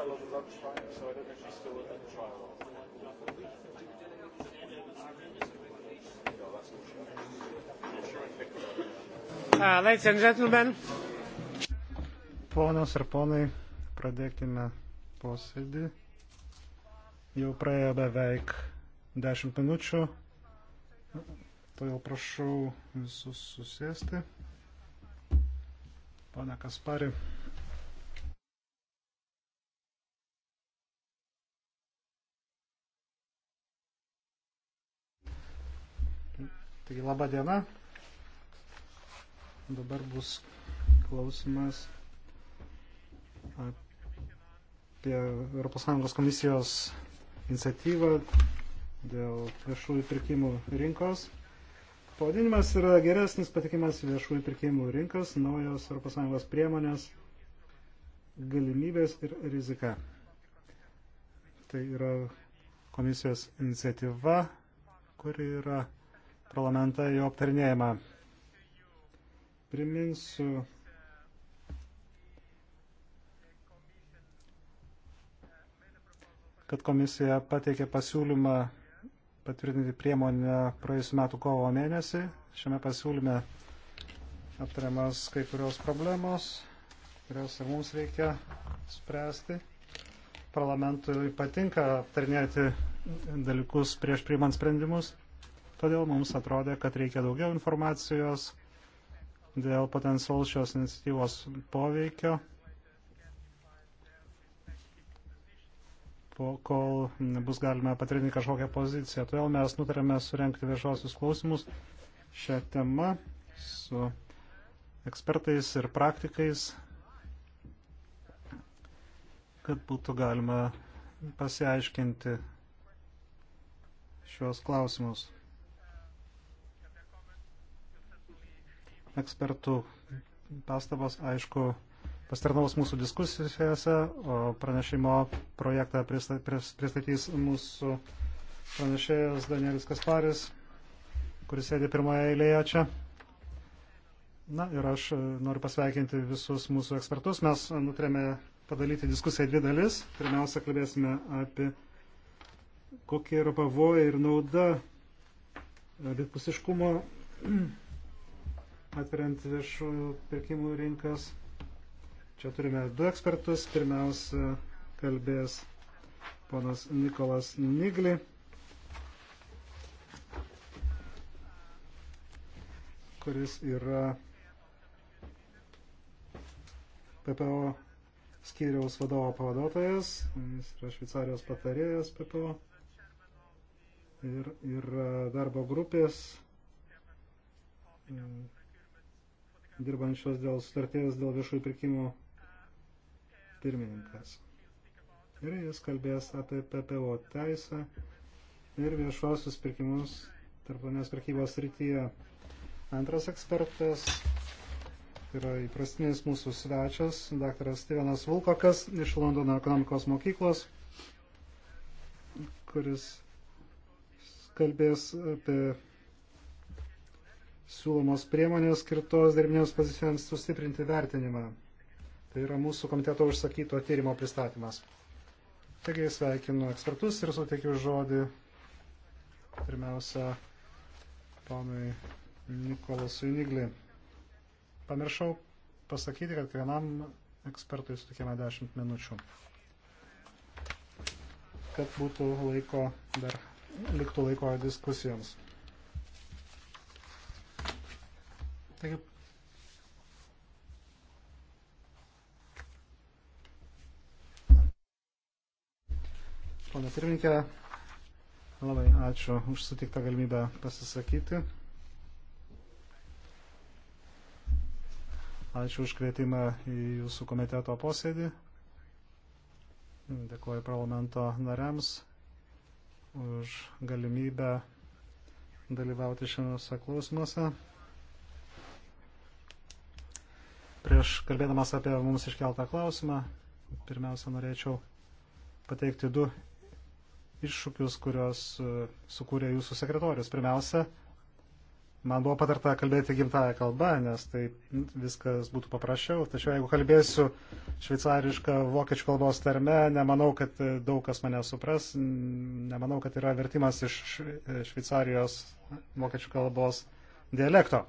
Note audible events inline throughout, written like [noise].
trial on lunchtime, so I don't know if she's still at the trial. Uh, ladies and gentlemen. Ponos ir ponai, pradėkime posėdį. Jau praėjo beveik 10 minučių, todėl prašau visus susėsti. Pane Kaspari. Taigi laba diena. Dabar bus klausimas apie ES komisijos iniciatyvą dėl viešųjų pirkimų rinkos. Pavadinimas yra geresnis patikimas viešųjų pirkimų rinkos, naujos ES priemonės, galimybės ir rizika. Tai yra komisijos iniciatyva, kuri yra parlamentą jo aptarinėjimą. Priminsiu, kad komisija pateikė pasiūlymą patvirtinti priemonę praėjusiu metu kovo mėnesį. Šiame pasiūlyme aptariamas kai kurios problemos, kurios ir mums reikia spręsti. Parlamentui patinka aptarinėti dalykus prieš priimant sprendimus. Todėl mums atrodė, kad reikia daugiau informacijos dėl potencialus šios iniciatyvos poveikio, po, kol bus galima patrinti kažkokią poziciją. Todėl mes nutarėme surenkti viešosius klausimus šią temą su ekspertais ir praktikais, kad būtų galima pasiaiškinti šios klausimus. ekspertų pastabos, aišku, pastarnaus mūsų diskusijose, o pranešimo projektą pristatys mūsų pranešėjas Danielis Kasparis, kuris sėdi pirmoje eilėje čia. Na ir aš e, noriu pasveikinti visus mūsų ekspertus. Mes nutrėmė padalyti diskusiją dvi dalis. Pirmiausia, kalbėsime apie kokie yra pavojai ir nauda e, abipusiškumo atveriant viešųjų pirkimų rinkas. Čia turime du ekspertus. Pirmiausia kalbės ponas Nikolas Nigli. kuris yra PPO skyriaus vadovo pavaduotojas, jis yra Šveicarijos patarėjas PPO ir yra darbo grupės dirbančios dėl sutarties dėl viešųjų pirkimų pirmininkas. Ir jis kalbės apie PPO teisę ir viešuosius pirkimus tarptautinės prekybos rytyje. Antras ekspertas yra įprastinis mūsų svečias, dr. Stevenas Vulkokas iš Londono ekonomikos mokyklos, kuris kalbės apie siūlomos priemonės skirtos darbinėms pozicijoms sustiprinti vertinimą. Tai yra mūsų komiteto užsakyto tyrimo pristatymas. Taigi sveikinu ekspertus ir suteikiu žodį pirmiausia ponui Nikolasui Nigli. Pamiršau pasakyti, kad kiekvienam ekspertui sutikėme 10 minučių, kad būtų laiko dar liktų laiko diskusijoms. Taigi, Pana pirmininkė, labai ačiū už sutiktą galimybę pasisakyti. Ačiū už kvietimą į jūsų komiteto posėdį. Dėkuoju parlamento nariams už galimybę dalyvauti šiandienos klausimuose. Prieš kalbėdamas apie mums iškeltą klausimą, pirmiausia, norėčiau pateikti du iššūkius, kuriuos e, sukūrė jūsų sekretorius. Pirmiausia, man buvo patarta kalbėti gimtają kalbą, nes tai viskas būtų paprasčiau. Tačiau jeigu kalbėsiu šveicarišką vokiečių kalbos terme, nemanau, kad daug kas mane supras, nemanau, kad yra vertimas iš šveicarijos vokiečių kalbos dialekto.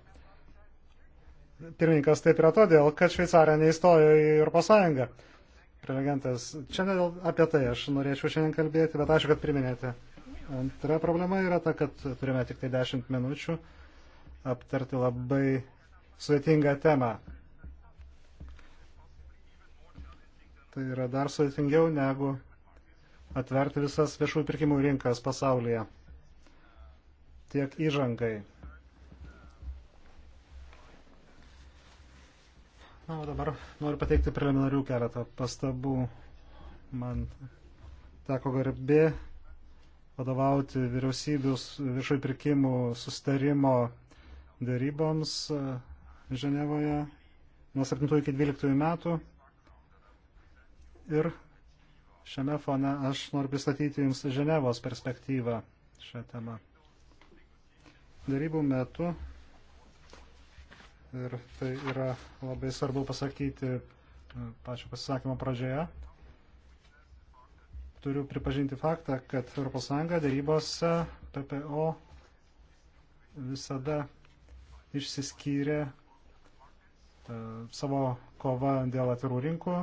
Pirmininkas taip yra todėl, kad Šveicarija neįstojo į Europos Sąjungą. Prelegentas, čia ne apie tai aš norėčiau šiandien kalbėti, bet ačiū, kad priminėte. Antra problema yra ta, kad turime tik tai 10 minučių aptarti labai sudėtingą temą. Tai yra dar sudėtingiau negu atverti visas viešųjų pirkimų rinkas pasaulyje. Tiek įžangai. Na, o dabar noriu pateikti preliminarių keletą pastabų. Man teko garbė vadovauti vyriausybių viešai pirkimų sustarimo daryboms e, Ženevoje nuo 7 iki 12 metų. Ir šiame fone aš noriu pristatyti Jums Ženevos perspektyvą šią temą. Darybų metu Ir tai yra labai svarbu pasakyti e, pačio pasisakymo pradžioje. Turiu pripažinti faktą, kad ES dėrybose PPO visada išsiskyrė e, savo kova dėl atvirų rinkų,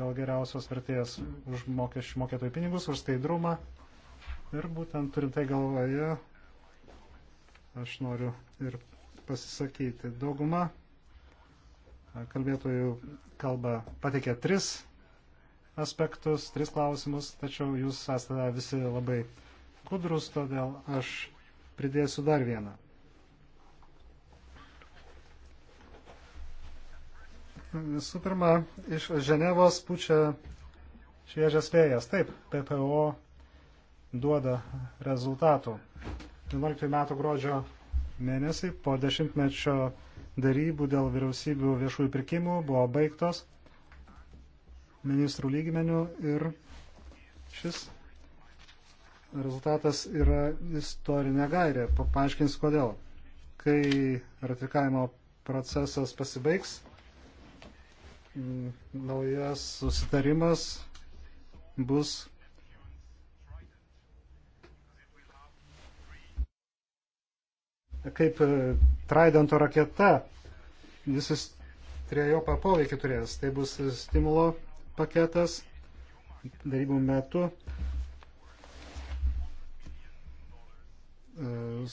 dėl geriausios vertės už mokesčių mokėtojų pinigus, už skaidrumą. Ir būtent turint tai galvoje, aš noriu ir pasisakyti. Dauguma kalbėtojų kalba patikė tris aspektus, tris klausimus, tačiau jūs esate visi labai gudrus, todėl aš pridėsiu dar vieną. Visų pirma, iš Ženevos pučia šviežias vėjas. Taip, PPO duoda rezultatų. 11 metų gruodžio mėnesiai po dešimtmečio darybų dėl vyriausybių viešųjų pirkimų buvo baigtos ministrų lygmenių ir šis rezultatas yra istorinė gairė. Paaiškinsiu kodėl. Kai ratifikavimo procesas pasibaigs, mm, naujas susitarimas bus kaip e, Tridento raketa visus trejopą poveikį turės. Tai bus stimulo paketas darybų metu e,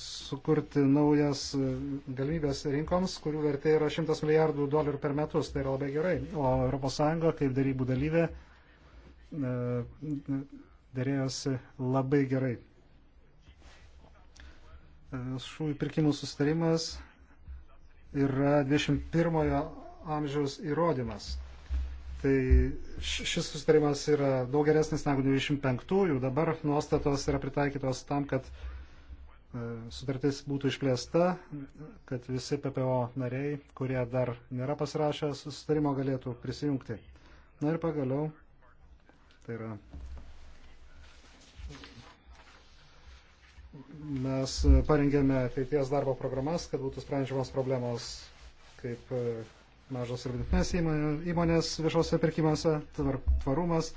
sukurti naujas e, galimybės rinkoms, kurių vertė yra 100 milijardų dolerių per metus. Tai yra labai gerai. O ES kaip darybų dalyvė dėrėjosi labai gerai. Viešųjų pirkimų sustarimas yra 21 amžiaus įrodymas. Tai šis sustarimas yra daug geresnis negu 25-ųjų. Dabar nuostatos yra pritaikytos tam, kad e, sutartis būtų išplėsta, kad visi PPO nariai, kurie dar nėra pasirašę sustarimo, galėtų prisijungti. Na ir pagaliau, tai yra mes parengėme ateities darbo programas, kad būtų sprendžiamos problemos kaip e, mažos ir vidutinės įmonės viešuose pirkimuose, tvarumas,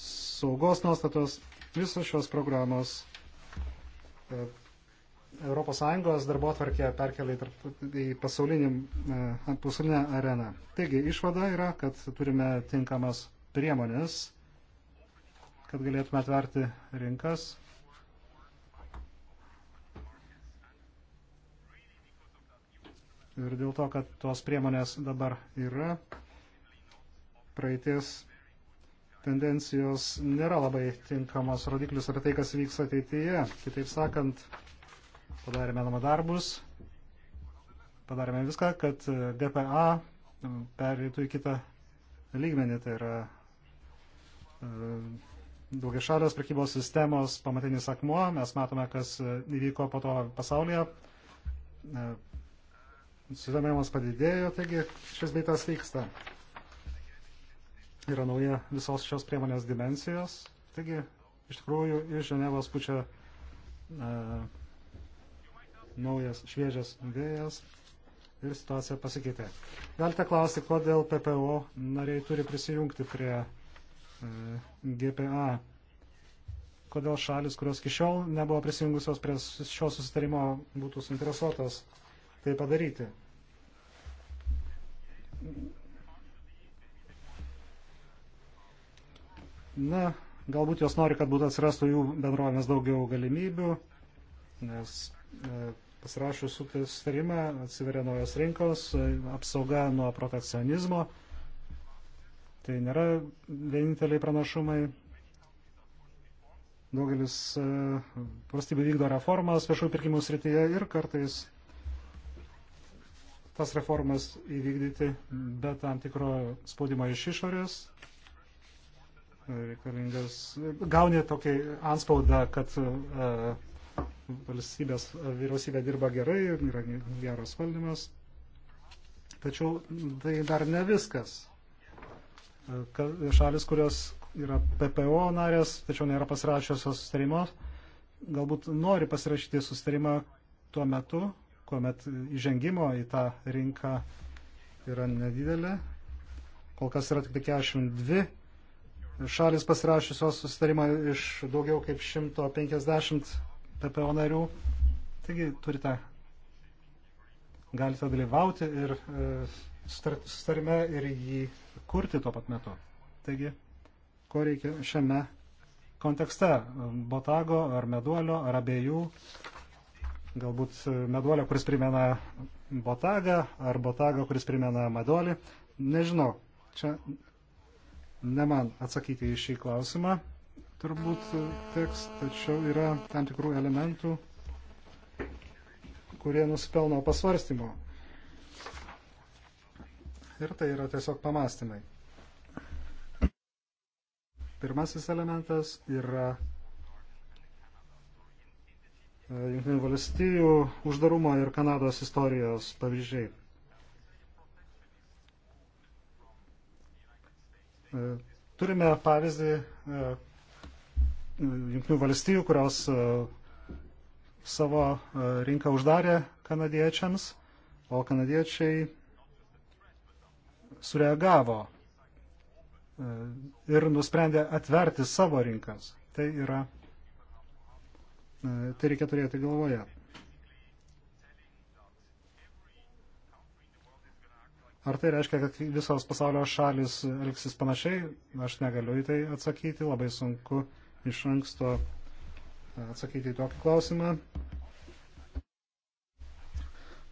saugos nuostatos, visos šios programos ES darbo atvarkė perkelia į pasaulinį, e, pasaulinę areną. Taigi, išvada yra, kad turime tinkamas priemonės, kad galėtume atverti rinkas Ir dėl to, kad tos priemonės dabar yra, praeities tendencijos nėra labai tinkamos rodiklius apie tai, kas vyks ateityje. Kitaip sakant, padarėme namą darbus, padarėme viską, kad DPA perėtų į kitą lygmenį, tai yra e, daugiašalės prekybos sistemos pamatinis akmuo. Mes matome, kas įvyko po to pasaulyje e, susidomėjimas padidėjo, taigi šis beitas vyksta. Yra nauja visos šios priemonės dimensijos, taigi iš tikrųjų iš Ženevos pučia uh, naujas šviežias vėjas ir situacija pasikeitė. Galite klausti, kodėl PPO nariai turi prisijungti prie e, GPA. Kodėl šalis, kurios iki šiol nebuvo prisijungusios prie šio susitarimo, būtų suinteresuotos tai padaryti. Na, galbūt jos nori, kad būtų atsirastų jų bendrovėms daugiau galimybių, nes e, pasirašus sutarimą atsiveria naujos rinkos, e, apsauga nuo protekcionizmo. Tai nėra vieninteliai pranašumai. Daugelis e, valstybių vykdo reformas viešųjų pirkimų srityje ir kartais tas reformas įvykdyti be tam tikro spaudimo iš išorės. Reikalingas, gauni tokį anspaudą, kad uh, valstybės vyriausybė dirba gerai, yra geras valdymas. Tačiau tai dar ne viskas. E, šalis, kurios yra PPO narės, tačiau nėra pasirašiusios sustarimo, galbūt nori pasirašyti sustarimą tuo metu, kuomet įžengimo į tą rinką yra nedidelė. Kol kas yra tik 42 tai šalis pasirašysios susitarimą iš daugiau kaip 150 PPO narių. Taigi turite, galite dalyvauti ir e, susitarime ir jį kurti tuo pat metu. Taigi, ko reikia šiame kontekste - botago ar meduolio ar abiejų galbūt e, meduolio, kuris primena botagą, ar botago, kuris primena meduolį. Nežinau, čia ne man atsakyti į šį klausimą turbūt e, teks, tačiau yra tam tikrų elementų, kurie nusipelno pasvarstymo. Ir tai yra tiesiog pamastymai. Pirmasis elementas yra E, Junktinių valstijų uždarumo ir Kanados istorijos pavyzdžiai. E, Turime pavyzdį e, Junktinių valstijų, kurios savo rinką uždarė kanadiečiams, o kanadiečiai sureagavo ir nusprendė atverti savo rinkas. Tai yra E, tai reikia turėti galvoje. Ar tai reiškia, kad visos pasaulio šalis elgsis panašiai? Aš negaliu į tai atsakyti, labai sunku iš anksto e, atsakyti į tokį klausimą.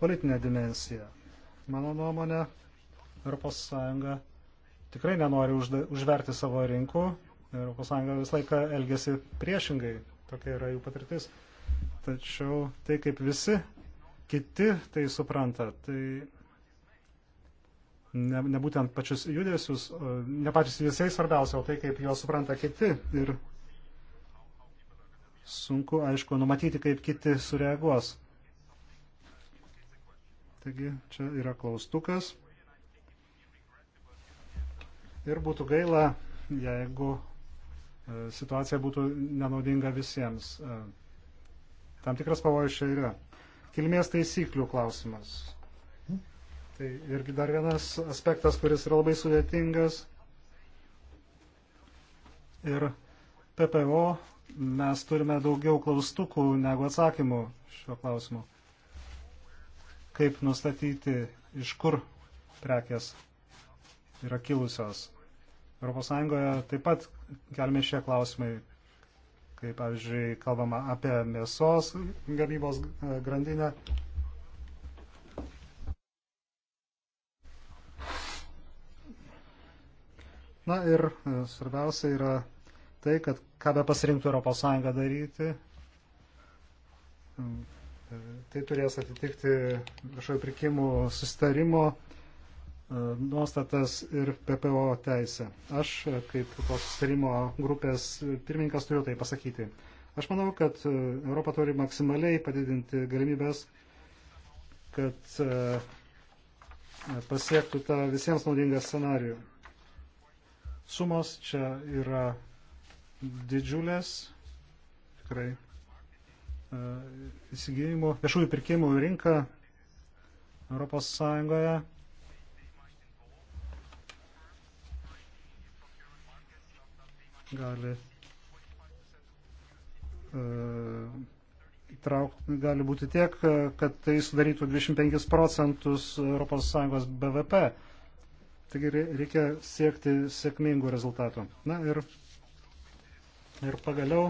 Politinė dimensija. Mano nuomonė, ES tikrai nenori užda, užverti savo rinkų. ES visą laiką elgesi priešingai tokia yra jų patirtis. Tačiau tai kaip visi kiti tai supranta, tai ne, ne būtent pačius judesius, ne pačius judesiai svarbiausia, o tai kaip juos supranta kiti. Ir sunku, aišku, numatyti, kaip kiti sureaguos. Taigi čia yra klaustukas. Ir būtų gaila, jeigu E, situacija būtų nenaudinga visiems. E, tam tikras pavojus čia yra. Kilmės taisyklių klausimas. Tai irgi dar vienas aspektas, kuris yra labai sudėtingas. Ir PPO mes turime daugiau klaustukų negu atsakymų šiuo klausimu. Kaip nustatyti, iš kur prekės yra kilusios. ES taip pat keliami šie klausimai, kaip pavyzdžiui, kalbama apie mėsos gamybos e, grandinę. Na ir e, svarbiausia yra tai, kad ką be pasirinktų ES daryti, e, tai turės atitikti viešojų pirkimų sustarimo nuostatas ir PPO teisę. Aš, kaip tos sustarimo grupės pirmininkas, turiu tai pasakyti. Aš manau, kad e, Europa turi maksimaliai padidinti galimybės, kad e, pasiektų tą visiems naudingą scenarijų. Sumos čia yra didžiulės, tikrai e, įsigijimų, viešųjų pirkimų rinka Europos Sąjungoje gali, e, įtraukti, gali būti tiek, kad tai sudarytų 25 procentus ES BVP. Taigi reikia siekti sėkmingų rezultatų. Na ir, ir pagaliau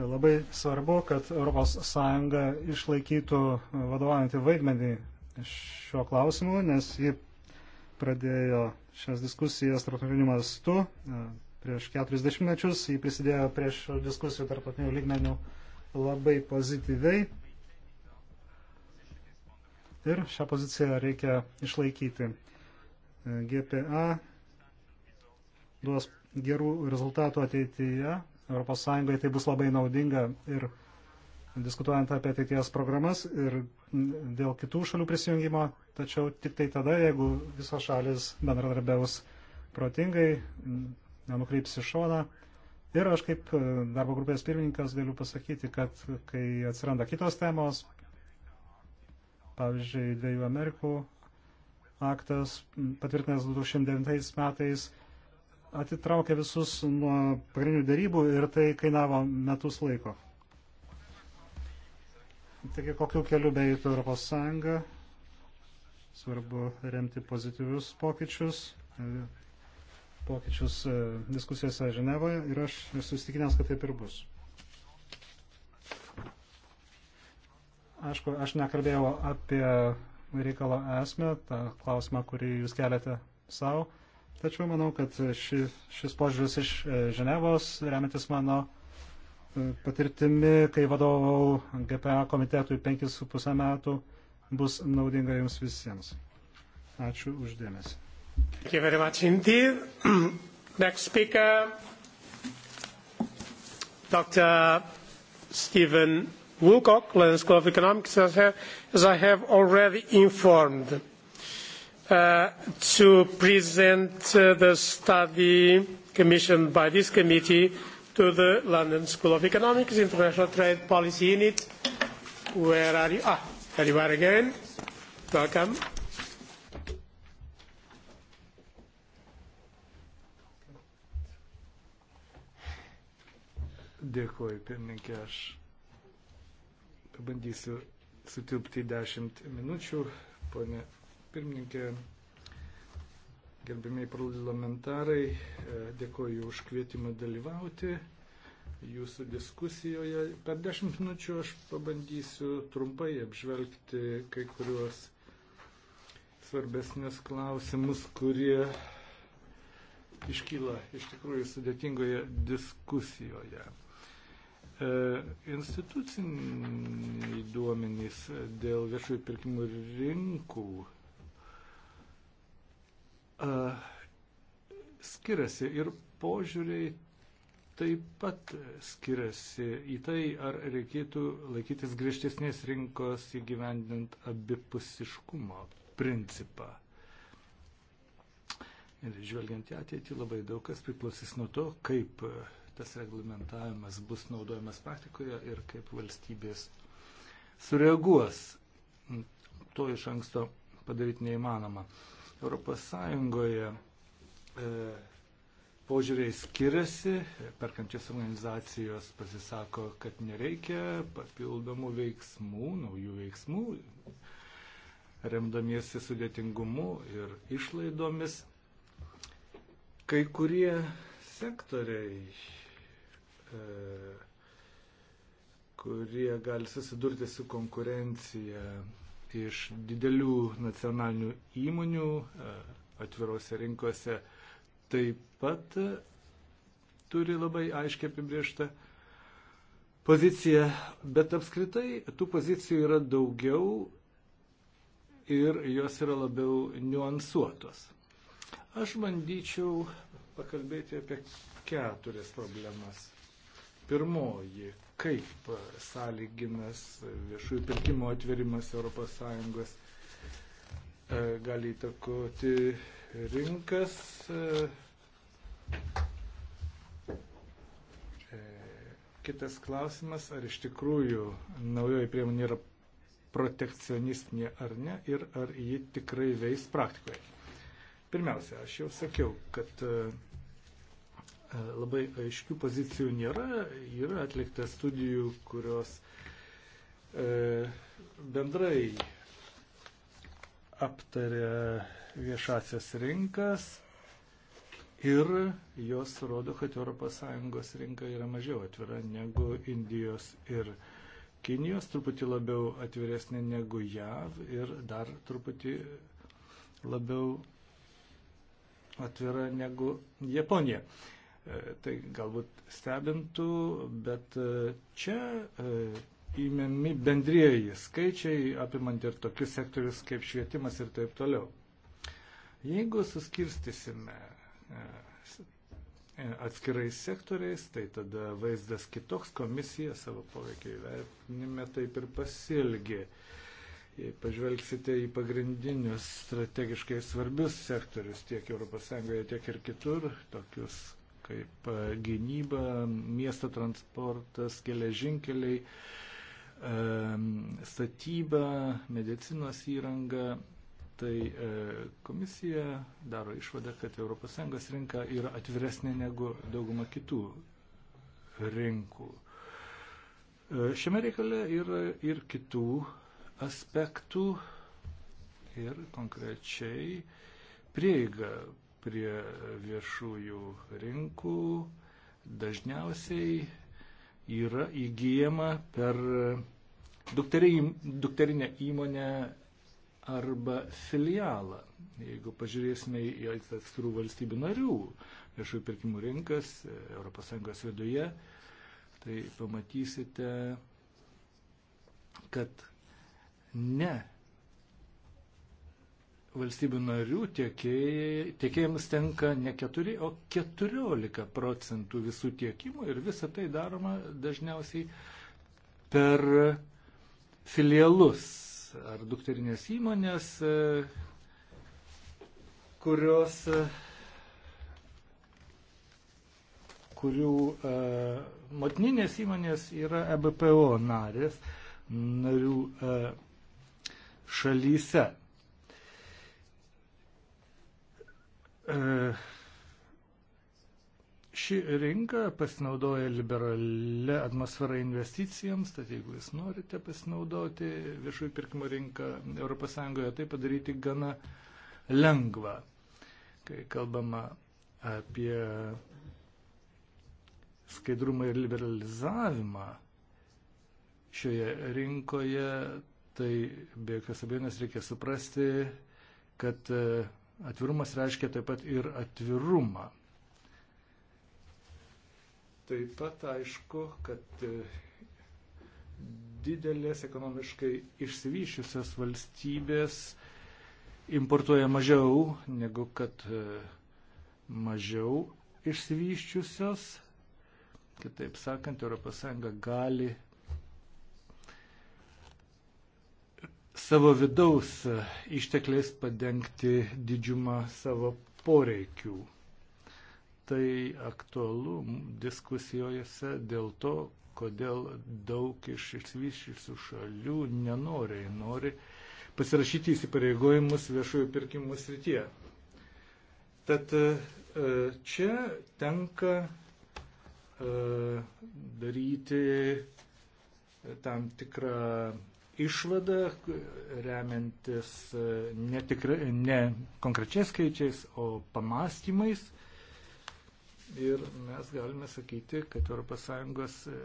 labai svarbu, kad ES išlaikytų vadovaujantį vaidmenį šiuo klausimu, nes ji pradėjo šias diskusijas tarptautiniu mastu e, prieš 40 mečius, jį prisidėjo prieš diskusijų tarptautinių lygmenių labai pozityviai. Ir šią poziciją reikia išlaikyti. E, GPA duos gerų rezultatų ateityje. ES tai bus labai naudinga ir naudinga diskutuojant apie ateities programas ir dėl kitų šalių prisijungimo, tačiau tik tai tada, jeigu visos šalis bendradarbiaus protingai, nenukreips į šoną. Ir aš kaip e, darbo grupės pirmininkas galiu pasakyti, kad kai atsiranda kitos temos, pavyzdžiui, dviejų Amerikų aktas patvirtinęs 2009 metais atitraukė visus nuo pagrindinių darybų ir tai kainavo metus laiko. Taigi, kokiu keliu beeitų Europos Sąjunga, svarbu remti pozityvius pokyčius, e, pokyčius e, diskusijose Ženevoje ir aš susitikinęs, kad taip ir bus. Aišku, aš nekalbėjau apie reikalo esmę, tą klausimą, kurį jūs keliate savo, tačiau manau, kad ši, šis požiūris iš e, Ženevos, remiantis mano patirtimi, kai vadovau GPA komitetui 5,5 metų, bus naudinga jums visiems. Ačiū uždėmesi. Thank you very much indeed. [clears throat] Next speaker, Dr. Stephen Wilcock, London School of Economics, as I have, as I have already informed, uh, to present uh, the study commissioned by this committee to the London School of Economics International Trade Policy Unit. Where are you? Ah, there you are again. Welcome. Dėkuoju, pirmininkė, aš pabandysiu sutilpti 10 minučių, ponė pirmininkė. Gerbimiai parlamentarai, e, dėkoju už kvietimą dalyvauti jūsų diskusijoje. Per dešimt minučių aš pabandysiu trumpai apžvelgti kai kuriuos svarbesnius klausimus, kurie iškyla iš tikrųjų sudėtingoje diskusijoje. E, instituciniai duomenys dėl viešųjų pirkimų rinkų skiriasi ir požiūriai taip pat skiriasi į tai, ar reikėtų laikytis griežtesnės rinkos įgyvendinant abipusiškumo principą. Ir žvelgiant į ateitį, labai daug kas priklausys nuo to, kaip tas reglamentavimas bus naudojamas praktikoje ir kaip valstybės sureaguos. To iš anksto padaryti neįmanoma. Uh, Europos Sąjungoje e, požiūriai skiriasi, perkančios organizacijos pasisako, kad nereikia papildomų veiksmų, naujų veiksmų, remdamiesi sudėtingumu ir išlaidomis. Kai kurie sektoriai, e, kurie gali susidurti su konkurencija, iš didelių nacionalinių įmonių e, atvirose rinkose taip pat e, turi labai aiškiai apibrieštą poziciją, bet apskritai tų pozicijų yra daugiau ir jos yra labiau niuansuotos. Aš bandyčiau pakalbėti apie keturias problemas. Pirmoji kaip sąlyginas viešųjų pirkimų atverimas ES e, gali įtakoti rinkas. E, e, kitas klausimas, ar iš tikrųjų naujoji priemonė yra protekcionistinė ar ne ir ar ji tikrai veis praktikoje. Pirmiausia, aš jau sakiau, kad Labai aiškių pozicijų nėra, yra atlikta studijų, kurios e, bendrai aptarė viešasias rinkas ir jos rodo, kad ES rinka yra mažiau atvira negu Indijos ir Kinijos, truputį labiau atviresnė negu JAV ir dar truputį labiau atvira negu Japonija. E, tai galbūt stebintų, bet e, čia e, įmėmi bendrieji skaičiai, apimant ir tokius sektorius kaip švietimas ir taip toliau. Jeigu suskirstysime atskirais sektoriais, tai tada vaizdas kitoks, komisija savo poveikio įvertinime taip ir pasielgė. Jei pažvelgsite į pagrindinius strategiškai svarbius sektorius tiek ES, tiek ir kitur, tokius kaip e, gynyba, miesto transportas, geležinkeliai, e, statyba, medicinos įranga. Tai e, komisija daro išvadą, kad ES rinka yra atviresnė negu dauguma kitų rinkų. Šiame reikale yra ir kitų aspektų ir konkrečiai prieiga prie viešųjų rinkų dažniausiai yra įgyjama per dukterinę įmonę arba filialą. Jeigu pažiūrėsime į atskirų valstybių narių viešųjų pirkimų rinkas ES viduje, tai pamatysite, kad ne valstybių narių tiekėjams tenka ne 4, o 14 procentų visų tiekimų ir visa tai daroma dažniausiai per filialus ar dukterinės įmonės, kurios, kurių e, motininės įmonės yra EBPO narės narių e, šalyse. E, ši rinka pasinaudoja liberalią atmosferą investicijams, tad jeigu jūs norite pasinaudoti viešųjų pirkimų rinką ES, tai padaryti gana lengva, kai kalbama apie skaidrumą ir liberalizavimą šioje rinkoje, tai be jokios abejonės reikia suprasti, kad e, Atvirumas reiškia taip pat ir atvirumą. Taip pat aišku, kad e, didelės ekonomiškai išsivyšiusios valstybės importuoja mažiau negu kad e, mažiau išsivyščiusios. Kitaip sakant, ES gali savo vidaus ištekliais padengti didžiumą savo poreikių. Tai aktualu diskusijose dėl to, kodėl daug iš išsivyščiusių šalių nenoriai nori pasirašyti įsipareigojimus viešųjų pirkimų srityje. Tad e, čia tenka e, daryti tam tikrą išvada, remiantis e, ne, tikra, ne konkrečiais skaičiais, o pamastymais. Ir mes galime sakyti, kad ES e,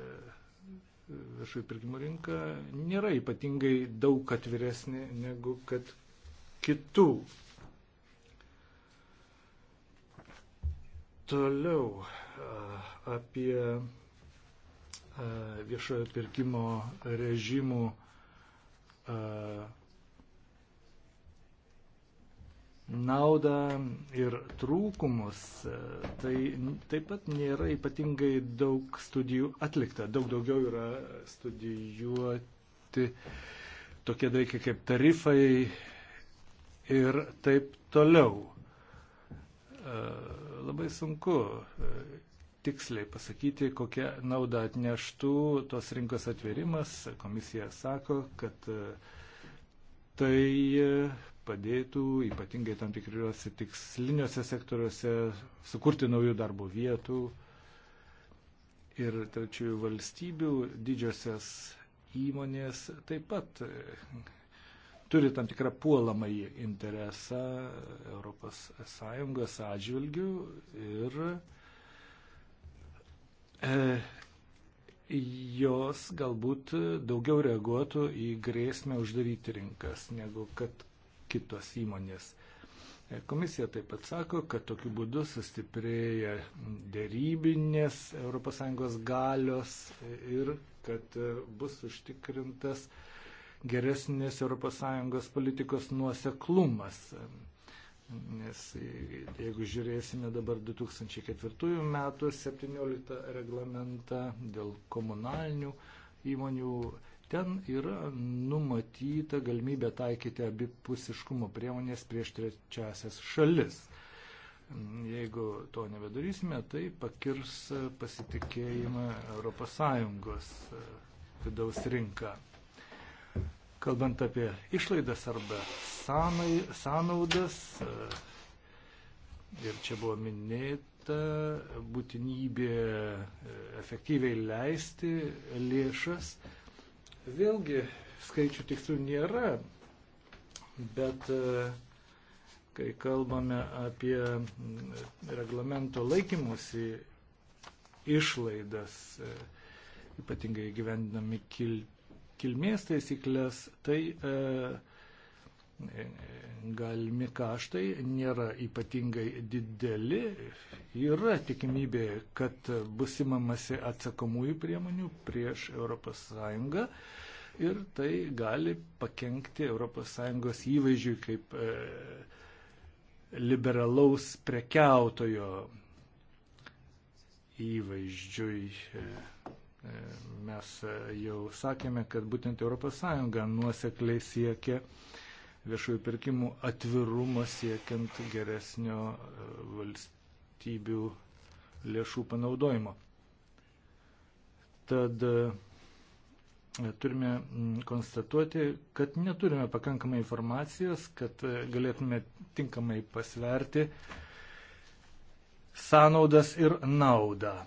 viešųjų pirkimų rinka nėra ypatingai daug atviresnė negu kad kitų. Toliau e, apie viešojo pirkimo režimų E, naudą ir trūkumus, e, tai taip pat nėra ypatingai daug studijų atlikta. Daug daugiau yra studijuoti tokie dalykai kaip tarifai ir taip toliau. E, labai sunku tiksliai pasakyti, kokią naudą atneštų tos rinkos atverimas. Komisija sako, kad e, tai padėtų ypatingai tam tikriuose tiksliniuose sektoriuose sukurti naujų darbo vietų. Ir trečiųjų valstybių didžiosios įmonės taip pat e, turi tam tikrą puolamąjį interesą ES atžvilgių ir uh, E, jos galbūt daugiau reaguotų į grėsmę uždaryti rinkas negu kad kitos įmonės. E, komisija taip pat sako, kad tokiu būdu sustiprėja dėrybinės ES galios ir kad e, bus užtikrintas geresnės ES politikos nuoseklumas. Nes jeigu žiūrėsime dabar 2004 metų 17 reglamentą dėl komunalinių įmonių, ten yra numatyta galimybė taikyti abipusiškumo priemonės prieš trečiasias šalis. Jeigu to nebedarysime, tai pakirs pasitikėjimą ES vidaus rinką. Kalbant apie išlaidas arba sanai, sąnaudas, e, ir čia buvo minėta būtinybė e, efektyviai leisti lėšas, vėlgi skaičių tikslų nėra, bet e, kai kalbame apie mm, reglamento laikymusi išlaidas, ypatingai gyvendami kilti kilmės taisyklės, tai e, galimi kaštai nėra ypatingai dideli, yra tikimybė, kad bus imamasi atsakomųjų priemonių prieš ES ir tai gali pakengti ES įvaizdžiui kaip e, liberalaus prekiautojo įvaizdžiui. E, Mes jau sakėme, kad būtent ES nuosekliai siekia viešųjų pirkimų atvirumo siekiant geresnio e, valstybių lėšų panaudojimo. Tad e, turime konstatuoti, kad neturime pakankamai informacijos, kad e, galėtume tinkamai pasverti sąnaudas ir naudą.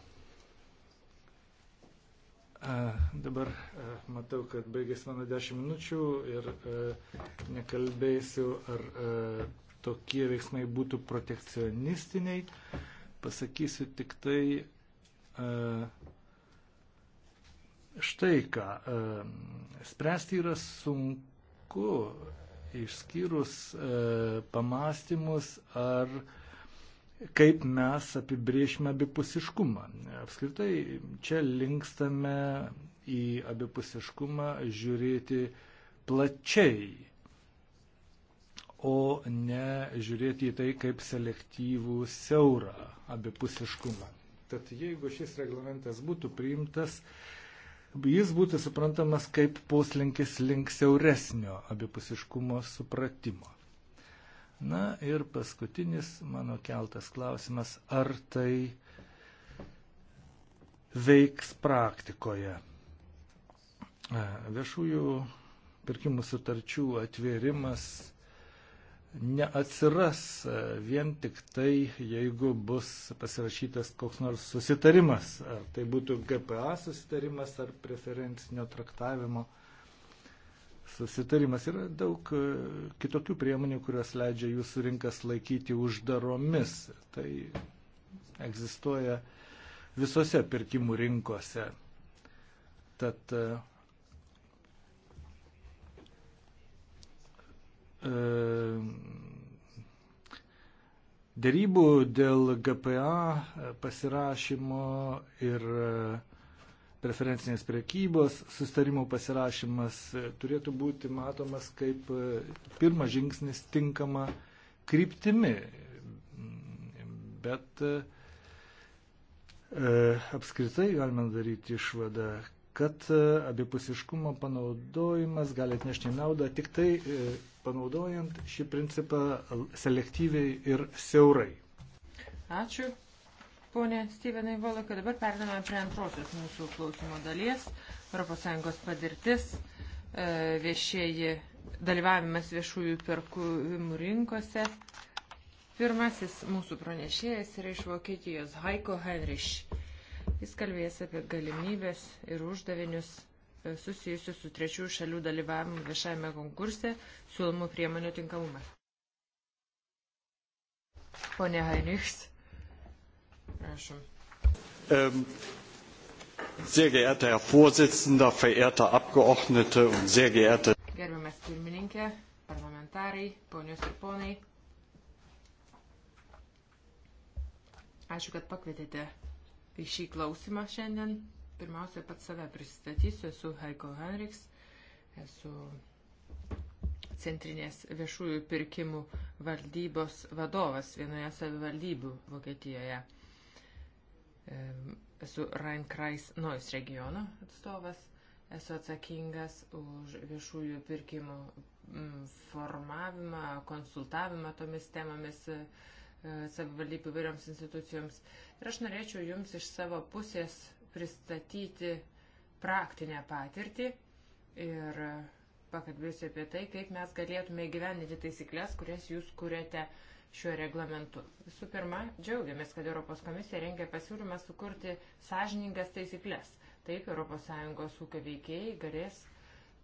Dabar matau, kad baigėsi mano 10 minučių ir nekalbėsiu, ar tokie veiksmai būtų protekcionistiniai. Pasakysiu tik tai štai ką. Spręsti yra sunku, išskyrus pamastymus ar kaip mes apibriešime abipusiškumą. Apskritai, čia linkstame į abipusiškumą žiūrėti plačiai, o ne žiūrėti į tai kaip selektyvų siaurą abipusiškumą. Tad jeigu šis reglamentas būtų priimtas, jis būtų suprantamas kaip poslinkis link siauresnio abipusiškumo supratimo. Na ir paskutinis mano keltas klausimas, ar tai veiks praktikoje. Viešųjų pirkimų sutarčių atvėrimas neatsiras vien tik tai, jeigu bus pasirašytas koks nors susitarimas, ar tai būtų GPA susitarimas ar preferencinio traktavimo susitarimas. Yra daug e, kitokių priemonių, kurios leidžia jūsų rinkas laikyti uždaromis. Tai egzistuoja visose pirkimų rinkose. Tad e, e, Dėrybų dėl GPA pasirašymo ir uh, preferencinės priekybos sustarimų pasirašymas e, turėtų būti matomas kaip e, pirmas žingsnis tinkama kryptimi. Bet e, e apskritai galime daryti išvadą, kad abipusiškumo panaudojimas gali atnešti naudą tik tai e, panaudojant šį principą selektyviai ir siaurai. Ačiū. Pone Stevenai Valakai, dabar perdame prie antrosios mūsų klausimo dalies. ES padirtis, e, viešieji, dalyvavimas viešųjų pirkimų rinkose. Pirmasis mūsų pranešėjas yra iš Vokietijos Haiko Henrich. Jis kalbės apie galimybės ir uždavinius e, susijusius su trečiųjų šalių dalyvavimu viešajame konkurse siūlomų priemonių tinkamumas. Pone Heinrichs, Prašom. Um. Sehr geehrter Herr Vorsitzender, verehrte Abgeordnete und sehr geehrte Gerbiamas pirmininkė, parlamentarai, ponios ir ponai, ačiū, kad pakvietėte į šį klausimą šiandien. Pirmiausia, pat save pristatysiu, esu Heiko Henriks, esu centrinės viešųjų pirkimų valdybos vadovas vienoje savivaldybių Vokietijoje. Esu Rankrais Nois regiono atstovas, esu atsakingas už viešųjų pirkimų formavimą, konsultavimą tomis temomis e, savivaldybių vairioms institucijoms. Ir aš norėčiau Jums iš savo pusės pristatyti praktinę patirtį ir pakalbėsiu apie tai, kaip mes galėtume įgyvendinti taisyklės, kurias Jūs kuriate uh, šiuo reglamentu. Visų pirma, džiaugiamės, kad Europos komisija rengia pasiūlymą sukurti sąžiningas taisyklės. Taip ES ūkio veikėjai galės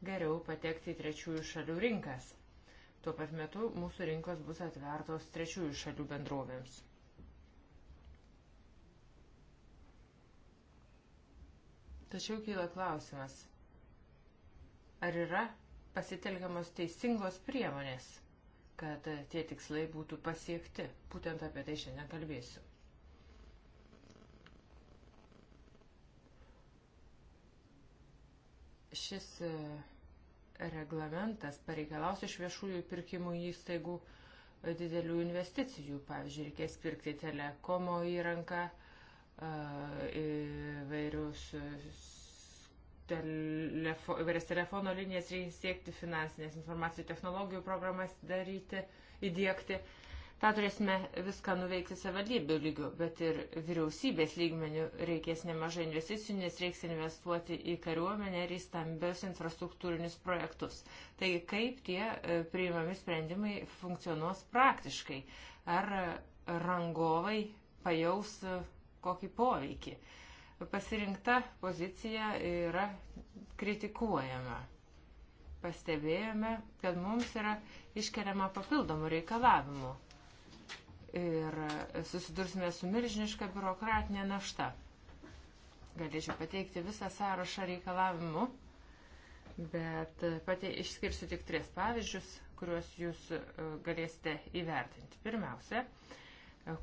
geriau patekti į trečiųjų šalių rinkas. Tuo pat metu mūsų rinkos bus atvertos trečiųjų šalių bendrovėms. Tačiau kyla klausimas, ar yra pasitelkiamos teisingos priemonės – kad tie tikslai būtų pasiekti. Būtent apie tai šiandien kalbėsiu. Šis e, reglamentas pareikalaus iš viešųjų pirkimų įstaigų e, didelių investicijų. Pavyzdžiui, reikės pirkti telekomo įrangą, e, įvairius telefo, įvairias telefono linijas reikia siekti, finansinės informacijų technologijų programas daryti, įdėkti. Ta turėsime viską nuveikti savivaldybių lygių, bet ir vyriausybės lygmenių reikės nemažai investicijų, nes reiks investuoti į kariuomenę ir į stambius infrastruktūrinius projektus. Taigi kaip tie e, priimami sprendimai funkcionuos praktiškai? Ar rangovai pajaus e, kokį poveikį? pasirinkta pozicija yra kritikuojama. Pastebėjome, kad mums yra iškeliama papildomų reikalavimų ir susidursime su milžiniška biurokratinė našta. Galėčiau pateikti visą sąrašą reikalavimų, bet pati išskirsiu tik tris pavyzdžius, kuriuos jūs e, galėsite įvertinti. Pirmiausia,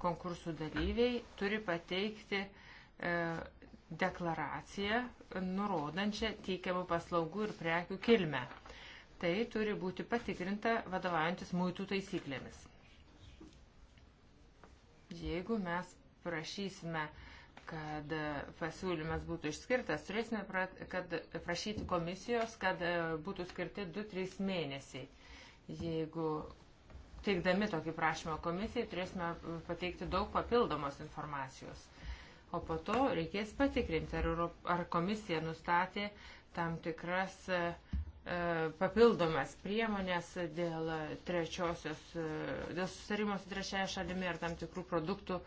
konkursų dalyviai turi pateikti e, deklaraciją, nurodančią teikiamų paslaugų ir prekių kilmę. Tai turi būti patikrinta vadovaujantis muitų taisyklėmis. Jeigu mes prašysime, kad pasiūlymas būtų išskirtas, turėsime pra, kad, prašyti komisijos, kad e, būtų skirti 2-3 mėnesiai. Jeigu teikdami tokį prašymą komisijai, turėsime pateikti daug papildomos informacijos o po to reikės patikrinti, ar, Europ, ar komisija nustatė tam tikras e, e papildomas priemonės dėl trečiosios, e, dėl susitarimo su trečiaja šalimi ar tam tikrų produktų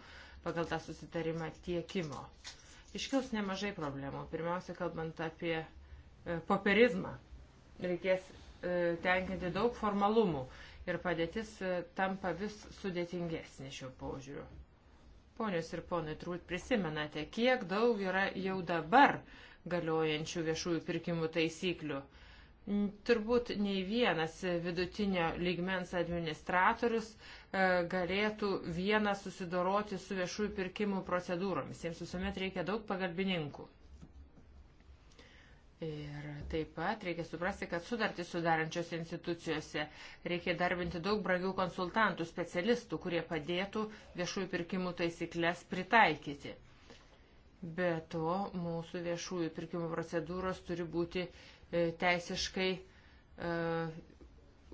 pagal tą susitarimą tiekimo. Iškils nemažai problemų. Pirmiausia, kalbant apie e, popierizmą, reikės e, tenkinti daug formalumų ir padėtis e, tampa vis sudėtingesnė šiuo požiūriu. Ponios ir ponai, turbūt prisimenate, kiek daug yra jau dabar galiojančių viešųjų pirkimų taisyklių. Turbūt nei vienas vidutinio lygmens administratorius e, galėtų vienas susidoroti su viešųjų pirkimų procedūromis. Jiems visuomet reikia daug pagalbininkų. Ir taip pat reikia suprasti, kad sudartį sudarančios institucijose reikia darbinti daug brangių konsultantų, specialistų, kurie padėtų viešųjų pirkimų taisyklės pritaikyti. Be to, mūsų viešųjų pirkimų procedūros turi būti e, teisiškai uh,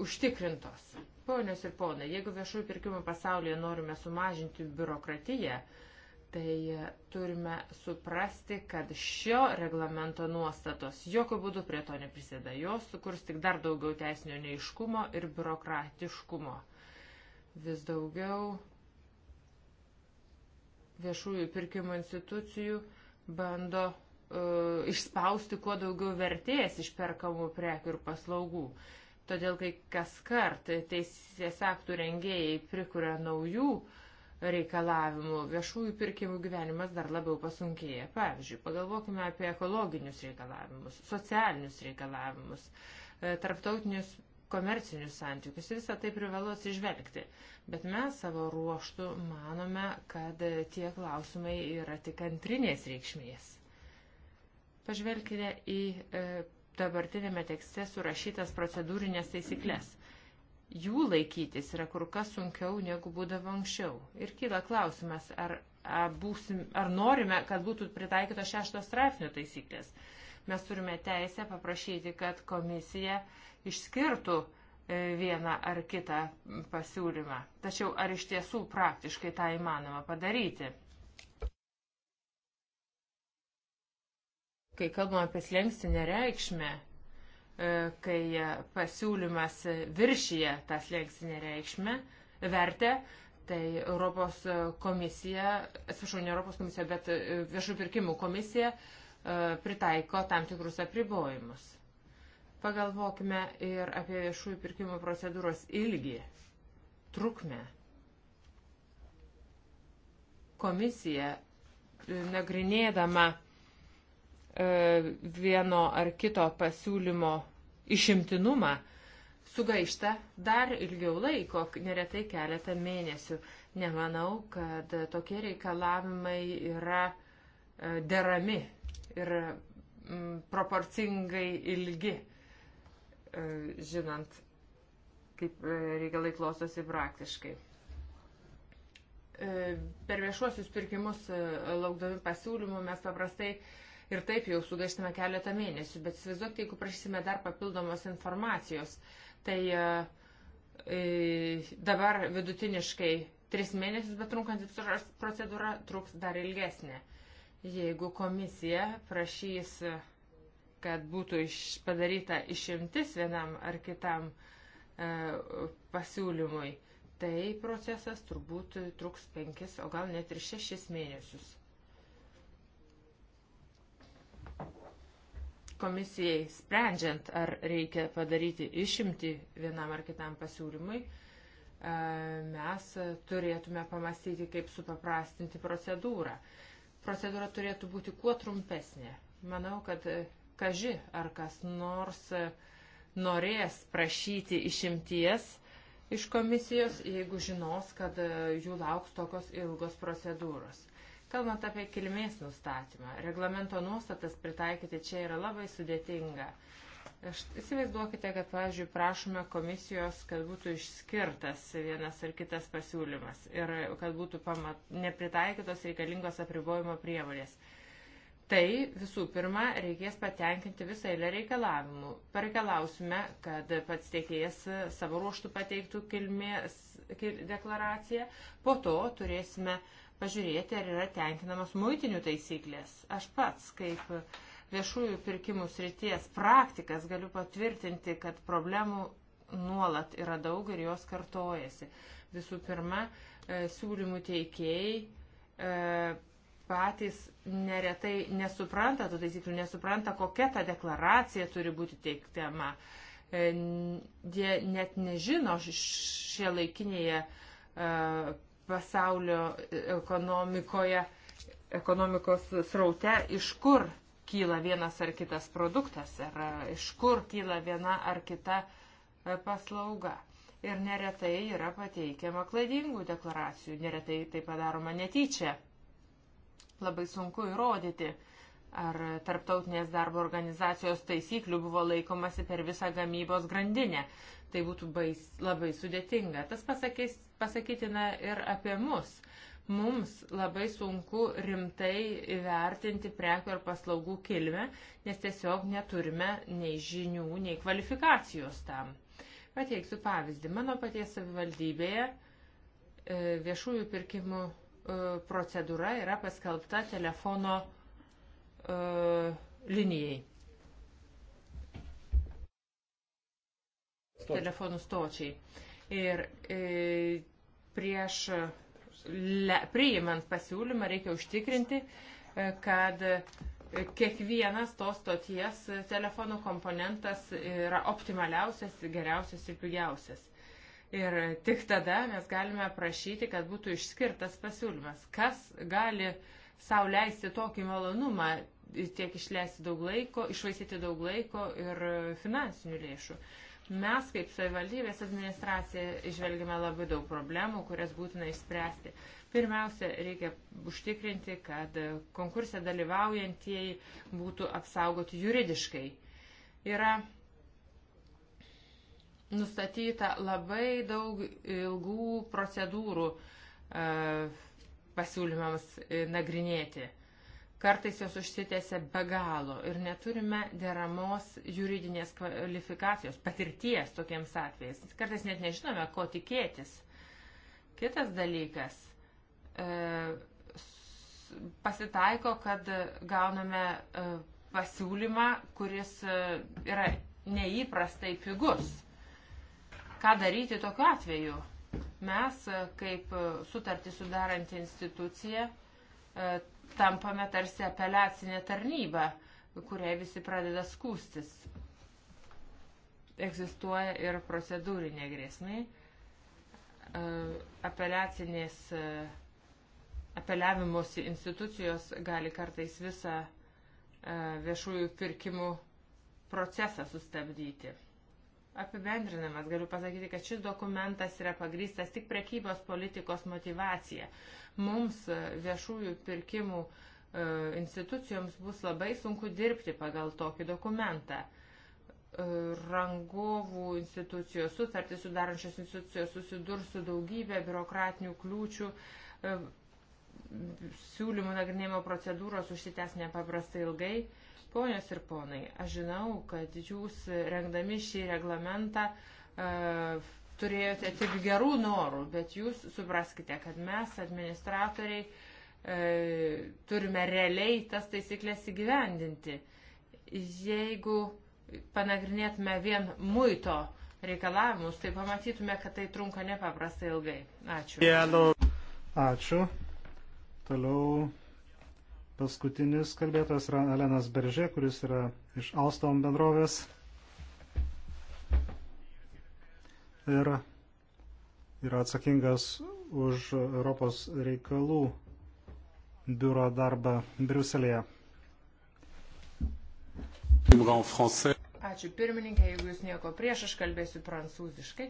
užtikrintos. Ponios ir ponai, jeigu viešųjų pirkimų pasaulyje norime sumažinti biurokratiją, uh, tai turime suprasti, kad šio reglamento nuostatos jokių būdų prie to neprisėda. Jos sukurs tik dar daugiau teisinio neiškumo ir biurokratiškumo. Vis daugiau viešųjų pirkimų institucijų bando uh, išspausti kuo daugiau vertės iš perkamų prekių ir paslaugų. Todėl, kai kas kart teisės aktų rengėjai prikuria naujų uh, reikalavimų, viešųjų pirkimų gyvenimas dar labiau pasunkėja. Pavyzdžiui, pagalvokime apie ekologinius reikalavimus, socialinius reikalavimus, e, tarptautinius komercinius santykius. Visą tai privalu atsižvelgti. Bet mes savo ruoštų manome, kad tie klausimai yra tik antrinės reikšmės. Pažvelkite į e, dabartinėme tekste surašytas procedūrinės taisyklės jų laikytis yra kur kas sunkiau negu būdavo anksčiau. Ir kyla klausimas, ar, a, būsim, ar norime, kad būtų pritaikytos šešto straipsnio taisyklės. Mes turime teisę paprašyti, kad komisija išskirtų e, vieną ar kitą pasiūlymą. Tačiau ar iš tiesų praktiškai tą įmanoma padaryti? Kai kalbame apie slengstinę reikšmę, E, kai pasiūlymas viršyje tą slėgsinę reikšmę, vertę, tai Europos komisija, atsiprašau, ne Europos komisija, bet e, viešų pirkimų komisija e, pritaiko tam tikrus apribojimus. Pagalvokime ir apie viešųjų pirkimų procedūros ilgį, trukmę. Komisija, nagrinėdama vieno ar kito pasiūlymo išimtinumą sugaišta dar ilgiau laiko, neretai keletą mėnesių. Nemanau, kad tokie reikalavimai yra e, derami ir mm, proporcingai ilgi, e, žinant, kaip e, reikalai klostosi praktiškai. Per viešuosius pirkimus laukdami pasiūlymų mes paprastai uh, ir taip jau sugaištame keletą mėnesių, bet įsivaizduokite, jeigu prašysime dar papildomos informacijos, tai e, e dabar vidutiniškai 3 mėnesius, bet trunkantis procedūra truks dar ilgesnė. Jeigu komisija prašys, kad būtų iš, padaryta išimtis vienam ar kitam e, pasiūlymui, tai procesas turbūt truks 5, o gal net ir 6 mėnesius. komisijai sprendžiant, ar reikia padaryti išimti vienam ar kitam pasiūlymui, e, mes turėtume pamastyti, kaip supaprastinti procedūrą. Procedūra turėtų būti kuo trumpesnė. Manau, kad e, kaži, ar kas nors e, norės prašyti išimties iš komisijos, jeigu žinos, kad jų lauks tokios ilgos procedūros. Kalbant apie kilmės nustatymą, reglamento nuostatas pritaikyti čia yra labai sudėtinga. Aš įsivaizduokite, kad, pavyzdžiui, prašome komisijos, kad būtų išskirtas vienas ar kitas pasiūlymas ir kad būtų pamat, nepritaikytos reikalingos apribojimo priemonės. Tai visų pirma, reikės patenkinti visą eilę reikalavimų. Pareikalausime, kad pats tiekėjas savo ruoštų pateiktų kilmės kil, deklaraciją, po to turėsime uh, pažiūrėti, ar yra tenkinamos muitinių taisyklės. Aš pats, kaip viešųjų pirkimų srities praktikas, galiu patvirtinti, kad problemų nuolat yra daug ir jos kartojasi. Visų pirma, e, siūlymų teikėjai e, patys neretai nesupranta tų taisyklių, nesupranta, kokia ta deklaracija turi būti teiktama. E, jie net nežino šie laikinėje pasaulio ekonomikoje, ekonomikos sraute, iš kur kyla vienas ar kitas produktas, ar iš kur kyla viena ar kita paslauga. Ir neretai yra pateikiama klaidingų deklaracijų, neretai tai padaroma netyčia. Labai sunku įrodyti, ar tarptautinės darbo organizacijos taisyklių buvo laikomasi per visą gamybos grandinę. Tai būtų bais, labai sudėtinga. Tas pasakys pasakytina ir apie mus. Mums labai sunku rimtai įvertinti prekių ar paslaugų kilmę, nes tiesiog neturime nei žinių, nei kvalifikacijos tam. Pateiksiu pavyzdį. Mano paties savivaldybėje e, viešųjų pirkimų e, procedūra yra paskelbta telefono e, linijai. Stočiai. Telefonų stočiai. Ir e, prieš le, priimant pasiūlymą reikia užtikrinti, e, kad e, kiekvienas tos stoties e, telefonų komponentas yra optimaliausias, geriausias ir pigiausias. Ir tik tada mes galime prašyti, kad būtų išskirtas pasiūlymas. Kas gali savo leisti tokį malonumą, tiek išleisti daug laiko, išvaisyti daug laiko ir finansinių lėšų. Uh, Mes kaip savivaldybės administracija išvelgime labai daug problemų, kurias būtina išspręsti. Pirmiausia, reikia užtikrinti, kad konkursė dalyvaujantieji būtų apsaugoti juridiškai. Yra nustatyta labai daug ilgų procedūrų e, pasiūlymams e, nagrinėti. Kartais jos užsitėse be galo ir neturime deramos juridinės kvalifikacijos, patirties tokiems atvejais. Kartais net nežinome, ko tikėtis. Kitas dalykas. E, pasitaiko, kad gauname e, pasiūlymą, kuris e, yra neįprastai pigus. Ką daryti tokiu atveju? Mes, e, kaip e, sutartį sudaranti institucija, e, tampame tarsi apeliacinė tarnyba, kuriai visi pradeda skūstis. Egzistuoja ir procedūrinė grėsmė. E, apeliacinės e, apeliavimosi institucijos gali kartais visą e, viešųjų pirkimų procesą sustabdyti. Apibendrinamas galiu pasakyti, kad šis dokumentas yra pagrystas tik prekybos politikos motivacija mums e, viešųjų pirkimų e, institucijoms bus labai sunku dirbti pagal tokį dokumentą. E, rangovų institucijos, sutartį sudarančios institucijos susidurs su daugybė biurokratinių kliūčių, siūlymų nagrinėjimo procedūros užsitęs nepaprastai ilgai. Ponios ir ponai, aš žinau, kad jūs rengdami šį reglamentą turėjote tik gerų norų, bet jūs supraskite, kad mes, administratoriai, e, turime realiai tas taisyklės įgyvendinti. Jeigu panagrinėtume vien muito reikalavimus, tai pamatytume, kad tai trunka nepaprastai ilgai. Ačiū. Ačiū. Toliau paskutinis kalbėtojas yra Elenas Beržė, kuris yra iš Alstom bendrovės. ir yra atsakingas už Europos reikalų biuro darbą Briuselėje. Ačiū pirmininkė, jeigu jūs nieko prieš, aš kalbėsiu prancūziškai.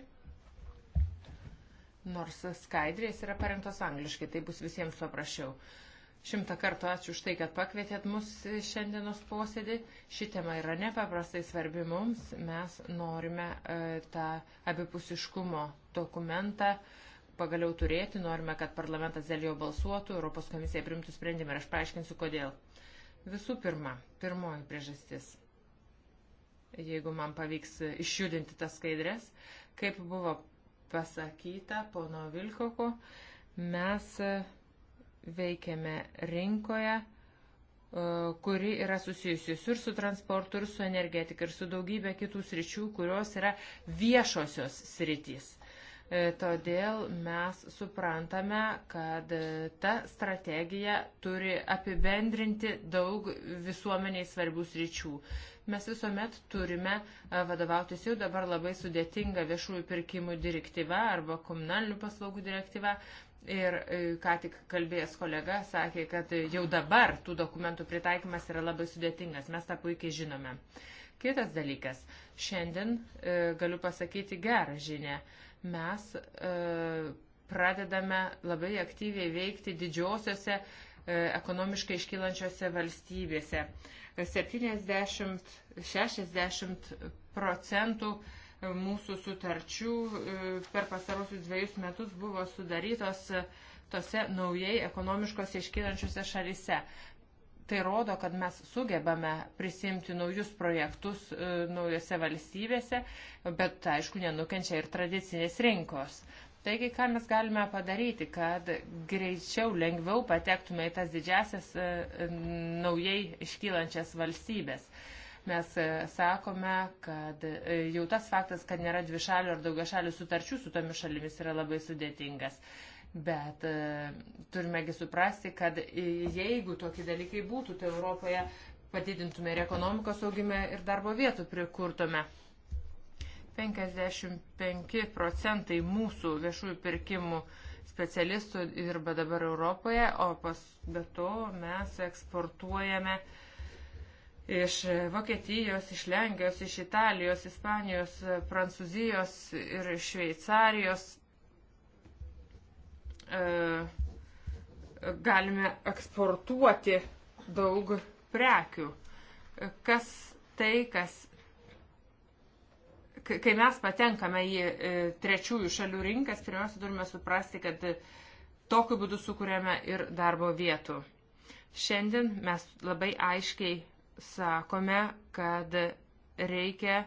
Nors skaidrės yra parengtos angliškai, tai bus visiems paprasčiau. So Šimtą kartų ačiū už tai, kad pakvietėt mus šiandienos posėdį. Ši tema yra nepaprastai svarbi mums. Mes norime e, tą abipusiškumo dokumentą pagaliau turėti. Norime, kad parlamentas dėl jo balsuotų, Europos komisija primtų sprendimą ir aš paaiškinsiu, kodėl. Visų pirma, pirmoji priežastis. Jeigu man pavyks išjudinti tas skaidrės, kaip buvo pasakyta pono Vilkoko, mes. E, veikiame rinkoje, e, kuri yra susijusi ir su transportu, ir su energetika, ir su daugybė kitų sričių, kurios yra viešosios sritys. E, todėl mes suprantame, kad e, ta strategija turi apibendrinti daug visuomeniai svarbių sričių. Mes visuomet turime vadovautis jau dabar labai sudėtinga viešųjų pirkimų direktyva arba komunalinių paslaugų direktyva, Ir e, ką tik kalbėjęs kolega sakė, kad jau dabar tų dokumentų pritaikymas yra labai sudėtingas. Mes tą puikiai žinome. Kitas dalykas. Šiandien e, galiu pasakyti gerą žinę. Mes e, pradedame labai aktyviai veikti didžiosiose e, ekonomiškai iškylančiose valstybėse. 70-60 procentų e, mūsų sutarčių e, per pastarosius dviejus metus buvo sudarytos e, tose naujai ekonomiškos iškylančiose šalyse. Tai rodo, kad mes sugebame prisimti naujus projektus e, naujose valstybėse, bet aišku, nenukenčia ir tradicinės rinkos. Taigi, ką mes galime padaryti, kad greičiau, lengviau patektume į tas didžiasias naujai iškylančias valstybės. Uh, Mes e, sakome, kad e, jau tas faktas, kad nėra dvišalių ar daugiašalių sutarčių su tomis šalimis yra labai sudėtingas. Bet e, turimegi suprasti, kad jeigu tokie dalykai būtų, tai Europoje padidintume ir ekonomikos augime ir darbo vietų prikurtume. 55 procentai mūsų viešųjų pirkimų specialistų dirba dabar Europoje, o pas be to mes eksportuojame uh, iš Vokietijos, iš Lenkijos, iš Italijos, Ispanijos, Prancūzijos ir Šveicarijos e, galime eksportuoti daug prekių. Kas tai, kas. Kai mes patenkame į e, trečiųjų šalių rinkas, pirmiausia, turime suprasti, kad tokiu būdu sukūrėme ir darbo vietų. Šiandien mes labai aiškiai sakome, kad reikia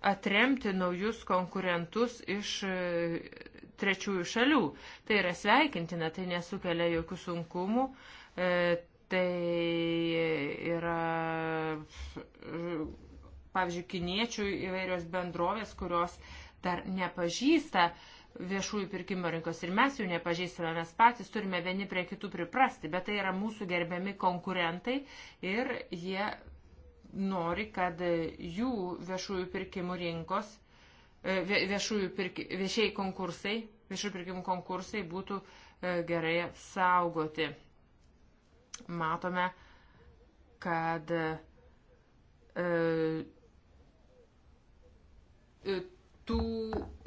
atremti naujus konkurentus iš e, trečiųjų šalių. Tai yra sveikintina, tai nesukelia jokių sunkumų, e, tai yra, e, pavyzdžiui, kiniečių įvairios bendrovės, kurios dar nepažįsta uh, viešųjų pirkimo rinkos ir mes jų nepažįstame, mes patys turime vieni prie kitų priprasti, bet tai yra mūsų gerbiami konkurentai ir jie nori, kad jų viešųjų pirkimų rinkos, e, viešųjų pirki, viešiai konkursai, viešųjų pirkimų konkursai būtų e, gerai saugoti. Matome, kad e, e, tų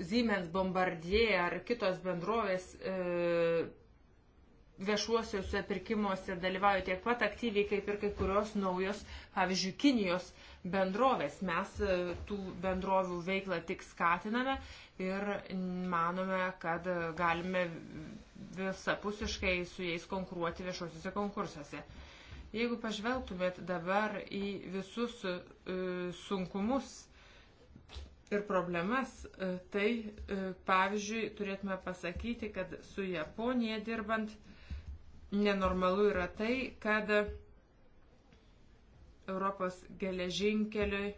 Siemens Bombardier ar kitos bendrovės e, viešuosiuose pirkimuose dalyvauja tiek pat aktyviai, kaip ir kai kurios naujos, pavyzdžiui, Kinijos bendrovės. Mes e, tų bendrovių veiklą tik skatiname ir manome, kad galime visapusiškai su jais konkuruoti viešuosiuose konkursuose. Jeigu pažvelgtumėt dabar į visus e, sunkumus, ir problemas, e, tai e, pavyzdžiui turėtume pasakyti, kad su Japonija dirbant nenormalu yra tai, kad Europos geležinkeliui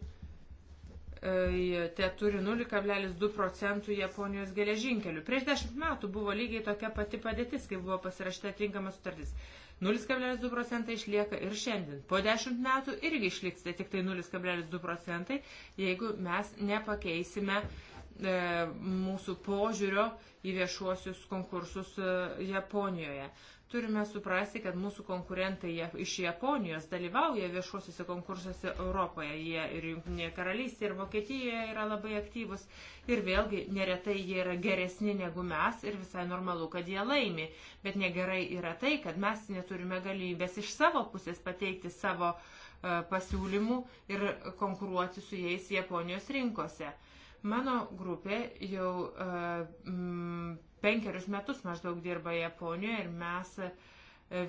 te turi 0,2 procentų Japonijos geležinkelių. Prieš dešimt metų buvo lygiai tokia pati padėtis, kai buvo pasirašyta tinkama sutartis. 0,2 procentai išlieka ir šiandien. Po 10 metų irgi išliks tik tai 0,2 procentai, jeigu mes nepakeisime e, mūsų požiūrio į viešuosius konkursus e, Japonijoje turime suprasti, kad mūsų konkurentai iš Japonijos dalyvauja viešuosiuose konkursuose Europoje. Jie ir Junktinėje karalystėje, ir Vokietijoje yra labai aktyvus. Ir vėlgi, neretai jie yra geresni negu mes ir visai normalu, kad jie laimi. Bet negerai yra tai, kad mes neturime galimybės iš savo pusės pateikti savo e, pasiūlymų ir konkuruoti su jais Japonijos rinkose. Mano grupė jau uh, mm, penkerius metus maždaug dirba Japonijoje ir mes e,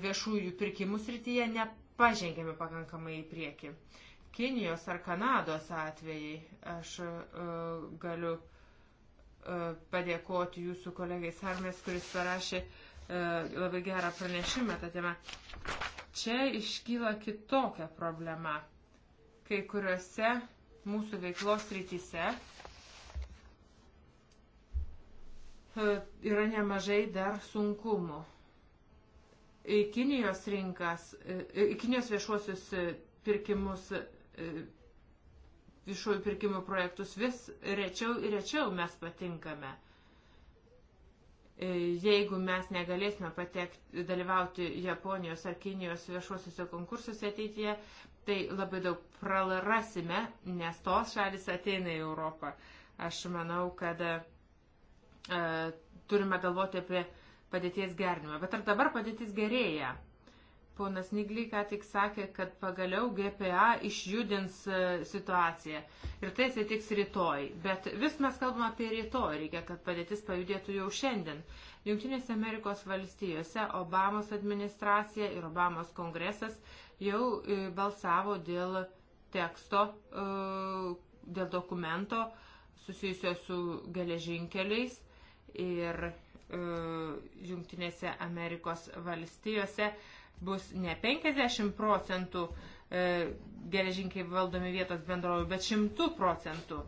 viešųjų pirkimų srityje nepažengėme pakankamai į priekį. Kinijos ar Kanados atvejai aš uh, galiu uh, padėkoti jūsų kolegai Sarmės, kuris parašė uh, labai gerą pranešimą tą temą. Čia iškyla kitokia problema. Kai kuriuose mūsų veiklos rytise uh, E, yra nemažai dar sunkumų. Į Kinijos rinkas, e, e, į Kinijos viešuosius pirkimus, viešųjų pirkimų projektus vis rečiau ir rečiau mes patinkame jeigu mes negalėsime patekti, dalyvauti Japonijos ar Kinijos viešuosiuose konkursuose ateityje, tai labai daug prarasime, nes tos šalis ateina į Europą. Aš manau, kad E, turime galvoti apie padėties gerinimą. Bet ar dabar padėtis gerėja? Ponas Nigly ką tik sakė, kad pagaliau GPA išjudins e, situaciją. Ir tai atsitiks rytoj. Bet vis mes kalbame apie rytoj. Reikia, kad padėtis pajudėtų jau šiandien. Junktinėse Amerikos valstijose Obamos administracija ir Obamos kongresas jau e, balsavo dėl teksto, dėl dokumento susijusio su geležinkeliais ir e, Junktinėse Amerikos valstijose bus ne 50 procentų e, geležinkiai valdomi vietos bendrovių, bet 100 procentų.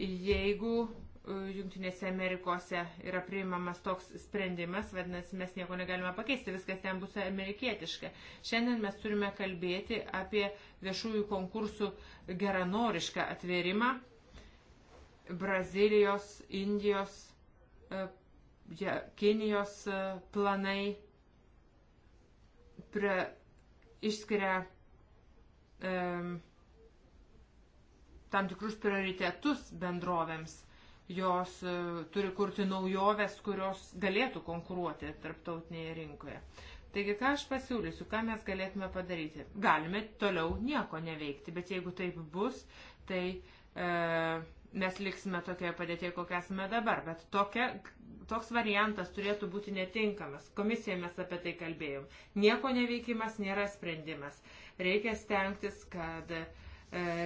Jeigu e, Junktinėse Amerikose yra priimamas toks sprendimas, vadinasi, mes nieko negalime pakeisti, viskas ten bus amerikietiška. Šiandien mes turime kalbėti apie viešųjų konkursų geranorišką atvėrimą Brazilijos, Indijos E, Kinijos e, planai pre, išskiria e, tam tikrus prioritetus bendrovėms. Jos e, turi kurti naujoves, kurios galėtų konkuruoti tarptautinėje rinkoje. Taigi, ką aš pasiūlysiu, ką mes galėtume padaryti? Galime toliau nieko neveikti, bet jeigu taip bus, tai e, mes liksime tokioje padėtėje, kokią esame dabar. Bet tokia, toks variantas turėtų būti netinkamas. Komisija mes apie tai kalbėjom. Nieko neveikimas nėra sprendimas. Reikia stengtis, kad e,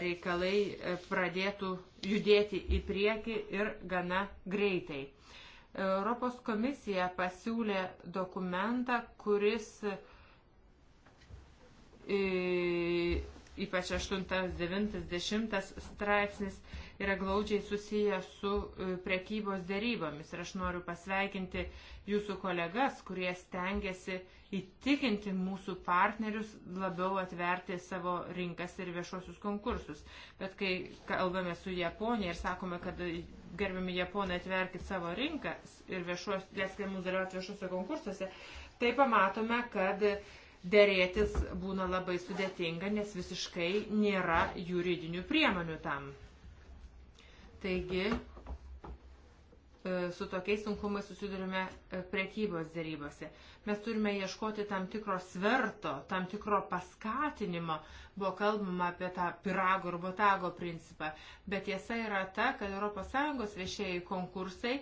reikalai e, pradėtų judėti į priekį ir gana greitai. Europos komisija pasiūlė dokumentą, kuris e, ypač 8, 9, 10 straipsnis yra glaudžiai susiję su e, prekybos dėrybomis. Ir aš noriu pasveikinti jūsų kolegas, kurie stengiasi įtikinti mūsų partnerius labiau atverti savo rinkas ir viešuosius konkursus. Bet kai kalbame su Japonija ir sakome, kad e, gerbiami Japonai atverkit savo rinkas ir viešuos, leiskite mums dalyvauti viešuose konkursuose, tai pamatome, kad dėrėtis būna labai sudėtinga, nes visiškai nėra juridinių priemonių tam. Taigi, e, su tokiais sunkumais susidurime e, prekybos dėrybose. Mes turime ieškoti tam tikro sverto, tam tikro paskatinimo. Buvo kalbama apie tą pirago ir botago principą. Bet tiesa yra ta, kad ES viešieji konkursai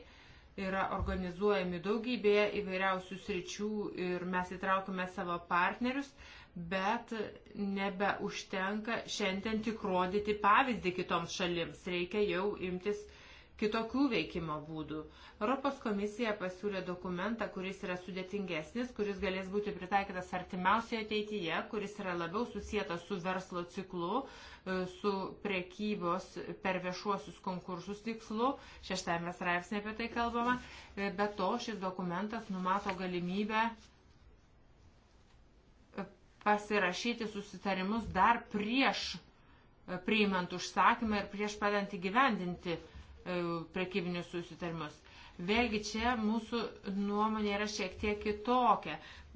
yra organizuojami daugybėje įvairiausių sričių ir mes įtraukime savo partnerius, bet nebeužtenka šiandien tik rodyti pavyzdį kitoms šalims, reikia jau imtis kitokių veikimo būdų. Europos komisija pasiūlė dokumentą, kuris yra sudėtingesnis, kuris galės būti pritaikytas artimiausioje ateityje, kuris yra labiau susijęs su verslo ciklu, e, su prekybos per viešuosius konkursus tikslu. Šeštame straipsnė apie tai kalbama. E, be to, šis dokumentas numato galimybę pasirašyti susitarimus dar prieš e, priimant užsakymą ir prieš padant įgyvendinti e, prekybinius susitarimus. Vėlgi čia mūsų nuomonė yra šiek tiek kitokia.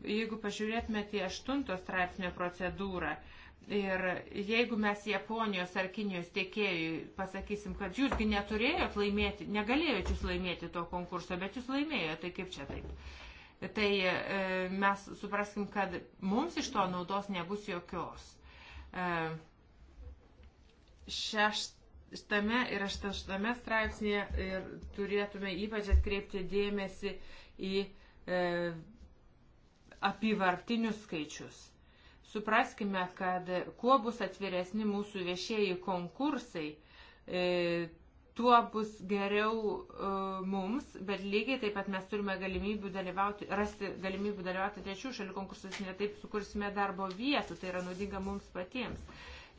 Jeigu pažiūrėtumėte į 8 straipsnio procedūrą ir jeigu mes Japonijos ar Kinijos tiekėjui pasakysim, kad jūsgi neturėjot laimėti, negalėjot jūs laimėti to konkurso, bet jūs laimėjote, tai kaip čia taip? tai e, mes supraskim, kad mums iš to naudos nebus jokios. E, šeštame ir aštuntame straipsnėje ir e, turėtume ypač atkreipti dėmesį į apivartinius skaičius. Supraskime, kad kuo bus atviresni mūsų viešieji konkursai, tuo bus geriau uh, mums, bet lygiai taip pat mes turime galimybių dalyvauti, rasti galimybių dalyvauti trečių šalių konkursus, netaip sukursime darbo vietų, tai yra naudinga mums patiems.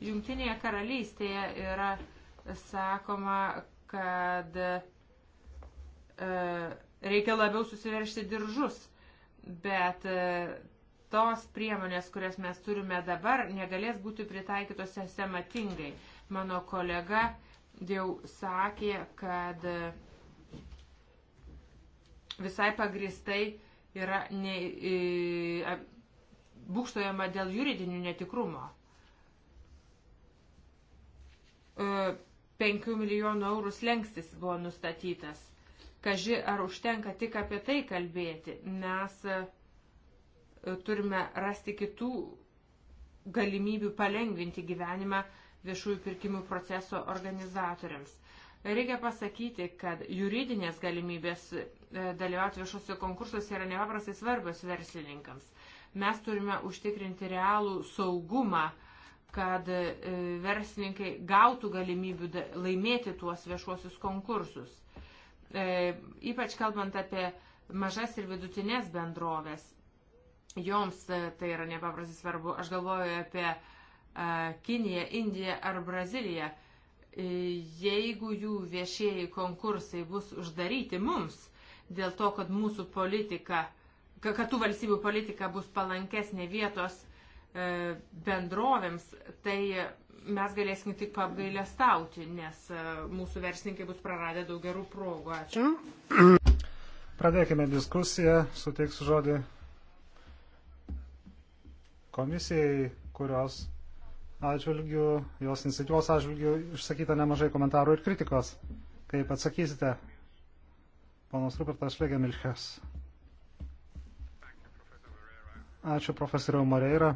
Jungtinėje karalystėje yra sakoma, kad uh, reikia labiau susiveršti diržus, bet uh, tos priemonės, kurias mes turime dabar, negalės būti pritaikytos sistematingai. Mano kolega uh, jau sakė, kad visai pagristai yra ne, e, būkštojama dėl juridinių netikrumo. E, 5 milijonų eurų slengstis buvo nustatytas. Kaži, ar užtenka tik apie tai kalbėti? Mes e, turime rasti kitų galimybių palengvinti gyvenimą e, viešųjų pirkimų proceso organizatoriams. Reikia pasakyti, kad juridinės galimybės e, dalyvauti viešuose konkursuose yra nepaprastai svarbios verslininkams. Mes turime užtikrinti realų saugumą, kad e, verslininkai gautų galimybių laimėti tuos viešuosius konkursus. E, ypač kalbant apie mažas ir vidutinės bendrovės, joms e, tai yra nepaprastai svarbu. Aš galvoju apie Kinija, Indija ar Brazilija, e, jeigu jų viešieji konkursai bus uždaryti mums dėl to, kad mūsų politika, kad tų valstybių politika bus palankesnė vietos e, bendrovėms, tai mes galėsim tik apgailę stauti, nes e, mūsų verslininkai bus praradę daug gerų progų. Ačiū. Pradėkime diskusiją, suteiksiu žodį komisijai, kurios atžvilgių, jos iniciatyvos atžvilgių išsakyta nemažai komentarų ir kritikos. Kaip atsakysite, ponas Rupertas Šlegemilchės. Ačiū profesoriau Moreira.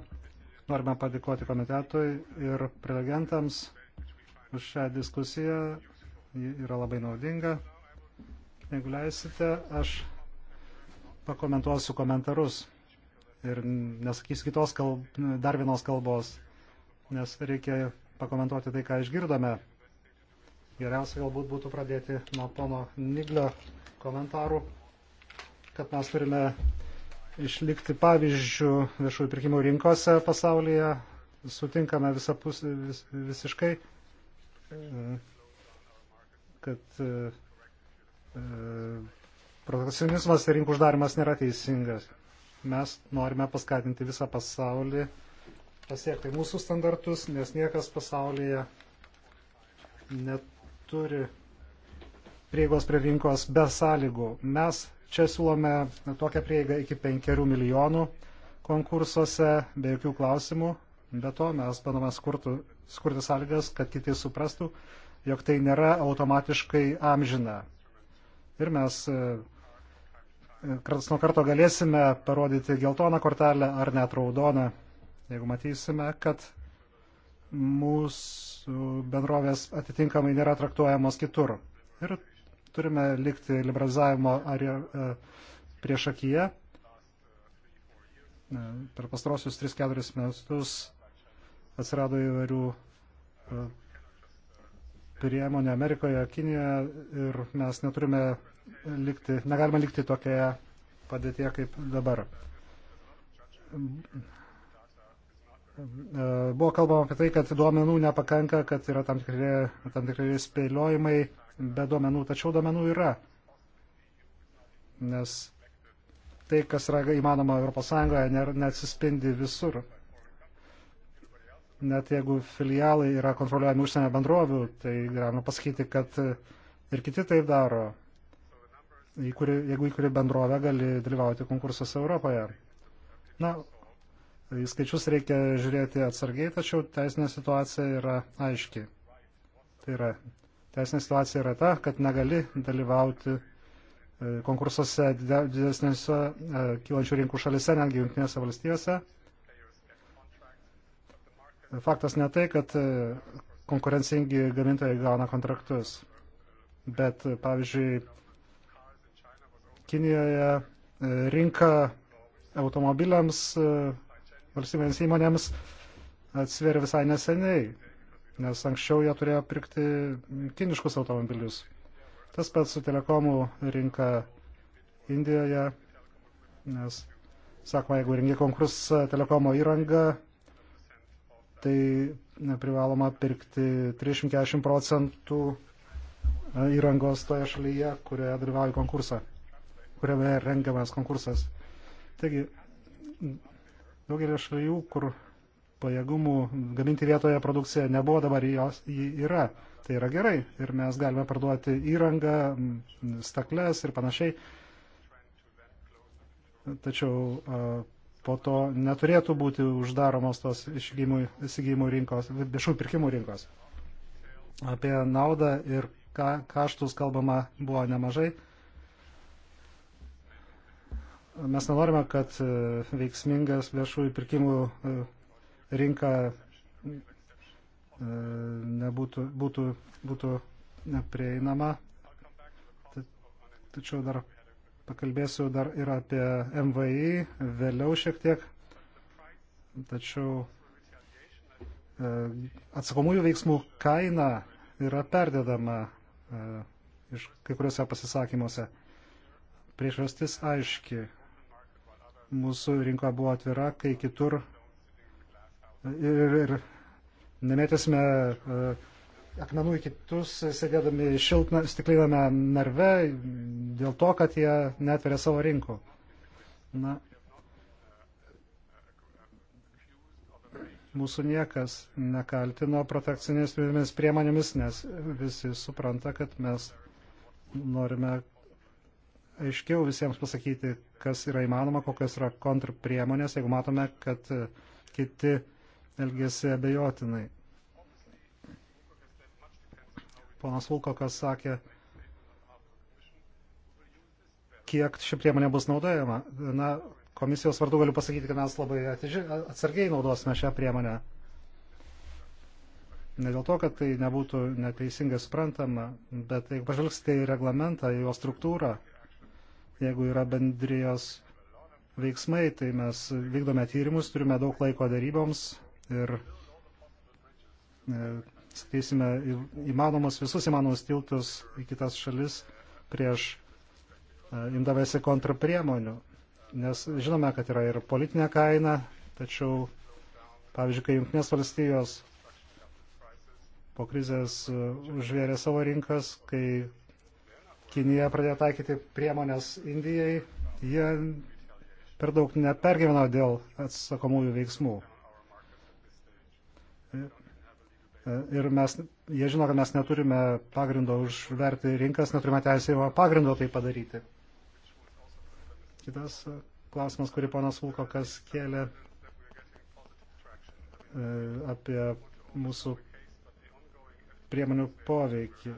Norime padėkoti komitetui ir prelegentams už šią diskusiją. Ji yra labai naudinga. Jeigu leisite, aš pakomentuosiu komentarus ir nesakysiu kitos kalb... dar vienos kalbos nes reikia pakomentuoti tai, ką išgirdome. Geriausia galbūt būtų pradėti nuo pono Niglio komentarų, kad mes turime išlikti pavyzdžių viešųjų pirkimų rinkose pasaulyje. Sutinkame visapus, vis, visiškai, kad e, e, protekcionizmas ir rinkų uždarimas nėra teisingas. Mes norime paskatinti visą pasaulį pasiekti mūsų standartus, nes niekas pasaulyje neturi prieigos prie rinkos be sąlygų. Mes čia siūlome tokią prieigą iki 5 milijonų konkursuose be jokių klausimų. Be to mes bandome skurtų, skurti sąlygas, kad kiti suprastų, jog tai nėra automatiškai amžina. Ir mes e, kartas nuo karto galėsime parodyti geltoną kortelę ar net raudoną Jeigu matysime, kad mūsų bendrovės atitinkamai nėra traktuojamos kitur. Ir turime likti liberalizavimo ar e, prieš akiją. E, per pastarosius 3-4 metus atsirado įvairių e, priemonė Amerikoje, Kinijoje ir mes neturime likti, negalime likti tokioje padėtėje kaip dabar. Buvo kalbama apie tai, kad duomenų nepakanka, kad yra tam tikri, tam tikri spėliojimai be duomenų, tačiau duomenų yra. Nes tai, kas yra įmanoma ES, neatsispindi visur. Net jeigu filialai yra kontroliuojami užsienio bendrovių, tai galima pasakyti, kad ir kiti taip daro, į kuri, jeigu į kuri bendrovę gali dalyvauti konkursas Europoje. Na, Į skaičius reikia žiūrėti atsargiai, tačiau teisinė situacija yra aiški. Tai yra, teisinė situacija yra ta, kad negali dalyvauti e, konkursuose didesnėse e, kylančių rinkų šalise, netgi jungtinėse valstijose. Faktas ne tai, kad e, konkurencingi gamintojai gauna kontraktus, bet, pavyzdžiui, Kinijoje rinka automobiliams valstybės įmonėms atsveria visai neseniai, nes anksčiau jie turėjo pirkti kiniškus automobilius. Tas pats su telekomų rinka Indijoje, nes, sakoma, jeigu rengi konkursą telekomo įrangą, tai privaloma pirkti 340 procentų e, įrangos toje šalyje, kurioje dalyvauja konkursą, kuriame rengiamas konkursas. Taigi, Daugelį šalių, kur pajėgumų gaminti vietoje produkciją nebuvo, dabar jos yra. Tai yra gerai ir mes galime parduoti įrangą, stakles ir panašiai. Tačiau po to neturėtų būti uždaromos tos įsigijimų rinkos, viešų pirkimų rinkos. Apie naudą ir kaštus kalbama buvo nemažai. Mes nenorime, kad e, veiksmingas viešųjų pirkimų e, rinka e, nebūtų, būtų, būtų neprieinama. Tačiau dar pakalbėsiu dar ir apie MVI vėliau šiek tiek. Tačiau atsakomųjų veiksmų kaina yra perdedama iš kai kuriuose pasisakymuose. Priežastis aiški mūsų rinka buvo atvira, kai kitur ir, ir nemėtėsime e, akmenų į kitus, sėdėdami šiltna, stikliniame narve dėl to, kad jie netveria savo rinkų. Na, mūsų niekas nekaltino protekcinėmis priemonėmis, nes visi supranta, kad mes norime aiškiau visiems pasakyti, kas yra įmanoma, kokios yra kontrpriemonės, jeigu matome, kad e, kiti elgesi abejotinai. Ponas Vulkokas sakė, kiek ši priemonė bus naudojama. Na, komisijos vardu galiu pasakyti, kad mes labai atidži, atsargiai naudosime šią priemonę. Ne dėl to, kad tai nebūtų neteisingai suprantama, bet jeigu pažvelgsite į reglamentą, į jo struktūrą, Jeigu yra bendrijos veiksmai, tai mes vykdome tyrimus, turime daug laiko daryboms ir e, statysime įmanomus, visus įmanomus tiltus į kitas šalis prieš e, imdavęsi kontrapriemonių. Nes žinome, kad yra ir politinė kaina, tačiau, pavyzdžiui, kai Junktinės valstijos po krizės e, užvėrė savo rinkas, kai Kinija pradėjo taikyti priemonės Indijai, jie per daug nepergyveno dėl atsakomųjų veiksmų. Ir mes, jie žino, kad mes neturime pagrindo užverti rinkas, neturime teisėjo pagrindo tai padaryti. Kitas klausimas, kurį ponas Vulkokas kėlė e, apie mūsų priemonių poveikį.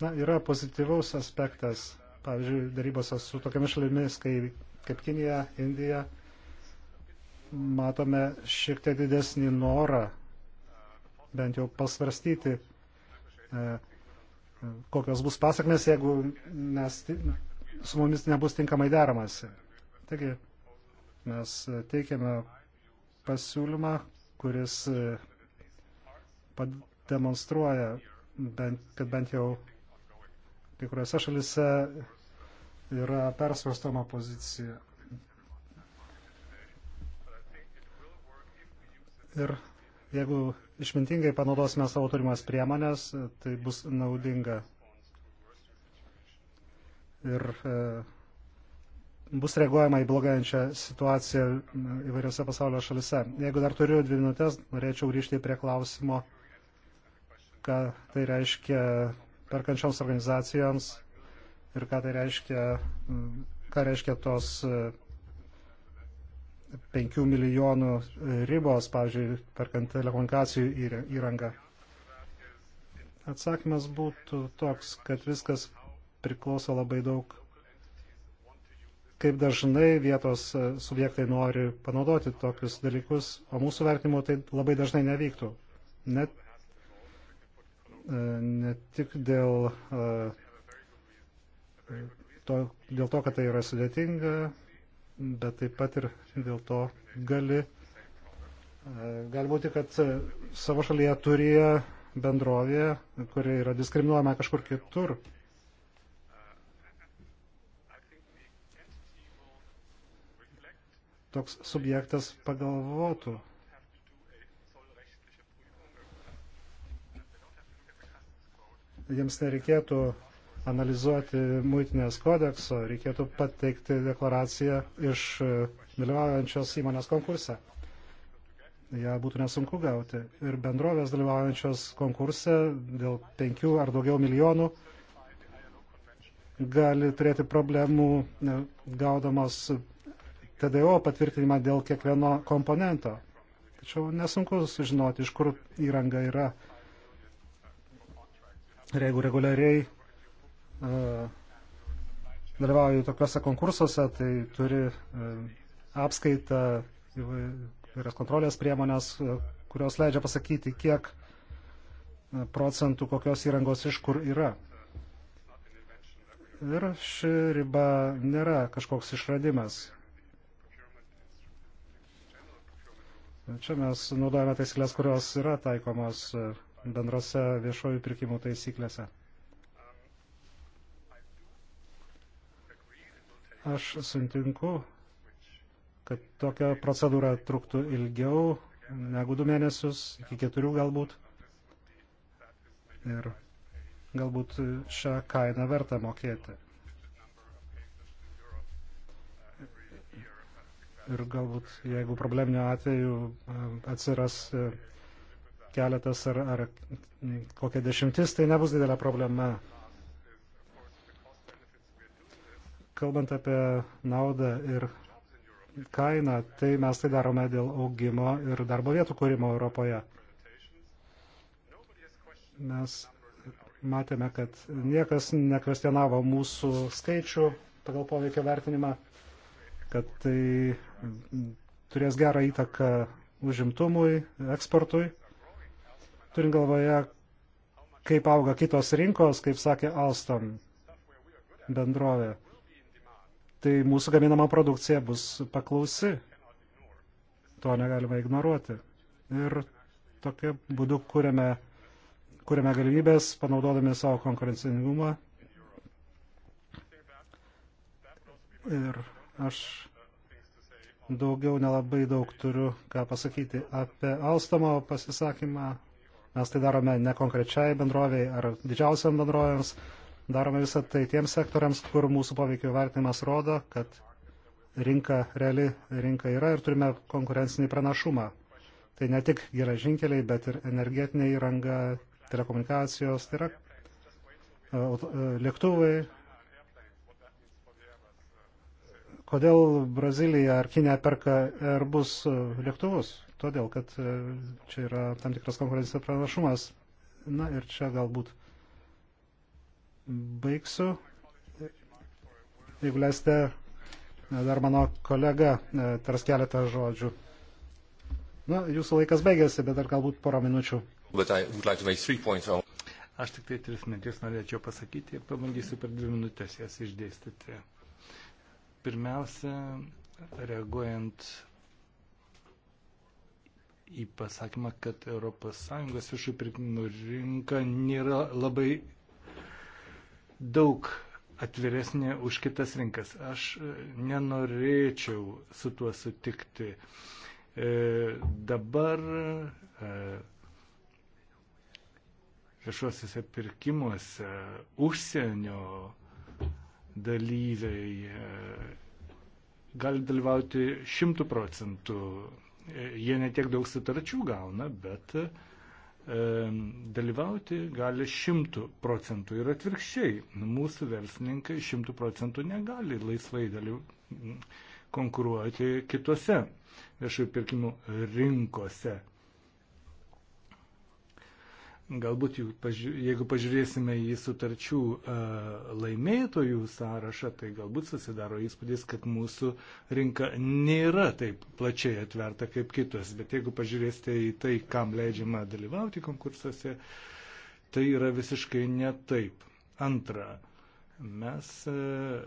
Na, yra pozityvaus aspektas, pavyzdžiui, darybose su tokiamis šalimis kaip, kaip Kinija, Indija, matome šiek tiek didesnį norą bent jau pasvarstyti, e, kokios bus pasakmes, jeigu mes, su mumis nebus tinkamai deramasi. Taigi, mes teikiame pasiūlymą, kuris e, pademonstruoja, bent, kad bent jau kai kuriuose šalise yra persvarstoma pozicija. Ir jeigu išmintingai panaudosime savo turimas priemonės, tai bus naudinga. Ir e, bus reaguojama į blogąjančią situaciją įvairiose pasaulio šalise. Jeigu dar turiu dvi minutės, norėčiau grįžti prie klausimo, ką tai reiškia perkančioms organizacijoms ir ką tai reiškia, ką reiškia tos 5 e, milijonų ribos, pavyzdžiui, perkant telekomunikacijų įrangą. Atsakymas būtų toks, kad viskas priklauso labai daug, kaip dažnai vietos e, subjektai nori panaudoti tokius dalykus, o mūsų vertimu tai labai dažnai nevyktų. Net E, ne tik dėl e, to, dėl to, kad tai yra sudėtinga, bet taip pat ir dėl to gali, e, gali būti, kad savo šalyje turėjo bendrovė, kuri yra diskriminuojama kažkur kitur. Toks subjektas pagalvotų, jiems nereikėtų analizuoti muitinės kodekso, reikėtų pateikti deklaraciją iš e, dalyvaujančios įmonės konkurse. Ja būtų nesunku gauti. Ir bendrovės dalyvaujančios konkurse dėl penkių ar daugiau milijonų gali turėti problemų e, gaudamos TDO patvirtinimą dėl kiekvieno komponento. Tačiau nesunku sužinoti, iš kur įranga yra Ir jeigu reguliariai dalyvauju tokiuose konkursuose, tai turi apskaitą įvairias kontrolės priemonės, kurios leidžia pasakyti, kiek procentų kokios įrangos iš kur yra. Ir ši riba nėra kažkoks išradimas. Čia mes naudojame taisyklės, kurios yra taikomos bendrose viešojų pirkimų taisyklėse. Aš sutinku, kad tokia procedūra truktų ilgiau negu du mėnesius, iki keturių galbūt. Ir galbūt šią kainą verta mokėti. Ir galbūt, jeigu probleminio atveju atsiras keletas ar, ar kokia dešimtis, tai nebus didelė problema. Kalbant apie naudą ir kainą, tai mes tai darome dėl augimo ir darbo vietų kūrimo Europoje. Mes matėme, kad niekas nekvestionavo mūsų skaičių pagal poveikio vertinimą, kad tai turės gerą įtaką užimtumui, eksportui turint galvoje, kaip auga kitos rinkos, kaip sakė Alstom bendrovė. Tai mūsų gaminama produkcija bus paklausi. To negalima ignoruoti. Ir tokiu būdu kūrėme, kūrėme galimybės, panaudodami savo konkurencingumą. Ir aš daugiau nelabai daug turiu ką pasakyti apie Alstomo pasisakymą, Mes tai darome ne konkrečiai bendroviai ar didžiausiam bendrovėms, darome visą tai tiems sektoriams, kur mūsų poveikio vertinimas rodo, kad rinka reali rinka yra ir turime konkurencinį pranašumą. Tai ne tik geležinkeliai, bet ir energetinė įranga, telekomunikacijos, tai yra e, e, lėktuvai. Kodėl Brazilija ar Kinė perka Airbus e, lėktuvus? todėl kad e, čia yra tam tikras konkurencijos pranašumas. Na ir čia galbūt baigsiu. Jeigu leisite, e, dar mano kolega e, tars keletą žodžių. Na, jūsų laikas baigėsi, bet dar galbūt porą minučių. Like Aš tik tai tris mintis norėčiau pasakyti ir pabandysiu per dvi minutės jas išdėstyti. Pirmiausia, reaguojant į pasakymą, kad ES viešųjų pirkimų rinka nėra labai daug atviresnė už kitas rinkas. Aš e, nenorėčiau su tuo sutikti. E, dabar e, viešuosiuose pirkimuose užsienio dalyviai e, gali dalyvauti šimtų procentų jie netiek daug sutarčių gauna, bet e, dalyvauti gali šimtų procentų ir atvirkščiai. Mūsų verslininkai šimtų procentų negali laisvai dalyvauti konkuruoti kitose viešųjų pirkimų rinkose. Galbūt, jeigu pažiūrėsime į sutarčių e, laimėtojų sąrašą, tai galbūt susidaro įspūdis, kad mūsų rinka nėra taip plačiai atverta kaip kitos. Bet jeigu pažiūrėsite į tai, kam leidžiama dalyvauti konkursuose, tai yra visiškai ne taip. Antra, mes e,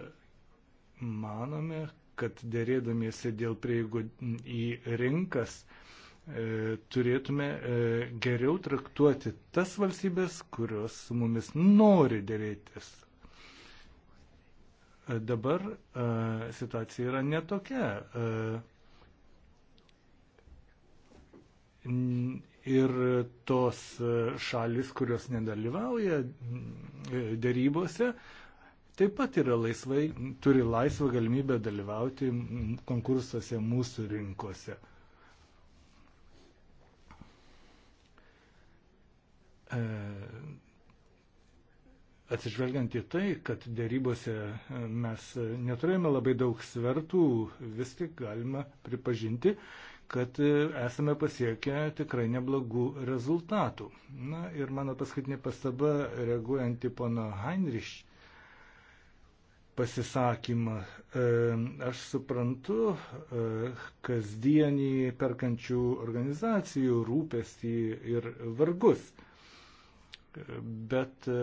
manome, kad dėrėdamiesi dėl prieigų į rinkas, E, turėtume e, geriau traktuoti tas valstybės, kurios su mumis nori dėrėtis. E, dabar situacija yra netokia. Ir tos šalis, kurios nedalyvauja dėrybose, taip pat yra laisvai, turi laisvą galimybę dalyvauti konkursuose mūsų rinkose. E, atsižvelgiant į tai, kad dėrybose e, mes neturėjome labai daug svertų, vis tik galima pripažinti, kad e, esame pasiekę tikrai neblogų rezultatų. Na ir mano paskutinė pastaba, reaguojant į pono Heinrich pasisakymą, aš suprantu kasdienį perkančių organizacijų rūpestį ir vargus. Bet e,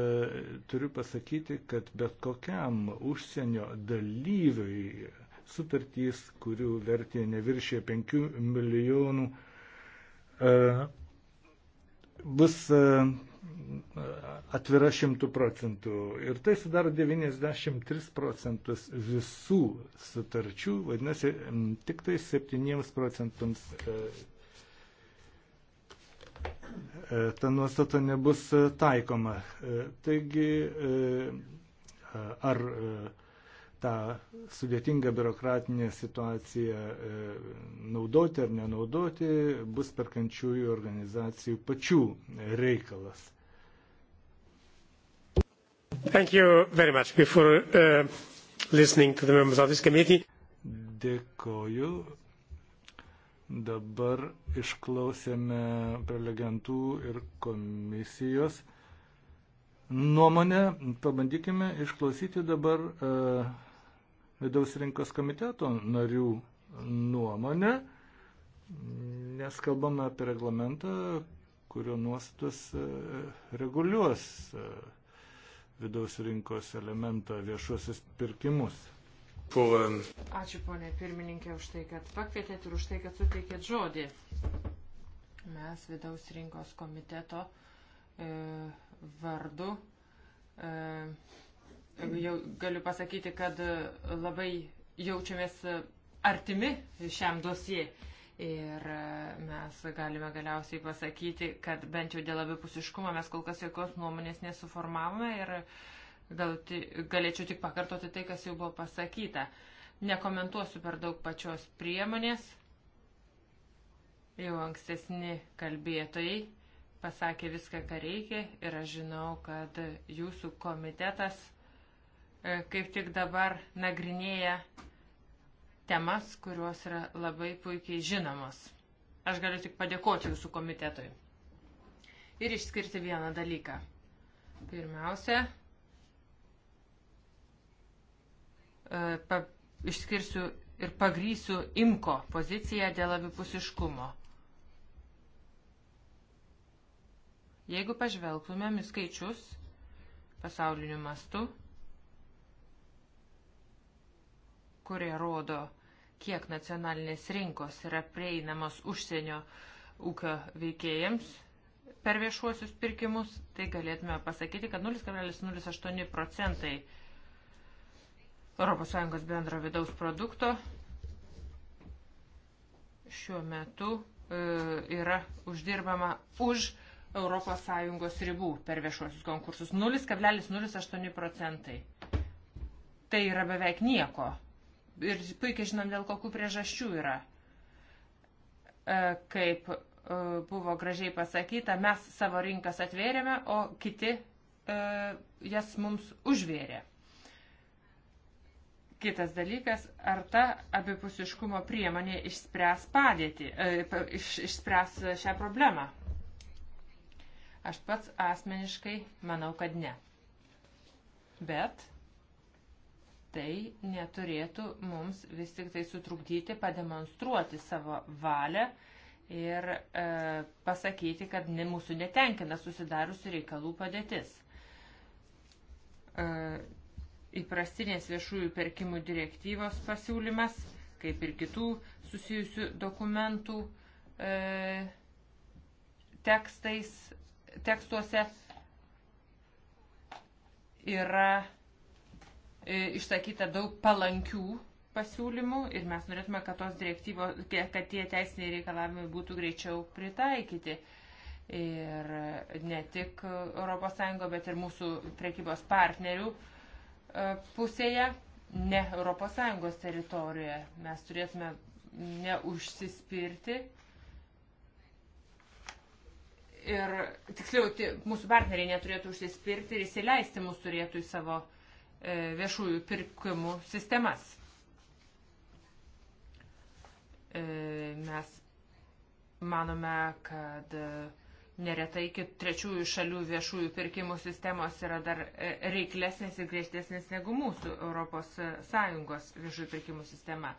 turiu pasakyti, kad bet kokiam užsienio dalyviui sutartys, kurių vertė neviršė 5 milijonų, e, bus e, atvira 100 procentų. Ir tai sudaro 93 procentus visų sutarčių, vadinasi, tik tai 7 procentams E, ta nuostata nebus e, taikoma. E, taigi, ar tą sudėtingą biurokratinę situaciją naudoti ar nenaudoti bus perkančiųjų organizacijų pačių reikalas. Thank you very much before uh, listening to the members of this committee. Dėkoju. Dabar išklausėme prelegentų ir komisijos nuomonę. Pabandykime išklausyti dabar e, vidaus rinkos komiteto narių nuomonę, nes kalbame apie reglamentą, kurio nuostatas e, reguliuos e, vidaus rinkos elementą viešuosius pirkimus. Pour, um... Ačiū ponė pirmininkė už tai, kad pakvietėt ir už tai, kad suteikėt žodį. Mes vidaus rinkos komiteto e, vardu e, jau galiu pasakyti, kad labai jaučiamės artimi šiam dosijai. Ir e, mes galime galiausiai pasakyti, kad bent jau dėl abipusiškumo mes kol kas jokios nuomonės nesuformavome ir Gal galėčiau tik pakartoti tai, kas jau buvo pasakyta. Nekomentuosiu per daug pačios priemonės. Jau ankstesni kalbėtojai pasakė viską, ką reikia ir aš žinau, kad jūsų komitetas e, kaip tik dabar nagrinėja temas, kurios yra labai puikiai žinomos. Aš galiu tik padėkoti jūsų komitetui. Ir išskirti vieną dalyką. Pirmiausia, pa, išskirsiu ir pagrysiu imko poziciją dėl abipusiškumo. Jeigu pažvelgtumėm į skaičius pasauliniu mastu, kurie rodo, kiek nacionalinės rinkos yra prieinamos užsienio ūkio veikėjams per viešuosius pirkimus, tai galėtume pasakyti, kad 0,08 procentai ES bendro vidaus produkto šiuo metu e, yra uždirbama už ES ribų per viešuosius konkursus. 0,08 procentai. Tai yra beveik nieko. Ir puikiai žinom, dėl kokių priežasčių yra. E, kaip e, buvo gražiai pasakyta, mes savo rinkas atvėrėme, o kiti jas mums užvėrė. Kitas dalykas, ar ta abipusiškumo priemonė išspręs padėtį, e, iš, išspręs šią problemą? Aš pats asmeniškai manau, kad ne. Bet tai neturėtų mums vis tik tai sutrukdyti, pademonstruoti savo valią ir e, pasakyti, kad ne, mūsų netenkina susidariusi reikalų padėtis. E, įprastinės viešųjų pirkimų direktyvos pasiūlymas, kaip ir kitų susijusių dokumentų e, tekstais, tekstuose yra e, išsakyta daug palankių pasiūlymų ir mes norėtume, kad tos direktyvos, kad tie teisiniai reikalavimai būtų greičiau pritaikyti. Ir ne tik ES, bet ir mūsų prekybos partnerių pusėje, ne ES teritorijoje. Mes turėtume neužsispirti. Ir tiksliau, mūsų partneriai neturėtų užsispirti ir įsileisti mūsų turėtų į savo e, viešųjų pirkimų sistemas. E, mes manome, kad e, Neretai iki trečiųjų šalių viešųjų pirkimų sistemos yra dar e, reiklesnės ir griežtesnės negu mūsų ES e, viešųjų pirkimų sistema.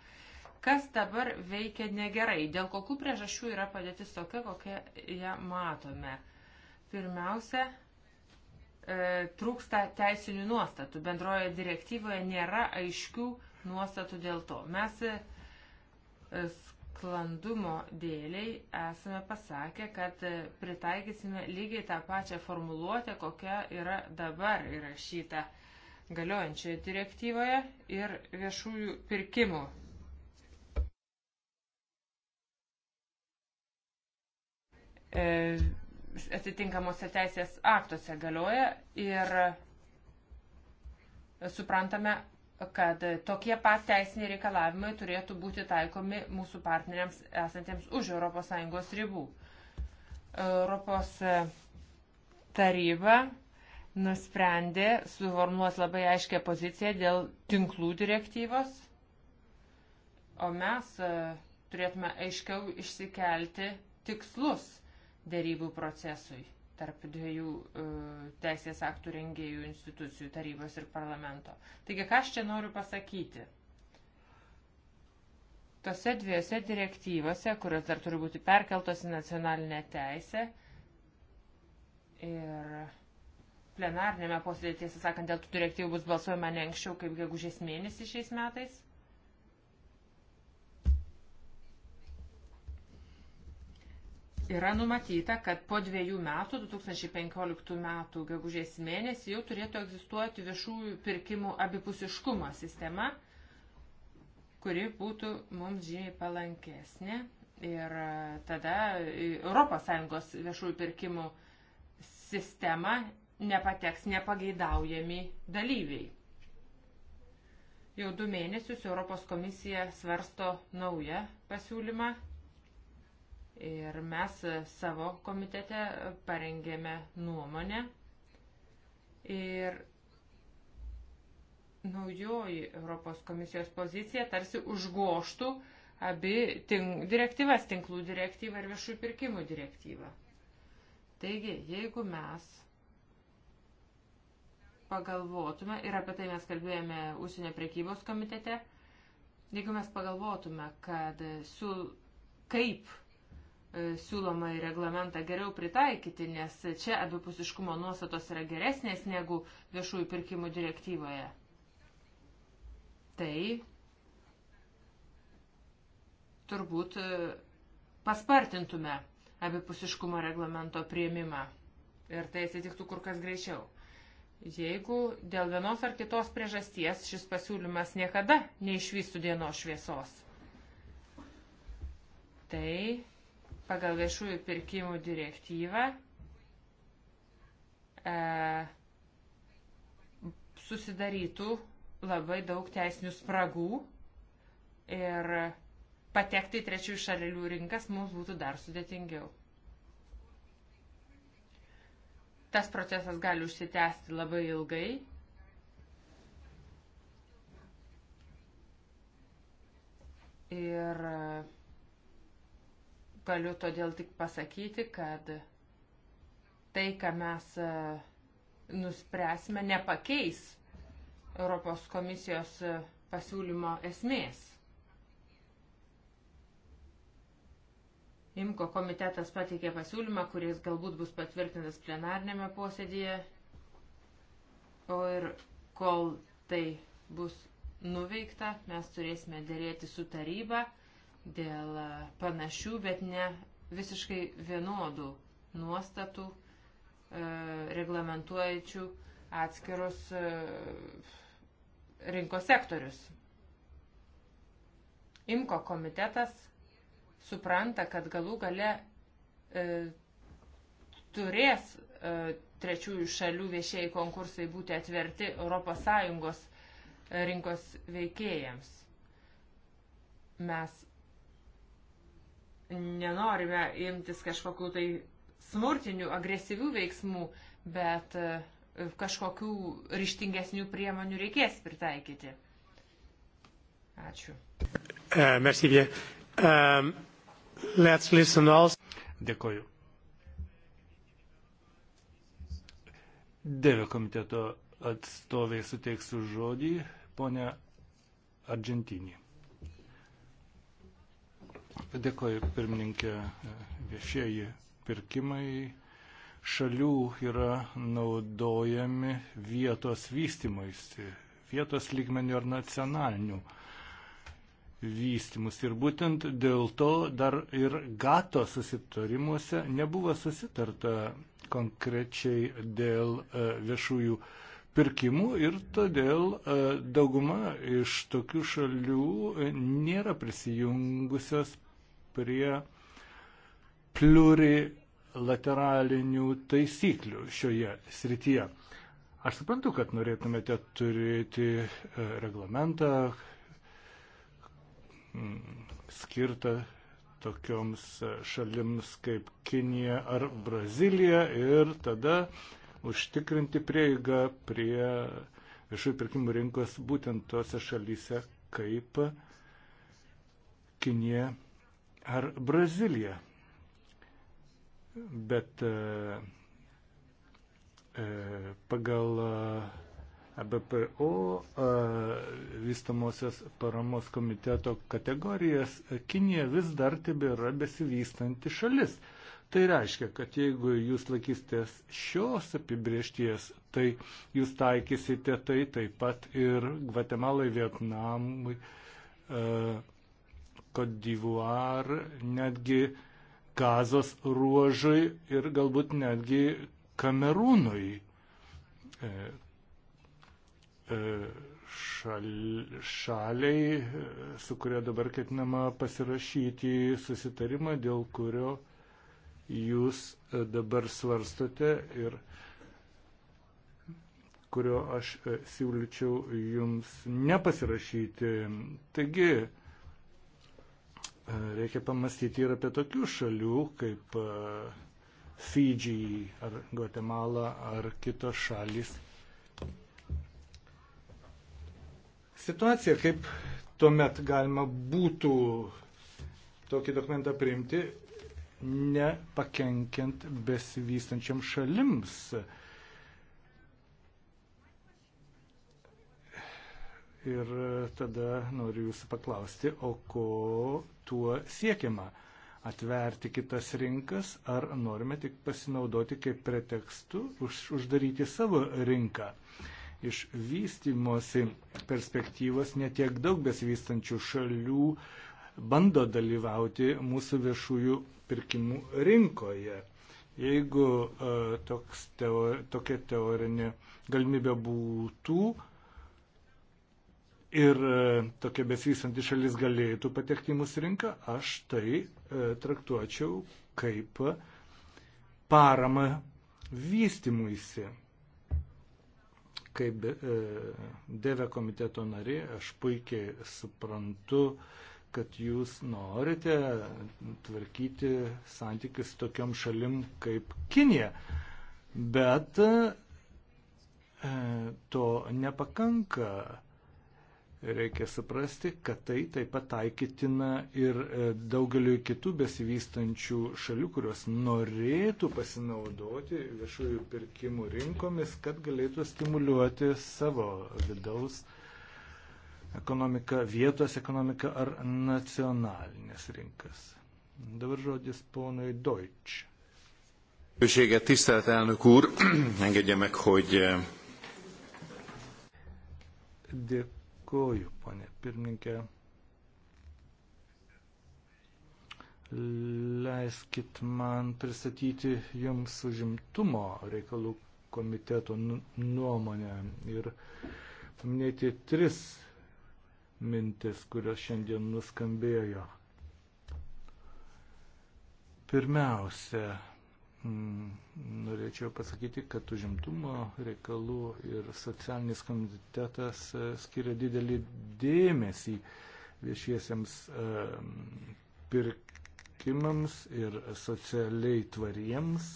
Kas dabar veikia negerai? Dėl kokių priežasčių yra padėtis tokia, kokią ją matome? Pirmiausia, e, trūksta teisinių nuostatų. Bendroje direktyvoje nėra aiškių nuostatų dėl to. Mes e, sklandumo dėliai esame pasakę, kad pritaikysime lygiai tą pačią formuluotę, kokia yra dabar įrašyta galiojančioje direktyvoje ir viešųjų pirkimų. E, atitinkamuose teisės aktuose galioja ir suprantame, kad e, tokie pat teisiniai reikalavimai turėtų būti taikomi mūsų partneriams esantiems už ES ribų. Europos e, taryba nusprendė suformuos labai aiškę poziciją dėl tinklų direktyvos, o mes e, turėtume aiškiau išsikelti tikslus dėrybų procesui tarp dviejų e, teisės aktų rengėjų institucijų tarybos ir parlamento. Taigi, ką aš čia noriu pasakyti? Tose dviejose direktyvose, kurios dar turi būti perkeltos į nacionalinę teisę ir plenarnėme posėdėje, tiesą sakant, dėl tų direktyvų bus balsuojama ne anksčiau kaip gegužės mėnesį šiais metais. yra numatyta, kad po dviejų metų, 2015 metų gegužės mėnesį, jau turėtų egzistuoti viešųjų pirkimų abipusiškumo sistema, kuri būtų mums žymiai palankesnė. Ir e, tada ES viešųjų pirkimų sistema nepateks nepageidaujami dalyviai. Jau du mėnesius Europos komisija svarsto naują pasiūlymą Ir mes savo komitete parengėme nuomonę. Ir naujoji Europos komisijos pozicija tarsi užgoštų abi tink, direktyvas, tinklų direktyvą ir viešųjų pirkimų direktyvą. Taigi, jeigu mes pagalvotume, ir apie tai mes kalbėjome užsienio prekybos komitete, jeigu mes pagalvotume, kad su kaip E, siūloma į reglamentą geriau pritaikyti, nes čia abipusiškumo nuostatos yra geresnės negu viešųjų pirkimų direktyvoje. Tai turbūt e, paspartintume abipusiškumo reglamento prieimimą ir tai atsitiktų kur kas greičiau. Jeigu dėl vienos ar kitos priežasties šis pasiūlymas niekada neišvystų dienos šviesos, tai pagal viešųjų pirkimų direktyvą e, susidarytų labai daug teisinių spragų ir patekti į trečiųjų šalių rinkas mums būtų dar sudėtingiau. Tas procesas gali užsitęsti labai ilgai. Ir uh, Galiu todėl tik pasakyti, kad tai, ką mes e, nuspręsime, nepakeis Europos komisijos e, pasiūlymo esmės. Imko komitetas pateikė pasiūlymą, kuris galbūt bus patvirtintas plenarnėme posėdėje. O ir kol tai bus nuveikta, mes turėsime dėrėti su taryba dėl panašių, bet ne visiškai vienodų nuostatų e, reglamentuojančių atskirus e, rinkos sektorius. Imko komitetas supranta, kad galų gale e, turės e, trečiųjų šalių viešieji konkursai būti atverti ES e, rinkos veikėjams. Mes Nenorime imtis kažkokių tai smurtinių, agresyvių veiksmų, bet e, kažkokių ryštingesnių priemonių reikės pritaikyti. Ačiū. Uh, merci bien. Um, let's listen also. Dėkoju. Dėvė komiteto atstovai suteiksiu žodį, ponia Argentinį. Dėkoju, pirmininkė, viešieji pirkimai šalių yra naudojami vietos vystimaisi, vietos lygmenių ar nacionalinių vystimus. Ir būtent dėl to dar ir gato susitarimuose nebuvo susitarta konkrečiai dėl e, viešųjų pirkimų ir todėl e, dauguma iš tokių šalių e, nėra prisijungusios prie plurilateralinių taisyklių šioje srityje. Aš suprantu, kad norėtumėte turėti e, reglamentą mm, skirtą tokioms e, šalims kaip Kinija ar Brazilija ir tada užtikrinti prieigą prie viešųjų pirkimų rinkos būtent tose šalyse kaip Kinija ar Brazilija. Bet e, e, pagal e, ABPO vystamosios paramos komiteto kategorijas Kinija vis dar tebėra besivystanti šalis. Tai reiškia, kad jeigu jūs laikysitės šios apibriešties, tai jūs taikysite tai taip pat ir Gvatemalai, Vietnamui, Kodivuar, netgi Gazos ruožui ir galbūt netgi Kamerūnui. E, e, šal, šaliai, e, su kuria dabar ketinama pasirašyti susitarimą, dėl kurio jūs dabar svarstote ir kurio aš siūlyčiau jums nepasirašyti. Taigi, reikia pamastyti ir apie tokių šalių kaip Fidži ar Guatemala ar kitos šalis. Situacija, kaip tuomet galima būtų tokį dokumentą priimti, nepakenkiant besivystančiam šalims. Uh, Ir e, tada noriu jūsų paklausti, o ko tuo siekiama? Atverti kitas rinkas, ar norime tik pasinaudoti kaip pretekstu už, uždaryti savo rinką? Iš vystimosi perspektyvos netiek daug besivystančių šalių bando dalyvauti mūsų viešųjų pirkimų rinkoje. Jeigu uh, toks teor, tokia teorinė galimybė būtų, uh, ir e, tokia besivystanti šalis galėtų patekti į mūsų rinką, aš tai e, traktuočiau kaip paramą vystimuisi. Kaip e, DV komiteto nari, aš puikiai suprantu, kad jūs norite tvarkyti santykius tokiam šalim kaip Kinija. Bet to nepakanka Reikia suprasti, kad tai taip pat taikytina ir e, daugeliu kitų besivystančių šalių, kurios norėtų pasinaudoti viešųjų pirkimų rinkomis, kad galėtų stimuliuoti savo vidaus ekonomiką, vietos ekonomiką ar nacionalinės rinkas. Dabar žodis ponui Deutsch. Lehetőséget, tisztelt elnök úr, engedje meg, hogy... E, Dėkui Dėkuoju, ponė pirmininkė. Leiskit man pristatyti Jums užimtumo reikalų komiteto nu-, nuomonę ir paminėti tris mintis, kurios šiandien nuskambėjo. Pirmiausia, Mm, norėčiau pasakyti, kad užimtumo reikalų ir socialinis komitetas e, skiria didelį dėmesį viešiesiems e, pirkimams ir socialiai tvariems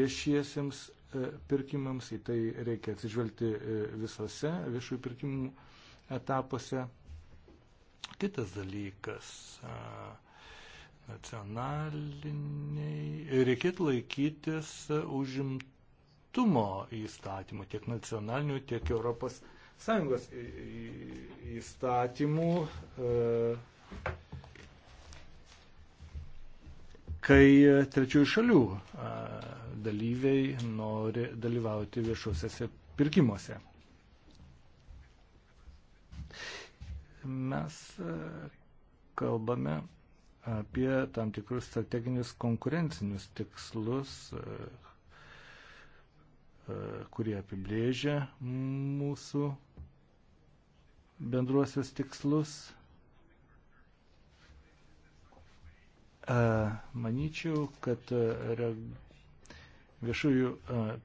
viešiesiems e, pirkimams. Į tai reikia atsižvelgti visose viešųjų pirkimų etapuose. Kitas dalykas. A, nacionaliniai, reikėtų laikytis užimtumo įstatymų, tiek nacionalinių, tiek Europos Sąjungos įstatymų, e, kai trečiųjų šalių e, dalyviai nori dalyvauti viešuosiuose pirkimuose. Mes e, kalbame apie tam tikrus strateginius konkurencinius tikslus, e, e, kurie apibrėžia mūsų bendruosius tikslus. E, Maničiau, kad viešųjų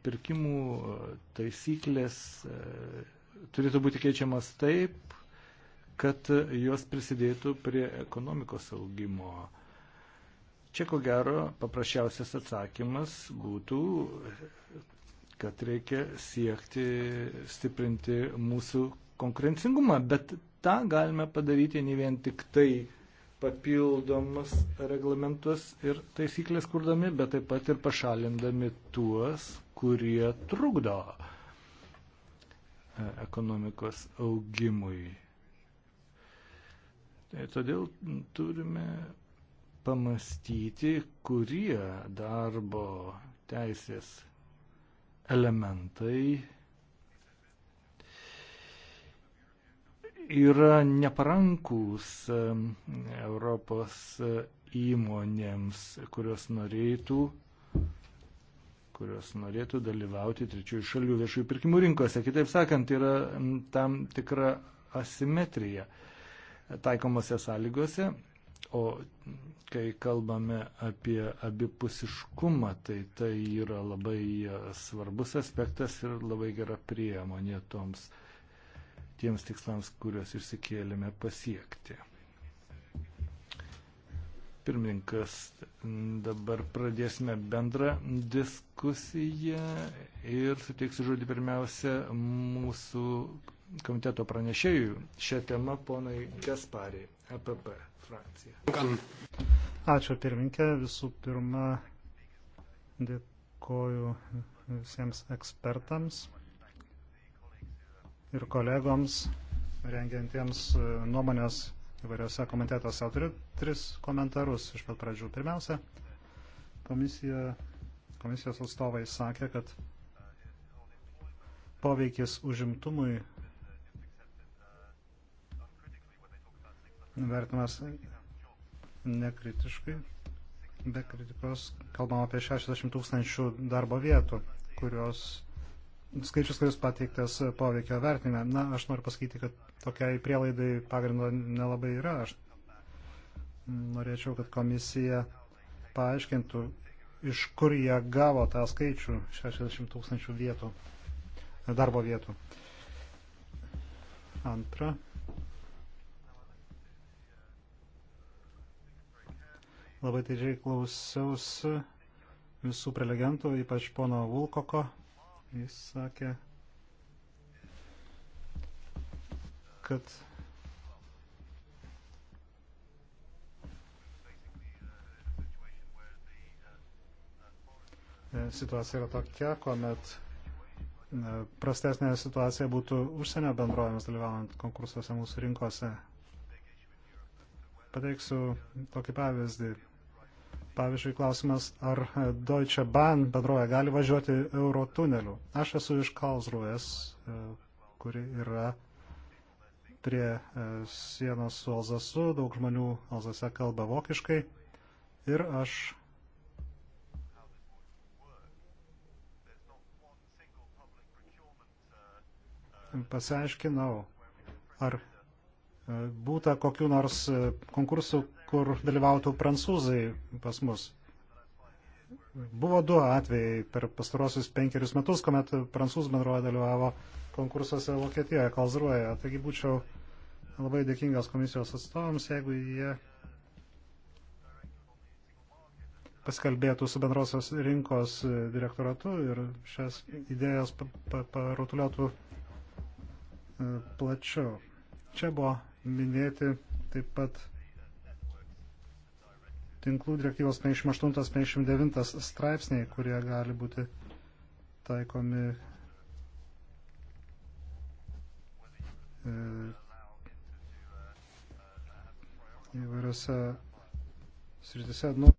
pirkimų taisyklės turėtų būti keičiamas taip, kad jos prisidėtų prie ekonomikos augimo. Čia ko gero paprasčiausias atsakymas būtų, kad reikia siekti stiprinti mūsų konkurencingumą, bet tą galime padaryti ne vien tik tai papildomus reglamentus ir taisyklės kurdami, bet taip pat ir pašalindami tuos, kurie trukdo e, ekonomikos augimui. Tai todėl turime pamastyti, kurie darbo teisės elementai yra neparankūs Europos įmonėms, kurios norėtų kurios norėtų dalyvauti trečiųjų šalių viešųjų pirkimų rinkose. Kitaip sakant, yra tam tikra asimetrija. Uh, taikomose sąlygose, o kai kalbame apie abipusiškumą, tai tai yra labai svarbus aspektas ir labai gera priemonė toms tiems tikslams, kuriuos išsikėlėme pasiekti. Pirmininkas, dabar pradėsime bendrą diskusiją ir suteiksiu žodį pirmiausia mūsų komiteto pranešėjų šią temą ponai Gasparį, APP e frakcija. Ačiū pirminkė. Visų pirma, dėkoju visiems ekspertams ir kolegoms rengiantiems e, nuomonės įvairiose komitetuose. Turiu tris komentarus iš pat pradžių. Pirmiausia, komisija, komisijos atstovai sakė, kad poveikis užimtumui vertinamas nekritiškai, be kritikos. Kalbam apie 60 tūkstančių darbo vietų, kurios skaičius, kuris pateiktas poveikio vertinime. Na, aš noriu pasakyti, kad tokiai prielaidai pagrindo nelabai yra. Aš norėčiau, kad komisija paaiškintų, iš kur jie gavo tą skaičių 60 tūkstančių vietų, darbo vietų. Antra. Labai didžiai klausiausi visų prelegentų, ypač pono Vulkoko. Jis sakė, kad situacija yra tokia, kuomet prastesnė situacija būtų užsienio bendrovėms dalyvaujant konkursuose mūsų rinkose. Pateiksiu tokį pavyzdį. Pavyzdžiui, klausimas, ar Deutsche Bahn bendrovė gali važiuoti euro tuneliu. Aš esu iš Kalsruės, e, kuri yra prie e, sienos su Alzasu, daug žmonių Alzase kalba vokiškai ir aš pasiaiškinau, ar e, būta kokiu nors konkursu, kur dalyvautų prancūzai pas mus. Buvo du atvejai per pastarosius penkerius metus, kuomet prancūzų bendrovė dalyvavo konkursuose Vokietijoje, Kalzruoje. Taigi būčiau labai dėkingas komisijos atstovams, jeigu jie pasikalbėtų su bendrosios rinkos direktoratu ir šias idėjas parutuliotų e, plačiau. Čia buvo minėti taip pat tinklų direktyvos 58-59 straipsniai, kurie gali būti taikomi e, įvairiose sritise. Nu,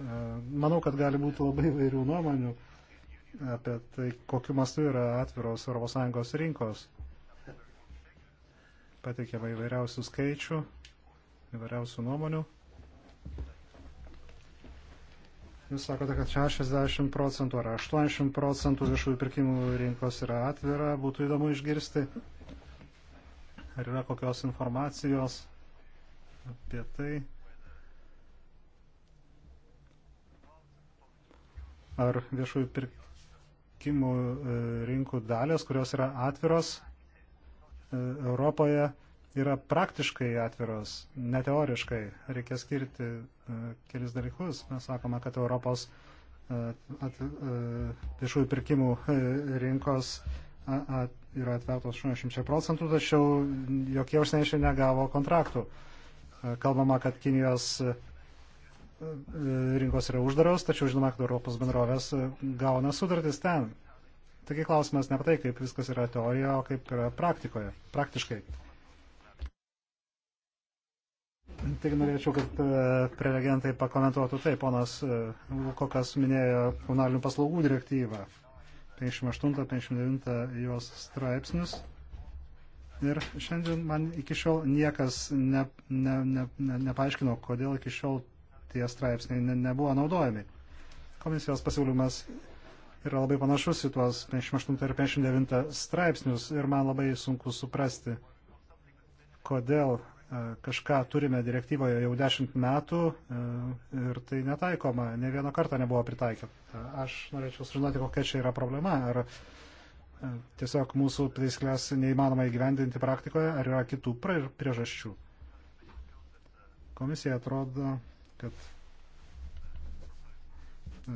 e, Manau, kad gali būti labai vairių nuomonių apie tai, kokiu mastu yra atviros ES rinkos. Pateikėme įvairiausių skaičių, įvairiausių nuomonių. Jūs sakote, kad 60 procentų ar 80 procentų viešųjų pirkimų rinkos yra atvira. Būtų įdomu išgirsti, ar yra kokios informacijos apie tai. Ar viešųjų pirkimų pirkimų e, rinkų dalės, kurios yra atviros e, Europoje, yra praktiškai atviros, ne teoriškai. Reikia skirti e, kelis dalykus. Mes sakome, kad Europos viešųjų pirkimų rinkos yra atvertos 80 procentų, tačiau jokie užsieniečiai negavo kontraktų. Kalbama, kad Kinijos rinkos yra uždaros, tačiau žinoma, kad Europos bendrovės e, gauna sudartis ten. Taigi klausimas ne apie tai, kaip viskas yra teorijoje, o kaip yra praktikoje, praktiškai. Taigi norėčiau, kad e, prelegentai pakomentuotų tai, ponas e, Lukokas minėjo komunalinių paslaugų direktyvą 58-59 jos straipsnius. Ir šiandien man iki šiol niekas ne, ne, ne, ne, nepaaiškino, kodėl iki šiol tie straipsniai ne, nebuvo naudojami. Komisijos pasiūlymas yra labai panašus į tuos 58 ir 59 straipsnius ir man labai sunku suprasti, kodėl e, kažką turime direktyvoje jau dešimt metų e, ir tai netaikoma, ne vieną kartą nebuvo pritaikyta. Aš norėčiau sužinoti, kokia čia yra problema. Ar e, tiesiog mūsų taisyklės neįmanoma įgyvendinti praktikoje, ar yra kitų priežasčių. Komisija atrodo kad e,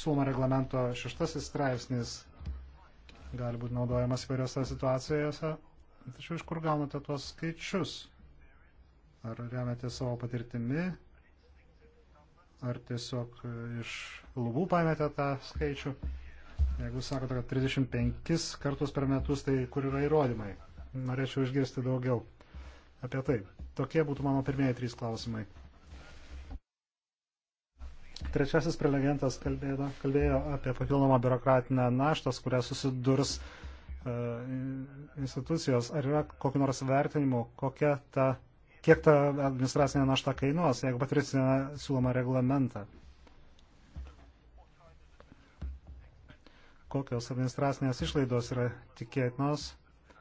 siūloma reglamento šeštasis straipsnis gali būti naudojamas įvairiose situacijose. Tačiau iš kur gaunate tuos skaičius? Ar remiate savo patirtimi? Ar tiesiog e, iš lubų paimėte tą skaičių? Jeigu sakote, kad 35 kartus per metus, tai kur yra įrodymai? Norėčiau išgirsti daugiau apie tai. Tokie būtų mano pirmieji trys klausimai. Trečiasis prelegentas kalbėjo, kalbėjo apie papildomą biurokratinę naštą, kurią susidurs e, institucijos. Ar yra kokiu nors vertinimu, kokia ta, kiek ta administracinė našta kainuos, jeigu patvirtinsime siūlomą reglamentą? Kokios administracinės išlaidos yra tikėtinos e,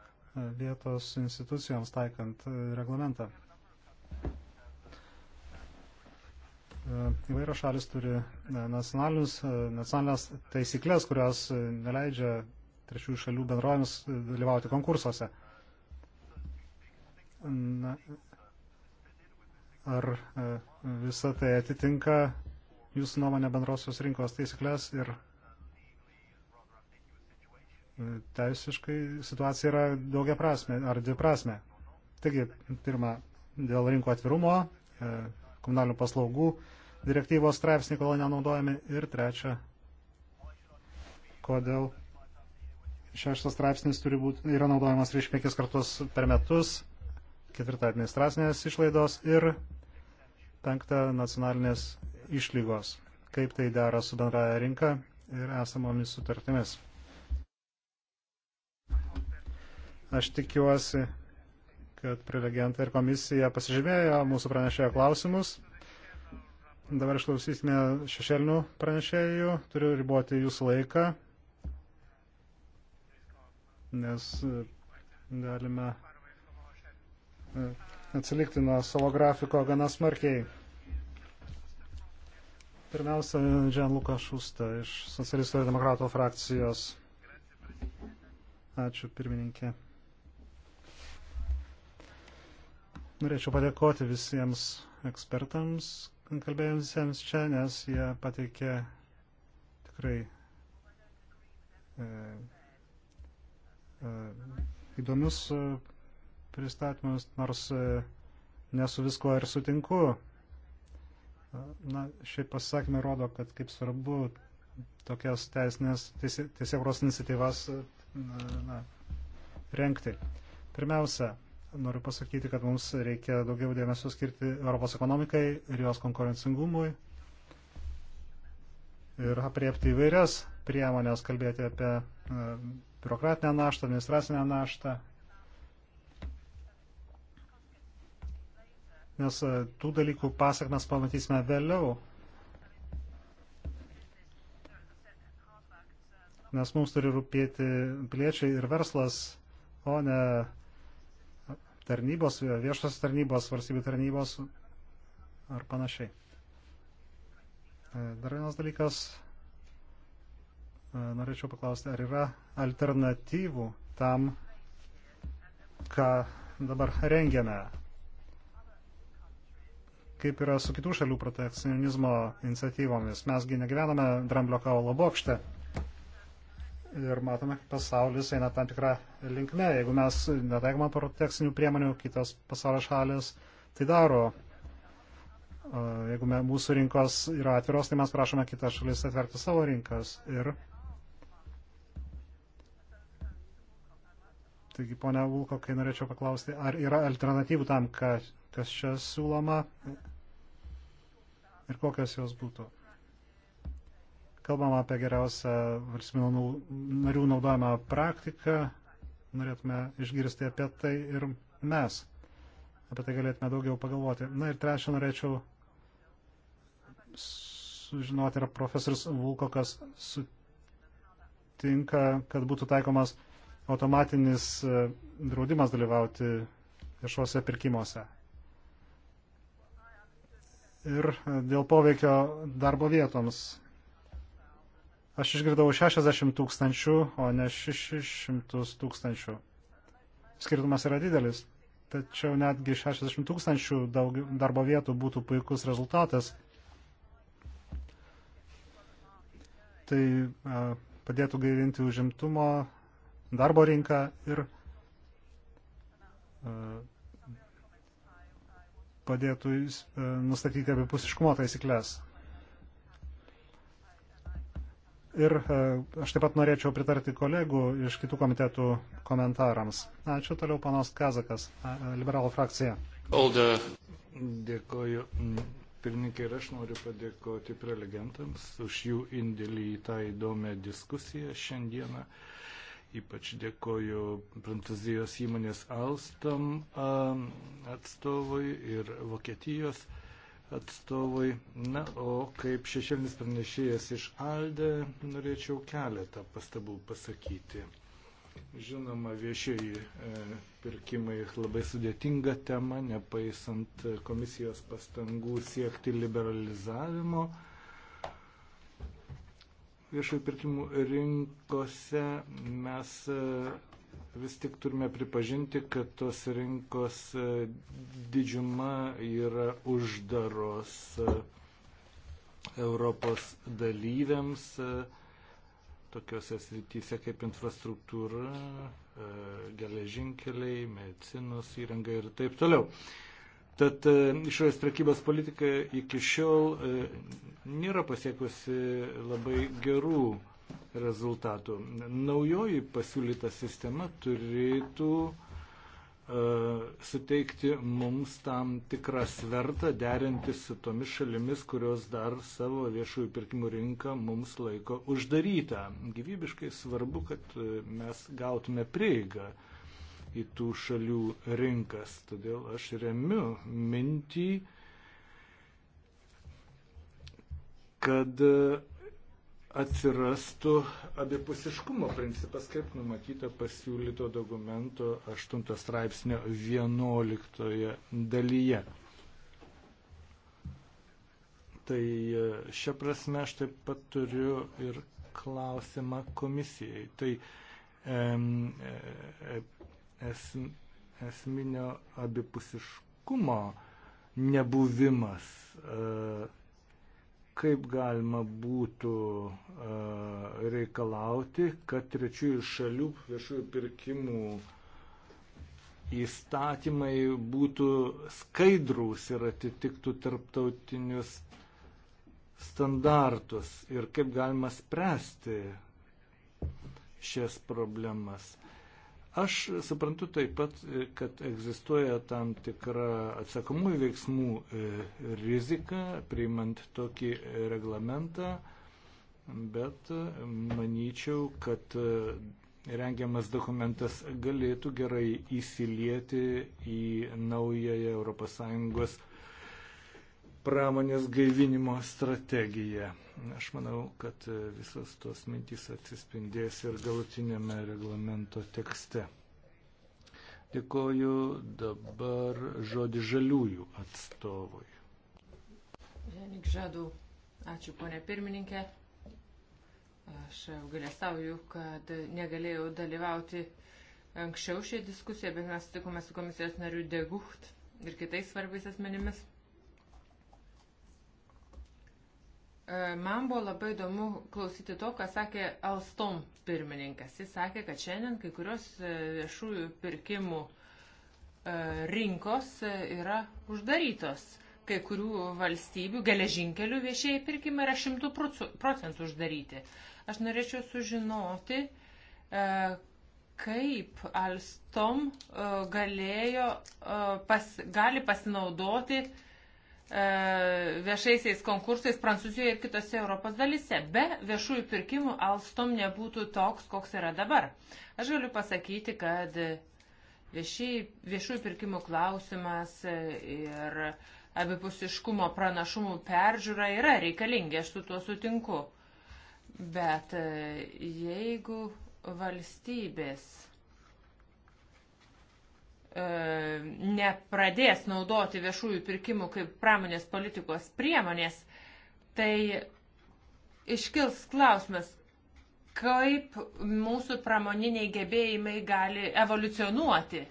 vietos institucijoms taikant e, reglamentą? įvairios e, tai šalis turi e, e, nacionalinės taisyklės, kurios neleidžia trečiųjų šalių bendrovėms dalyvauti konkursuose. Na, ar visa tai atitinka jūsų nuomonė bendrosios rinkos taisyklės ir teisiškai situacija yra daugia prasme ar dviprasme. Taigi, pirma, dėl rinko atvirumo, komunalinių paslaugų direktyvos straipsnį, kodėl nenaudojami. Ir trečia, kodėl šeštas straipsnis turi būti, yra naudojamas 35 kartus per metus, ketvirta administracinės išlaidos ir penkta nacionalinės išlygos, kaip tai dera su bendraja rinka ir esamomis sutartimis. Aš tikiuosi, kad prelegentai ir komisija pasižymėjo mūsų pranešėjo klausimus. Dabar išklausysime šešelnių pranešėjų. Turiu riboti jūsų laiką, nes e, galime e, atsilikti nuo savo grafiko gana smarkiai. Pirmiausia, Džan Luka Šusta iš Socialistų ir Demokratų frakcijos. Ačiū, pirmininkė. Norėčiau padėkoti visiems ekspertams, kalbėjusiems čia, nes jie pateikė tikrai e, e, įdomius e, pristatymus, nors e, nesu visko ir sutinku. E, na, šiaip pasisakymai rodo, kad kaip svarbu tokias teisinės, teisėkros iniciatyvas e, na, na, renkti. Pirmiausia, noriu pasakyti, kad mums reikia daugiau dėmesio skirti Europos ekonomikai ir jos konkurencingumui ir apriepti įvairias priemonės, kalbėti apie e, biurokratinę naštą, administracinę naštą. Nes e, tų dalykų pasakmes pamatysime vėliau. Nes mums turi rūpėti piliečiai ir verslas, o ne tarnybos, viešos tarnybos, valstybių tarnybos ar panašiai. E, dar vienas dalykas, e, norėčiau paklausti, ar yra alternatyvų tam, ką dabar rengiame. Kaip yra su kitų šalių protekcionizmo iniciatyvomis. Mesgi negyvename dramblio kaulo bokšte ir matome, kad pasaulis eina tam tikrą linkmę. Jeigu mes netaikome protekcinių priemonių, kitos pasaulio šalis tai daro. Jeigu mūsų rinkos yra atviros, tai mes prašome kitas šalis atverti savo rinkas. Ir Taigi, ponia Vulko, kai norėčiau paklausti, ar yra alternatyvų tam, kas čia siūloma ir kokios jos būtų? kalbam apie geriausią valstybių narių naudojamą praktiką, norėtume išgirsti apie tai ir mes. Apie tai galėtume daugiau pagalvoti. Na ir trečia, norėčiau sužinoti, ar profesorius Vulkokas sutinka, kad būtų taikomas automatinis e, draudimas dalyvauti viešuose pirkimuose. Ir e, dėl poveikio darbo vietoms Aš išgirdau 60 tūkstančių, o ne 600 tūkstančių. Skirtumas yra didelis, tačiau netgi 60 tūkstančių darbo vietų būtų puikus rezultatas. Tai padėtų gaivinti užimtumo, darbo rinką ir padėtų nustatyti abipusiškumo taisyklės. Ir e, aš taip pat norėčiau pritarti kolegų iš kitų komitetų komentarams. Ačiū toliau, panos Kazakas, liberalų frakcija. Olda. Dėkoju. Pirmininkai ir aš noriu padėkoti prelegentams už jų indėlį į tą įdomią diskusiją šiandieną. Ypač dėkoju prancūzijos įmonės Alstom atstovui ir Vokietijos atstovui atstovui. Na, o kaip šešėlinis pranešėjas iš Aldė, norėčiau keletą pastabų pasakyti. Žinoma, viešieji e, pirkimai labai sudėtinga tema, nepaisant komisijos pastangų siekti liberalizavimo. Viešųjų pirkimų rinkose mes e, vis tik turime pripažinti, kad tos rinkos e, didžiuma yra uždaros e, Europos dalyviams e, tokiuose srityse kaip infrastruktūra, geležinkeliai, medicinos įranga ir taip toliau. Tad išorės prekybos politika iki šiol nėra pasiekusi labai gerų rezultatų. Naujoji pasiūlyta sistema turėtų e, suteikti mums tam tikrą svertą derinti su tomis šalimis, kurios dar savo viešųjų pirkimų rinką mums laiko uždarytą. Gyvybiškai svarbu, kad e, mes gautume prieigą į tų šalių rinkas. Todėl aš remiu mintį, kad e, atsirastų abipusiškumo principas, kaip numatyta pasiūlyto dokumento 8 straipsnio 11 dalyje. Tai e, šią prasme aš taip pat turiu ir klausimą komisijai. Tai e, e, es, esminio abipusiškumo nebuvimas e, kaip galima būtų e, reikalauti, kad trečiųjų šalių viešųjų pirkimų įstatymai būtų skaidrūs ir atitiktų tarptautinius standartus ir kaip galima spręsti šias problemas. Aš suprantu taip pat, e, kad egzistuoja tam tikra atsakomųjų veiksmų e, rizika, priimant tokį e, reglamentą, bet manyčiau, kad rengiamas dokumentas galėtų gerai įsilieti į naująją ES pramonės gaivinimo strategiją. Aš manau, kad e, visos tos mintys atsispindės ir galutinėme reglamento tekste. Dėkoju dabar žodį žaliųjų atstovui. Janik Žadau, ačiū ponė pirmininkė. Aš galėstauju, kad negalėjau dalyvauti anksčiau šią diskusiją, bet mes sutikome su komisijos nariu Degucht ir kitais svarbiais asmenimis. E, man buvo labai įdomu klausyti to, ką sakė Alstom pirmininkas. Jis sakė, kad šiandien kai kurios e, viešųjų pirkimų e, rinkos yra uždarytos. Kai kurių valstybių geležinkelių viešieji pirkimai yra šimtų procentų uždaryti. Aš norėčiau sužinoti, kaip Alstom galėjo, pas, gali pasinaudoti uh, E, viešaisiais konkursais Prancūzijoje ir kitose Europos dalise. Be viešųjų pirkimų Alstom nebūtų toks, koks yra dabar. Aš galiu pasakyti, kad viešiai, viešųjų pirkimų klausimas ir abipusiškumo pranašumų peržiūra yra reikalingi, aš su tuo sutinku. Bet e, jeigu valstybės E, nepradės naudoti viešųjų pirkimų kaip pramonės politikos priemonės, tai iškils klausimas, kaip mūsų pramoniniai gebėjimai gali evoliucionuoti.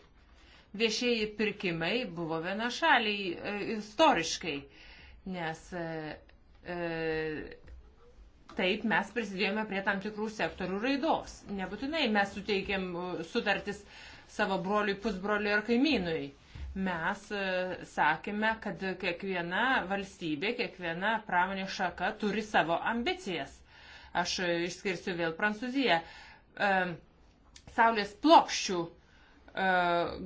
Viešieji pirkimai buvo viena šaliai e, istoriškai, nes e, e, taip mes prisidėjome prie tam tikrų sektorių raidos. Nebūtinai mes suteikėm sutartis e, savo broliui, pusbroliui ar kaimynui. Mes e, sakėme, kad kiekviena valstybė, kiekviena pramonė šaka turi savo ambicijas. Aš išskirsiu vėl Prancūziją. E, saulės plokščių e,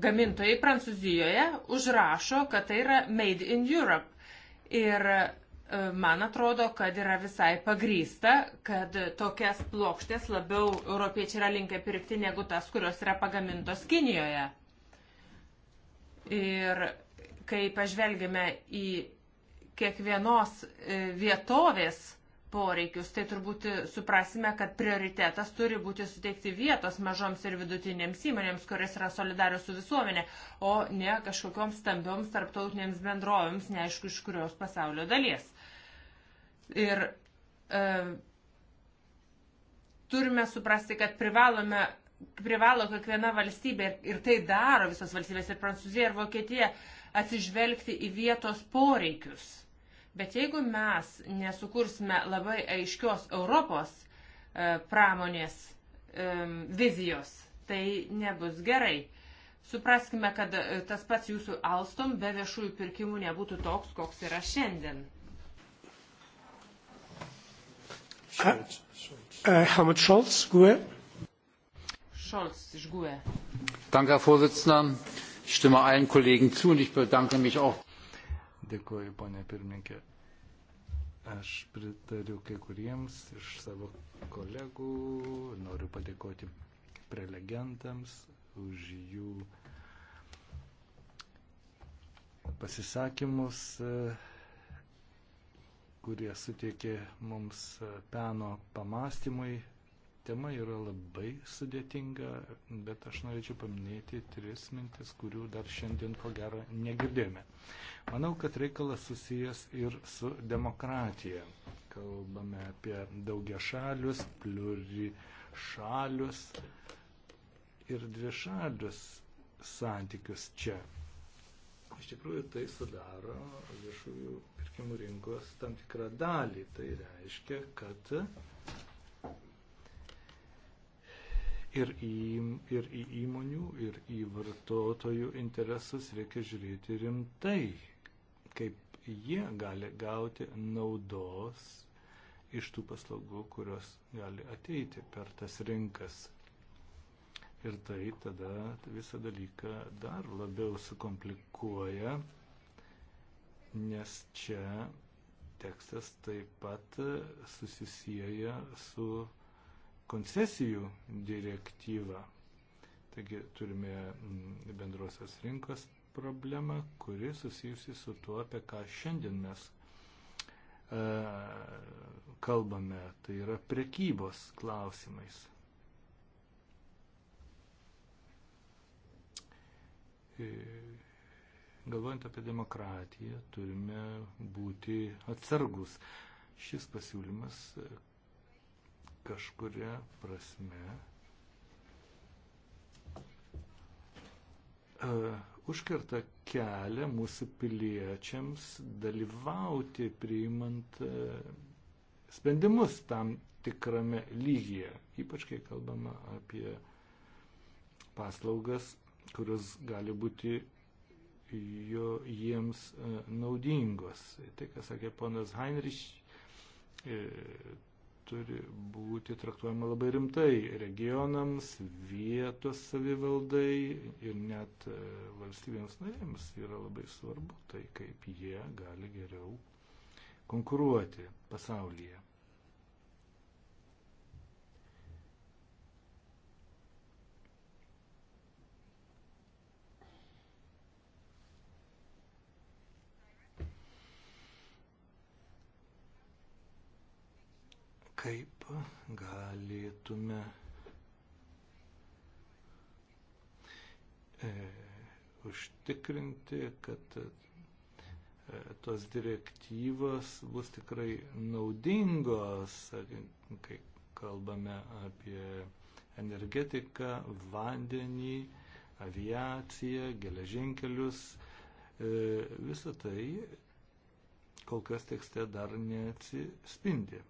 gamintojai Prancūzijoje užrašo, kad tai yra Made in Europe. Ir man atrodo, kad yra visai pagrysta, kad tokias plokštės labiau europiečiai yra linkę pirkti negu tas, kurios yra pagamintos Kinijoje. Ir kai pažvelgime į kiekvienos e, vietovės poreikius, tai turbūt suprasime, kad prioritetas turi būti suteikti vietos mažoms ir vidutinėms įmonėms, kurios yra solidarios su visuomenė, o ne kažkokioms stambioms tarptautinėms bendrovėms, neaišku, iš kurios pasaulio dalies. Ir e, turime suprasti, kad privalome privalo kiekviena valstybė ir tai daro visos valstybės ir Prancūzija ir Vokietija atsižvelgti į vietos poreikius. Bet jeigu mes nesukursime labai aiškios Europos e, pramonės e, vizijos, tai nebus gerai. Supraskime, kad e, tas pats jūsų Alstom be viešųjų pirkimų nebūtų toks, koks yra šiandien. Scholz. Uh, Helmut Scholz, GUE. Scholz iš GUE. Danke, Herr Vorsitzender. Ich stimme allen Kollegen zu und ich bedanke mich auch. Dėkuoju, ponė pirmininkė. Aš pritariu kai kuriems iš savo kolegų. Noriu padėkoti prelegentams už jų pasisakymus. Uh, kurie suteikė mums e, peno pamastymui. Tema yra labai sudėtinga, bet aš norėčiau paminėti tris mintis, kurių dar šiandien ko gero negirdėjome. Manau, kad reikalas susijęs ir su demokratija. Kalbame apie daugia šalius, pliuri šalius ir dvi šalius santykius čia. Iš tikrųjų, tai sudaro viešųjų pirkimų rinkos tam tikrą dalį. Tai reiškia, kad ir į, ir į įmonių, ir į vartotojų interesus reikia žiūrėti rimtai, kaip jie gali gauti naudos iš tų paslaugų, kurios gali ateiti per tas rinkas ir tai tada visą dalyką dar labiau sukomplikuoja, nes čia tekstas taip pat susisieja su koncesijų direktyva. Taigi turime mm, bendrosios rinkos problemą, kuri susijusi su tuo, apie ką šiandien mes e, kalbame, tai yra prekybos klausimais. galvojant apie demokratiją, turime būti atsargus. Šis pasiūlymas kažkuria prasme uh, užkerta kelią mūsų piliečiams dalyvauti priimant uh, sprendimus tam tikrame lygyje, ypač kai kalbama apie paslaugas kurios gali būti jo, jiems e, naudingos. Tai, ką sakė ponas Heinrich, e, turi būti traktuojama labai rimtai regionams, vietos savivaldai ir net e, valstybėms narėms yra labai svarbu tai, kaip jie gali geriau konkuruoti pasaulyje. kaip galėtume e, užtikrinti, kad e, tos direktyvos bus tikrai naudingos, kai kalbame apie energetiką, vandenį, aviaciją, geležinkelius. E, Visą tai kol kas tekste dar neatsispindi.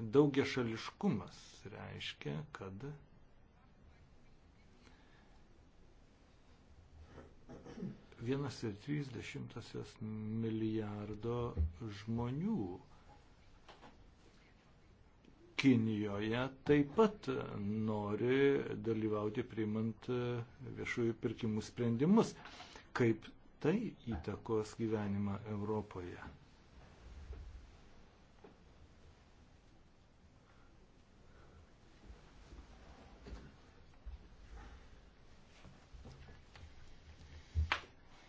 Daugia šališkumas reiškia, kad vienas ir trys dešimtasios milijardo žmonių Kinijoje taip pat nori dalyvauti priimant viešųjų pirkimų sprendimus. Kaip tai įtakos gyvenimą Europoje?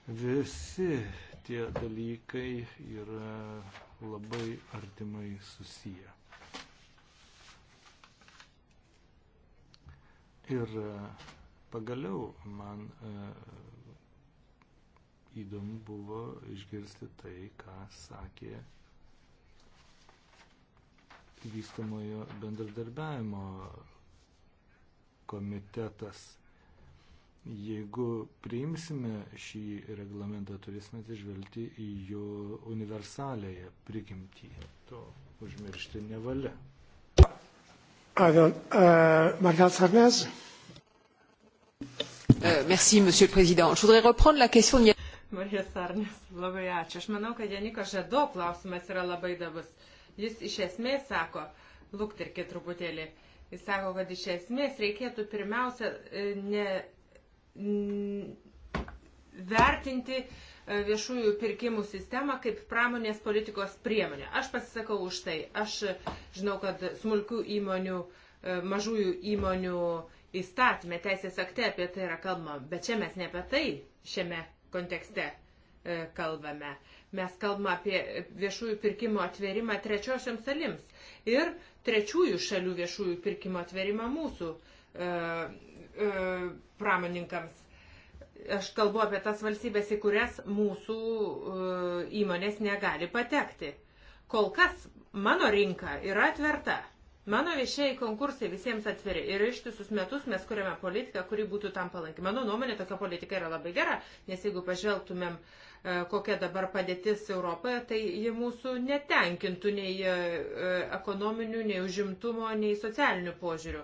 Visi tie dalykai yra labai artimai susiję. Ir e, pagaliau man e, įdomu buvo išgirsti tai, ką sakė vystamojo bendradarbiavimo komitetas. Jeigu priimsime šį reglamentą, turėsime atsižvelgti į jo universalėje prigimtį. To užmiršti nevalia. E, e, merci, Monsieur le Président. Je voudrais reprendre la question de Marija Sarnės, labai ačiū. Aš manau, kad Janiko Žado klausimas yra labai davus. Jis iš esmės sako, luktirkit truputėlį, jis sako, kad iš esmės reikėtų pirmiausia e, ne Mm, vertinti e, viešųjų pirkimų sistemą kaip pramonės politikos priemonę. Aš pasisakau už tai. Aš žinau, kad smulkių įmonių, e, mažųjų įmonių įstatymė, teisės akte apie tai yra kalbama, bet čia mes ne apie tai šiame kontekste e, kalbame. Mes kalbame apie viešųjų pirkimų atverimą trečiosioms šalims ir trečiųjų šalių viešųjų pirkimų atverimą mūsų E, pramoninkams. Aš kalbu apie tas valstybės, į kurias mūsų e, įmonės negali patekti. Kol kas mano rinka yra atverta. Mano viešieji konkursai visiems atviri ir ištisus metus mes kuriame politiką, kuri būtų tam palanki. Mano nuomonė, tokia politika yra labai gera, nes jeigu pažvelgtumėm, e, kokia dabar padėtis Europoje, tai ji mūsų netenkintų nei ekonominių, nei užimtumo, nei socialinių požiūrių.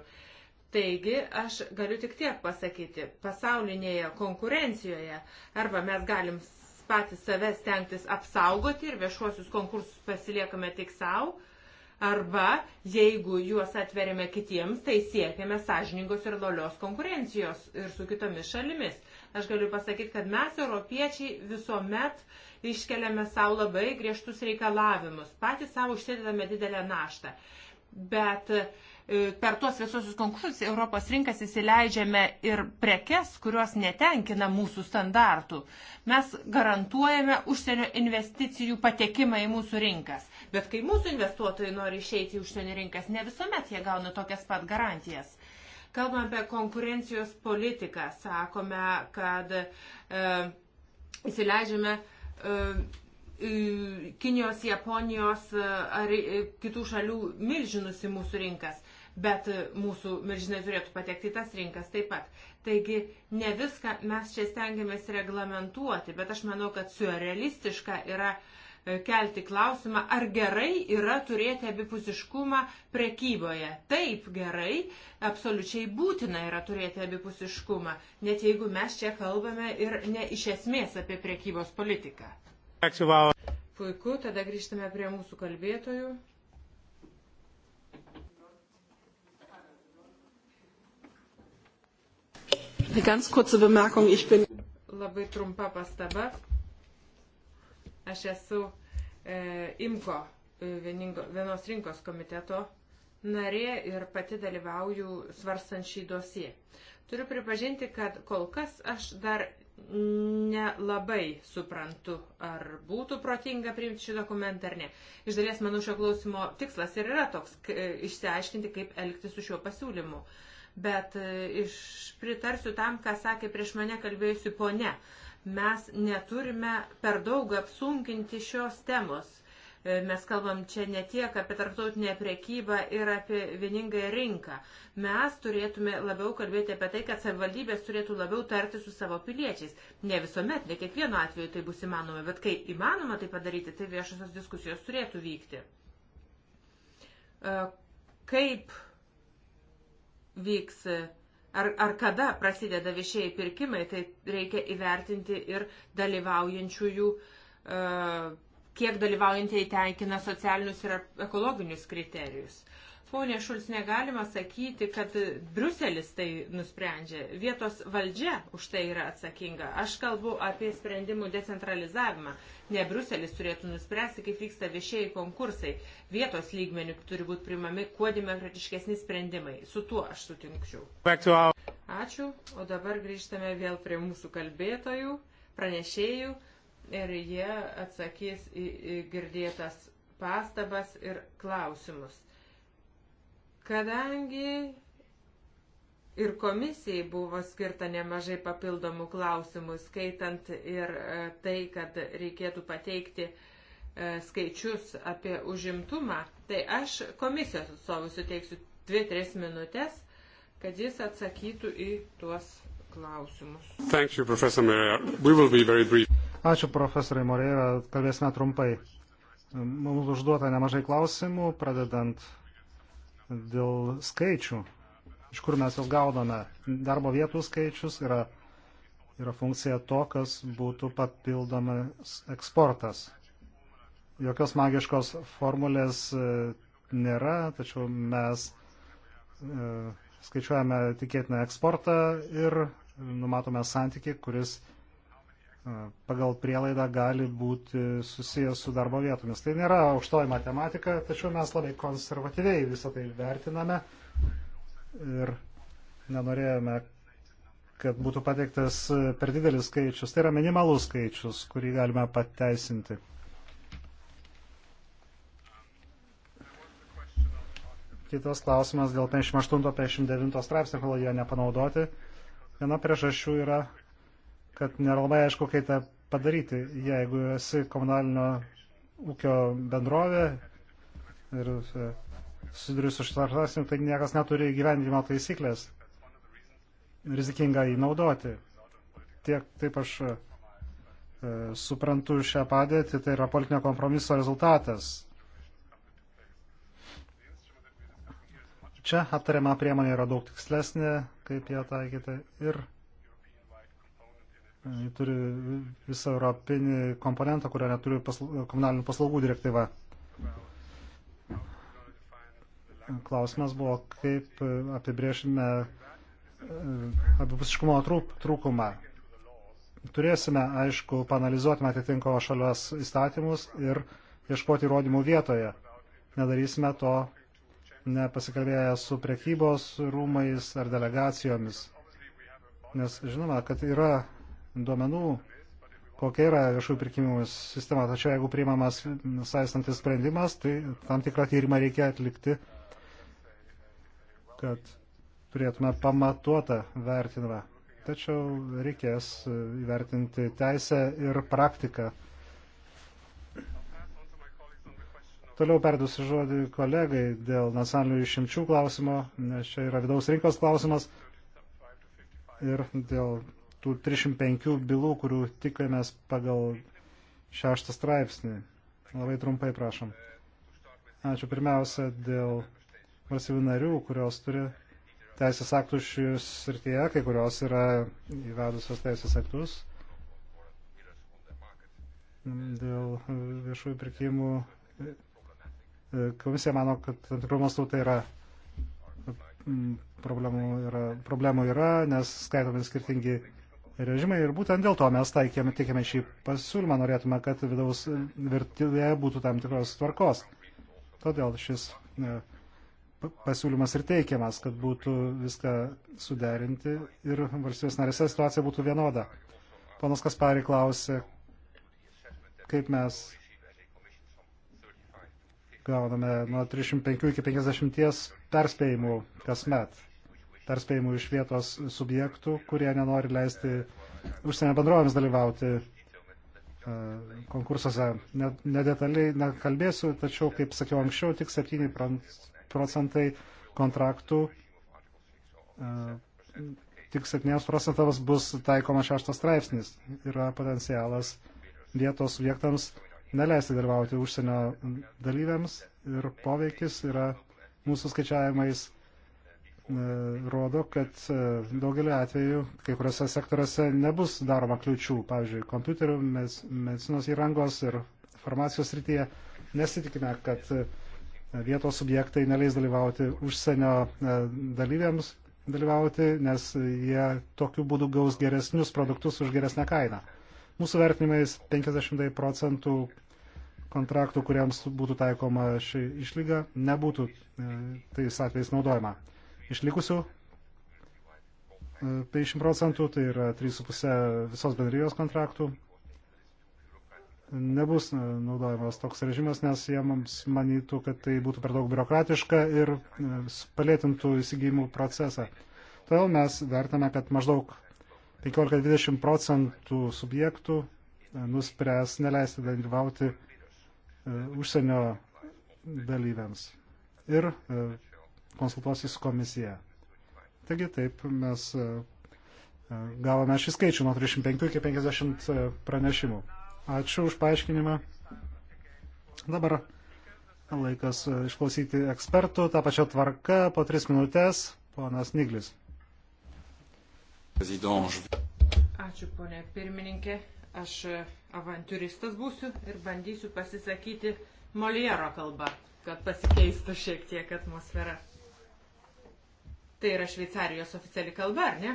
Taigi, aš galiu tik tiek pasakyti, pasaulinėje konkurencijoje arba mes galim patys save stengtis apsaugoti ir viešuosius konkursus pasiliekame tik savo, arba jeigu juos atveriame kitiems, tai siekiame sąžiningos ir lolios konkurencijos ir su kitomis šalimis. Aš galiu pasakyti, kad mes, europiečiai, visuomet iškeliame savo labai griežtus reikalavimus, patys savo užsidedame didelę naštą. Bet uh, E, per tuos visus konkursus Europos rinkas įsileidžiame ir prekes, kurios netenkina mūsų standartų. Mes garantuojame užsienio investicijų patekimą į mūsų rinkas. Bet kai mūsų investuotojai nori išeiti į užsienio rinkas, ne visuomet jie gauna tokias pat garantijas. Kalbame apie konkurencijos politiką, sakome, kad e, įsileidžiame e, E, Kinijos, Japonijos e, ar e, kitų šalių milžinus į mūsų rinkas, bet mūsų milžinai turėtų patekti į tas rinkas taip pat. Taigi ne viską mes čia stengiamės reglamentuoti, bet aš manau, kad surrealistiška yra kelti klausimą, ar gerai yra turėti abipusiškumą prekyboje. Taip, gerai, absoliučiai būtina yra turėti abipusiškumą, net jeigu mes čia kalbame ir ne iš esmės apie prekybos politiką. Puiku, tada grįžtame prie mūsų kalbėtojų. Labai trumpa pastaba. Aš esu e, IMKO e, vieningo, vienos rinkos komiteto narė ir pati dalyvauju svarstant šį dosiją. Turiu pripažinti, kad kol kas aš dar nelabai suprantu, ar būtų protinga priimti šį dokumentą ar ne. Iš dalies, manau, šio klausimo tikslas ir yra toks - išsiaiškinti, kaip elgti su šiuo pasiūlymu. Bet e, iš, pritarsiu tam, ką sakė prieš mane kalbėjusi ponia. Mes neturime per daug apsunkinti šios temos. Mes kalbam čia ne tiek apie tarptautinę priekybą ir apie vieningąją rinką. Mes turėtume labiau kalbėti apie tai, kad savivaldybės turėtų labiau tarti su savo piliečiais. Ne visuomet, ne kiekvienu atveju tai bus įmanoma, bet kai įmanoma tai padaryti, tai viešosios diskusijos turėtų vykti. E, kaip vyks ar, ar kada prasideda viešieji pirkimai, tai reikia įvertinti ir dalyvaujančiųjų uh, kiek dalyvaujantieji tenkina socialinius ir ekologinius kriterijus. Pone Šulc, negalima sakyti, kad Bruselis tai nusprendžia. Vietos valdžia už tai yra atsakinga. Aš kalbu apie sprendimų decentralizavimą. Ne Bruselis turėtų nuspręsti, kaip vyksta viešieji konkursai. Vietos lygmenių turi būti primami kuo demokratiškesni sprendimai. Su tuo aš sutinkčiau. Ačiū. O dabar grįžtame vėl prie mūsų kalbėtojų, pranešėjų ir jie atsakys į, į girdėtas pastabas ir klausimus. Kadangi ir komisijai buvo skirta nemažai papildomų klausimų, skaitant ir e, tai, kad reikėtų pateikti e, skaičius apie užimtumą, tai aš komisijos atstovui suteiksiu 2-3 minutės, kad jis atsakytų į tuos klausimus. Thank you, Professor Maria. We will be very brief. Ačiū profesoriai Moreira, kalbėsime trumpai. Mums užduota nemažai klausimų, pradedant dėl skaičių, iš kur mes juos gaudome. Darbo vietų skaičius yra, yra funkcija to, kas būtų papildomas eksportas. Jokios magiškos formulės e, nėra, tačiau mes e, skaičiuojame tikėtiną eksportą ir numatome santyki, kuris E, pagal prielaidą gali būti susijęs su darbo vietomis. Tai nėra aukštoji matematika, tačiau mes labai konservatyviai visą tai vertiname ir nenorėjome, kad būtų pateiktas per didelis skaičius. Tai yra minimalus skaičius, kurį galime pateisinti. Kitas klausimas dėl 58-59 straipsnio, kodėl jie nepanaudoti. Viena priežasčių yra kad nėra labai aišku, kaip tą padaryti. Jeigu esi komunalinio ūkio bendrovė ir e, susiduri su šitą klausimą, tai niekas neturi gyvendimo taisyklės. Rizikinga jį naudoti. Tiek taip aš e, suprantu šią padėtį, tai yra politinio kompromiso rezultatas. Čia aptariama priemonė yra daug tikslesnė, kaip ją taikyti ir Ji turi visą europinį komponentą, kurio neturi pasla, komunalinių paslaugų direktyva. Klausimas buvo, kaip apibriešime e, abipusiškumo trūkumą. Turėsime, aišku, panalizuoti atitinkamo šalios įstatymus ir ieškoti įrodymų vietoje. Nedarysime to nepasikalbėję su prekybos rūmais ar delegacijomis. Nes žinoma, kad yra duomenų, kokia yra viešųjų pirkimų sistema. Tačiau jeigu priimamas saistantis sprendimas, tai tam tikrą tyrimą reikia atlikti, kad turėtume pamatuotą vertinimą. Tačiau reikės įvertinti teisę ir praktiką. Toliau perdusiu žodį kolegai dėl nacionalinių išimčių klausimo, nes čia yra vidaus rinkos klausimas ir dėl tų 305 bylų, kurių tikėmės pagal šeštą straipsnį. Labai trumpai prašom. Ačiū pirmiausia dėl valstybių narių, kurios turi teisės aktų šis srityje, kai kurios yra įvedusios teisės aktus dėl viešųjų pirkimų. Komisija mano, kad tam tikrų mastų tai yra problemų yra, problemų yra, nes skaitomi skirtingi režimai ir būtent dėl to mes taikėme, tikėme šį pasiūlymą, norėtume, kad vidaus virtuvėje būtų tam tikros tvarkos. Todėl šis e, pasiūlymas ir teikiamas, kad būtų viską suderinti ir valstybės narėse situacija būtų vienoda. Ponas Kaspari klausė, kaip mes gauname nuo 35 iki 50 perspėjimų kasmet perspėjimų iš vietos subjektų, kurie nenori leisti užsienio bendrovėms dalyvauti e, konkursuose. Nedetaliai nekalbėsiu, tačiau, kaip sakiau anksčiau, tik 7 procentai kontraktų, e, tik 7 procentams bus taikoma šeštas straipsnis. Yra potencialas vietos subjektams neleisti dalyvauti užsienio dalyviams ir poveikis yra mūsų skaičiavimais E, rodo, kad e, daugelį atvejų kai kuriuose sektoriuose nebus daroma kliučių, pavyzdžiui, kompiuterių, medicinos įrangos ir farmacijos rytyje. Nesitikime, kad e, vietos subjektai neleis dalyvauti užsienio dalyviams dalyvauti, nes jie tokiu būdu gaus geresnius produktus už geresnę kainą. Mūsų vertinimais 50 procentų kontraktų, kuriems būtų taikoma ši išlyga, nebūtų tais atvejais naudojama išlikusių 50 e, procentų, tai yra 3,5 visos bendrijos kontraktų. Nebus e, naudojamas toks režimas, nes jie mums manytų, kad tai būtų per daug biurokratiška ir e, palėtintų įsigijimų procesą. Todėl mes vertame, kad maždaug 15-20 procentų subjektų nuspręs neleisti dalyvauti užsienio dalyviams. Ir konsultuosis komisija. Taigi taip mes e, e, gavome šį skaičių nuo 35 iki 50 e, pranešimų. Ačiū už paaiškinimą. Dabar laikas išklausyti ekspertų. Ta pačia tvarka po 3 minutės. Ponas Niglis. Ačiū, ponė pirmininkė. Aš avantūristas būsiu ir bandysiu pasisakyti Moliero kalbą, kad pasikeistų šiek tiek atmosfera. Tai yra Šveicarijos oficiali kalba, ar ne?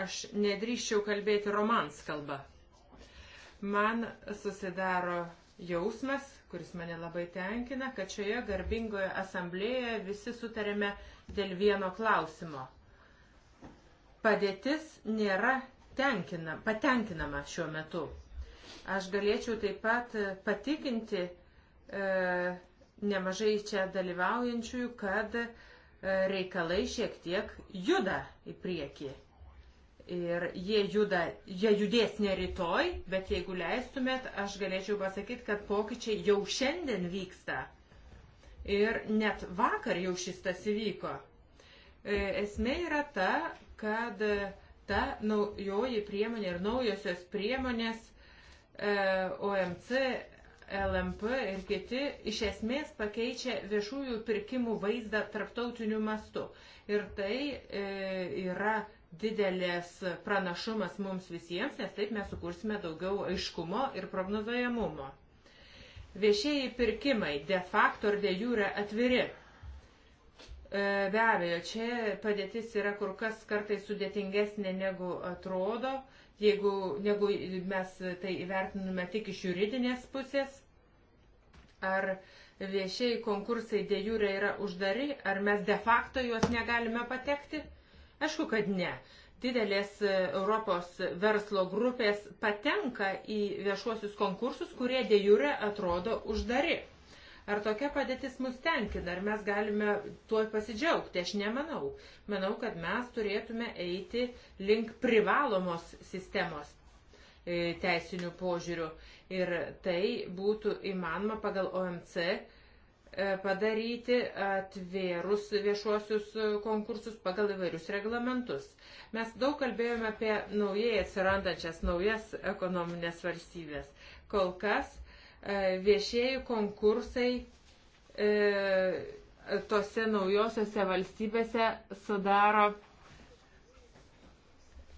Aš nedrįščiau kalbėti romans kalba. Man susidaro jausmas, kuris mane labai tenkina, kad šioje garbingoje asamblėje visi sutarėme dėl vieno klausimo. Padėtis nėra tenkina, patenkinama šiuo metu. Aš galėčiau taip pat patikinti e, nemažai čia dalyvaujančiųjų, kad e, reikalai šiek tiek juda į priekį. Ir jie, juda, jie judės ne rytoj, bet jeigu leistumėt, aš galėčiau pasakyti, kad pokyčiai jau šiandien vyksta. Ir net vakar jau šis tas įvyko. E, esmė yra ta, kad e, ta naujoji priemonė ir naujosios priemonės e, OMC LMP ir kiti iš esmės pakeičia viešųjų pirkimų vaizdą tarptautiniu mastu. Ir tai e, yra didelės pranašumas mums visiems, nes taip mes sukursime daugiau aiškumo ir prognozuojamumo. Viešieji pirkimai de facto ir de jure atviri. E, be abejo, čia padėtis yra kur kas kartais sudėtingesnė negu atrodo jeigu, negu mes tai įvertiname tik iš juridinės pusės. Ar viešiai konkursai de jūrė yra uždari, ar mes de facto juos negalime patekti? Aišku, kad ne. Didelės e, Europos verslo grupės patenka į viešuosius konkursus, kurie de jūrė atrodo uždari. Ar tokia padėtis mus tenkina, ar mes galime tuo pasidžiaugti? Aš nemanau. Manau, kad mes turėtume eiti link privalomos sistemos e, teisinių požiūrių. Ir tai būtų įmanoma pagal OMC e, padaryti atvėrus viešuosius konkursus pagal įvairius reglamentus. Mes daug kalbėjome apie naujai atsirandančias naujas ekonominės valstybės. Kol kas E, viešieji konkursai e, tose naujosiose valstybėse sudaro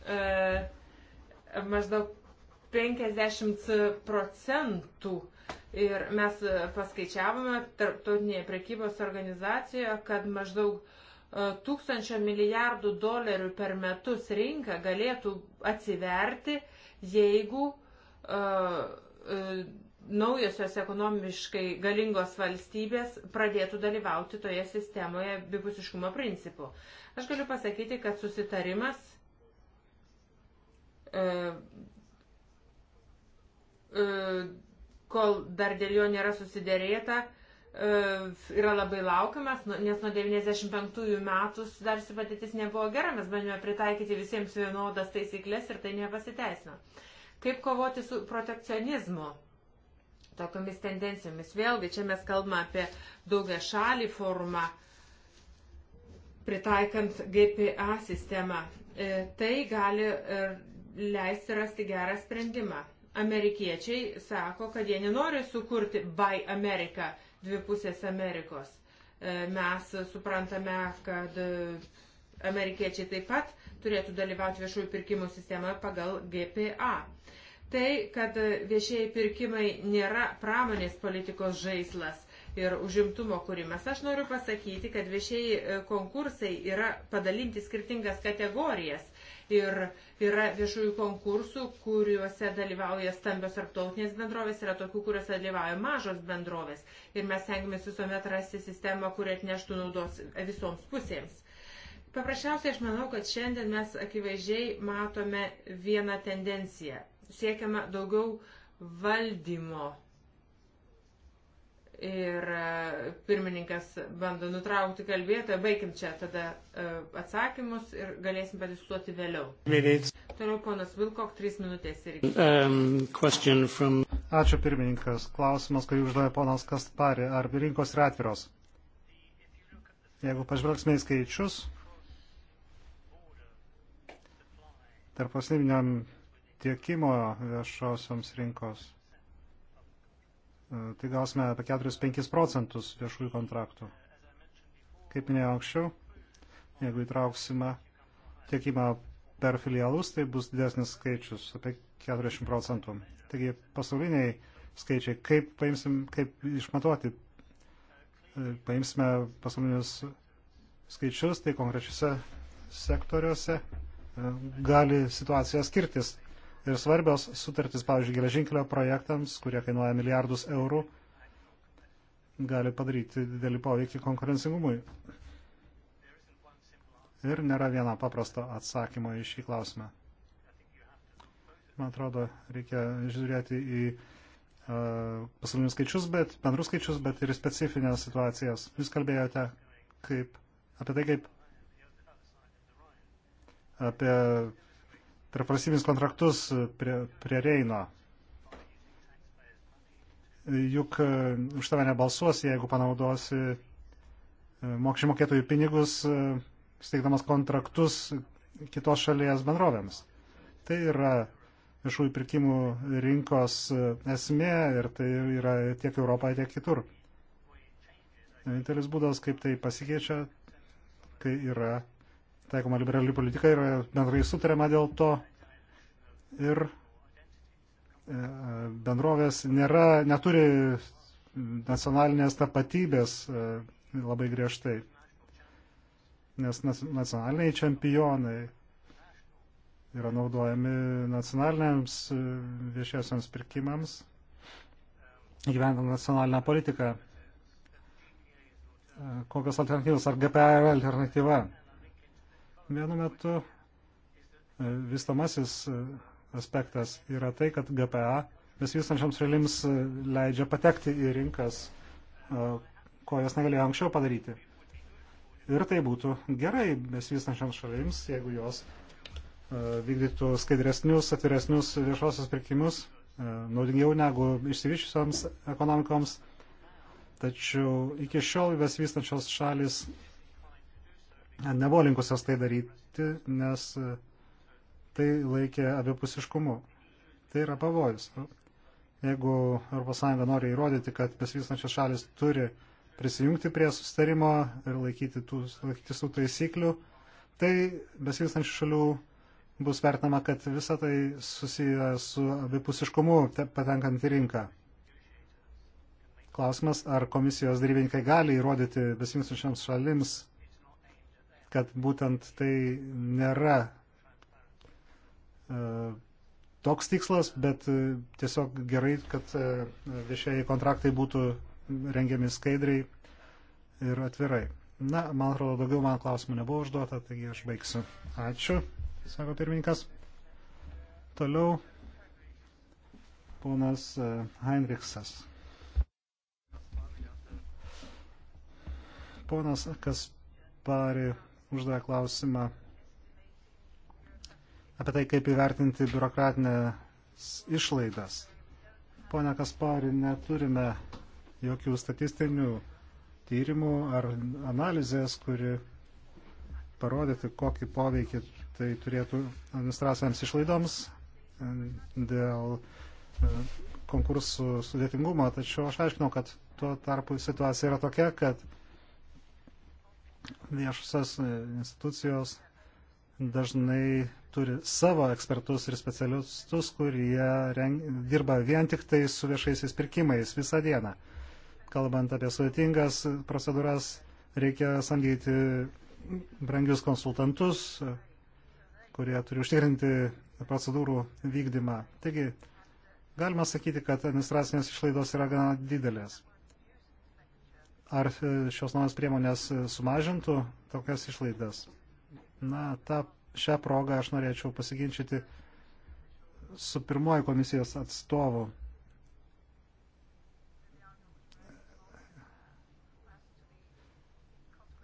e, maždaug 50 procentų. Ir mes paskaičiavome tarptautinėje prekybos organizacijoje, kad maždaug tūkstančio milijardų dolerių per metus rinka galėtų atsiverti, jeigu uh, uh, naujosios ekonomiškai galingos valstybės pradėtų dalyvauti toje sistemoje bipusiškumo principu. Aš galiu pasakyti, kad susitarimas e, e, kol dar dėl jo nėra susiderėta, e, yra labai laukiamas, nu, nes nuo 95 metų sudariusi patytis nebuvo gera, mes bandėme pritaikyti visiems vienodas taisyklės ir tai nepasiteisino. Kaip kovoti su protekcionizmu? tokiamis tendencijomis. Vėlgi, čia mes kalbame apie daugia šalį formą, pritaikant GPA sistemą. E, tai gali e, leisti rasti gerą sprendimą. Amerikiečiai sako, kad jie nenori sukurti Buy America dvipusės Amerikos. E, mes suprantame, kad amerikiečiai taip pat turėtų dalyvauti viešųjų pirkimų sistemoje pagal GPA. Tai, kad viešieji pirkimai nėra pramonės politikos žaislas ir užimtumo kūrimas. Aš noriu pasakyti, kad viešieji e, konkursai yra padalinti skirtingas kategorijas ir yra viešųjų konkursų, kuriuose dalyvauja stambios tarptautinės bendrovės, yra tokių, kuriuose dalyvauja mažos bendrovės. Ir mes stengiamės visuomet rasti sistemą, kuri atneštų naudos visoms pusėms. Paprasčiausiai aš manau, kad šiandien mes akivaizdžiai matome vieną tendenciją siekiama daugiau valdymo. Ir e, pirmininkas bando nutraukti kalbėtoją, baigim čia tada e, atsakymus ir galėsim padiskutuoti vėliau. Minutes. Toliau ponas Vilkok, trys minutės ir. Um, from... Ačiū pirmininkas. Klausimas, kurį uždavė ponas Kaspari, ar rinkos yra atviros? Jeigu pažvelgsime į skaičius, tarp paslyminiam tiekimo viešosioms rinkos. E, tai gausime apie 4-5 procentus viešųjų kontraktų. Kaip minėjau anksčiau, jeigu įtrauksime tiekimą per filialus, tai bus didesnis skaičius, apie 40 procentų. Taigi pasauliniai skaičiai, kaip, paimsim, kaip išmatuoti, e, paimsime pasaulinius skaičius, tai konkrečiuose sektoriuose e, gali situacija skirtis ir svarbios sutartys, pavyzdžiui, geležinkelio projektams, kurie kainuoja milijardus eurų, gali padaryti didelį poveikį konkurencingumui. Ir nėra viena paprasto atsakymo į šį klausimą. Man atrodo, reikia žiūrėti į uh, pasaulinius skaičius, bet bendrus skaičius, bet ir specifinės situacijas. Jūs kalbėjote kaip, apie tai, kaip apie tarp valstybės kontraktus prie, prie Reino. Juk e, už tave nebalsuosi, jeigu panaudosi e, mokesčių mokėtojų pinigus, e, steigdamas kontraktus kitos šalies bendrovėms. Tai yra viešųjų pirkimų rinkos esmė ir tai yra tiek Europoje, tiek kitur. Vienintelis būdas, kaip tai pasikeičia, kai yra taikoma liberali politika ir bendrai sutariama dėl to. Ir e, bendrovės nėra, neturi nacionalinės tapatybės e, labai griežtai. Nes nacionaliniai čempionai yra naudojami nacionaliniams e, viešiesiams pirkimams, gyvenant nacionalinę politiką. Kokios alternatyvos? Ar GPA yra alternatyva? Vienu metu e, vystamasis e, aspektas yra tai, kad GPA besivystančioms šalims e, leidžia patekti į rinkas, ko jos negalėjo anksčiau padaryti. Ir tai būtų gerai besivystančioms šalims, jeigu jos vykdytų skaidresnius, atviresnius viešosios pirkimus, naudingiau negu išsivyščiusioms ekonomikoms. Tačiau iki šiol besivystančios šalis nebuvo linkusios tai daryti, nes tai laikė abipusiškumu. Tai yra pavojus. Jeigu ES nori įrodyti, kad besivystančios šalis turi prisijungti prie sustarimo ir laikyti tų, laikytis tų taisyklių, tai besivystančių šalių bus vertinama, kad visa tai susiję su abipusiškumu patenkant į rinką. Klausimas, ar komisijos darybininkai gali įrodyti besivystančiams šalims kad būtent tai nėra e, toks tikslas, bet e, tiesiog gerai, kad e, viešieji kontraktai būtų rengiami skaidriai ir atvirai. Na, man atrodo, daugiau man klausimų nebuvo užduota, taigi aš baigsiu. Ačiū, sako pirmininkas. Toliau ponas Heinrichsas. Ponas Kaspari uždavė klausimą apie tai, kaip įvertinti biurokratinės išlaidas. Pone Kaspari, neturime jokių statistinių tyrimų ar analizės, kuri parodyti, kokį poveikį tai turėtų administracijams išlaidoms e, dėl e, konkursų sudėtingumo. Tačiau aš aiškinau, kad tuo tarpu situacija yra tokia, kad viešas institucijos dažnai turi savo ekspertus ir specialistus, kurie reng, dirba vien tik tai su viešaisiais pirkimais visą dieną. Kalbant apie sudėtingas procedūras, reikia samdyti brangius konsultantus, kurie turi užtikrinti procedūrų vykdymą. Taigi, galima sakyti, kad administracinės išlaidos yra gana didelės ar šios naujos priemonės sumažintų tokias išlaidas. Na, tą, šią progą aš norėčiau pasiginčyti su pirmoji komisijos atstovu.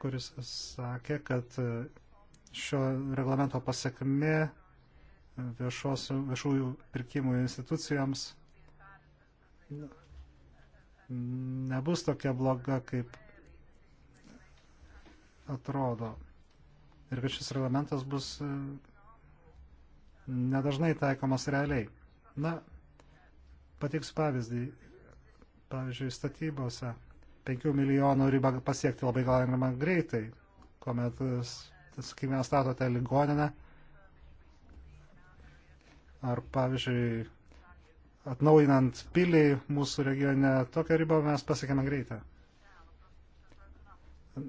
kuris sakė, kad šio reglamento pasiekmi viešųjų pirkimų institucijoms nebus tokia bloga, kaip atrodo. Ir kad šis reglamentas bus e, nedažnai taikomas realiai. Na, pateiksiu pavyzdį. Pavyzdžiui, statybose 5 milijonų ribą pasiekti labai galima greitai, kuomet, e, sakykime, statote ligoninę. Ar, pavyzdžiui, atnaujinant pilį mūsų regione, tokią ribą mes pasiekėme greitą.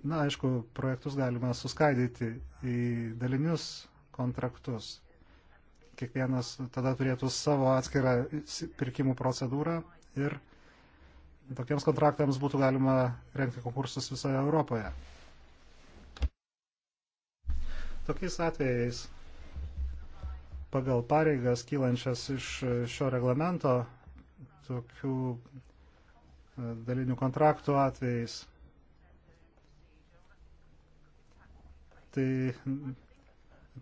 Na, aišku, projektus galima suskaidyti į dalinius kontraktus. Kiekvienas tada turėtų savo atskirą pirkimų procedūrą ir tokiems kontraktams būtų galima renkti konkursus visoje Europoje. Tokiais atvejais pagal pareigas kylančias iš šio reglamento tokių e, dalinių kontraktų atvejais. Tai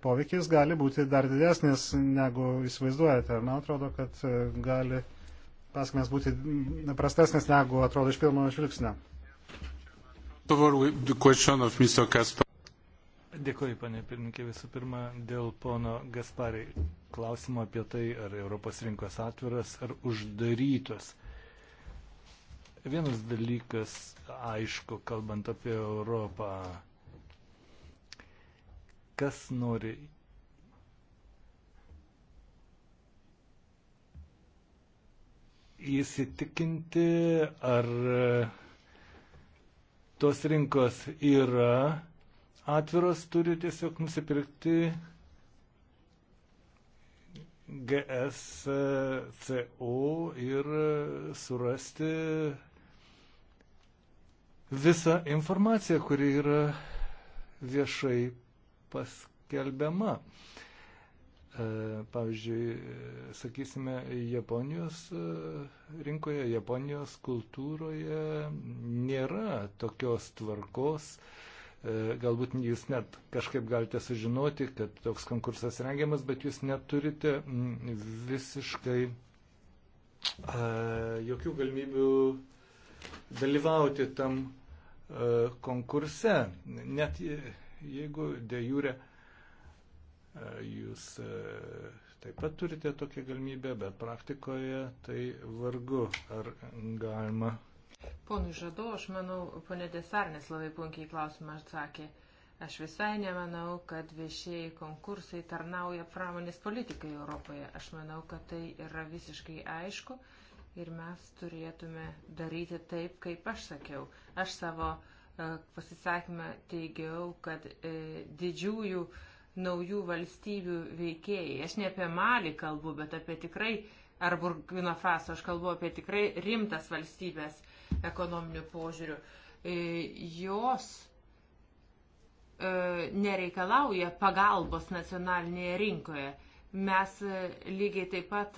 poveikis gali būti dar didesnis, negu įsivaizduojate. Man atrodo, kad e, gali paskmės būti prastesnis, negu atrodo iš pirmo žvilgsnio. Dėkuoju, panė pirmininkė, visų pirma, dėl pono Gasparai klausimo apie tai, ar Europos rinkos atviras ar uždarytos. Vienas dalykas, aišku, kalbant apie Europą, kas nori įsitikinti, ar tos rinkos yra atviros, turi tiesiog nusipirkti GSCO ir surasti visą informaciją, kuri yra viešai paskelbiama. E, pavyzdžiui, sakysime, Japonijos e, rinkoje, Japonijos kultūroje nėra tokios tvarkos, E, galbūt jūs net kažkaip galite sužinoti, kad toks konkursas rengiamas, bet jūs neturite mm, visiškai e, jokių galimybių dalyvauti tam e, konkurse. Net jeigu dėjūrė jūs taip pat turite tokią galimybę, bet praktikoje tai vargu ar galima Ponui Žado, aš manau, ponė Desarnės labai punkiai klausimą atsakė. Aš visai nemanau, kad viešieji konkursai tarnauja pramonės politikai Europoje. Aš manau, kad tai yra visiškai aišku ir mes turėtume daryti taip, kaip aš sakiau. Aš savo uh, pasisakymą teigiau, kad uh, didžiųjų naujų valstybių veikėjai, aš ne apie Malį kalbu, bet apie tikrai, ar Burkina Faso, aš kalbu apie tikrai rimtas valstybės ekonominiu požiūriu, e, jos e, nereikalauja pagalbos nacionalinėje rinkoje. Mes e, lygiai taip pat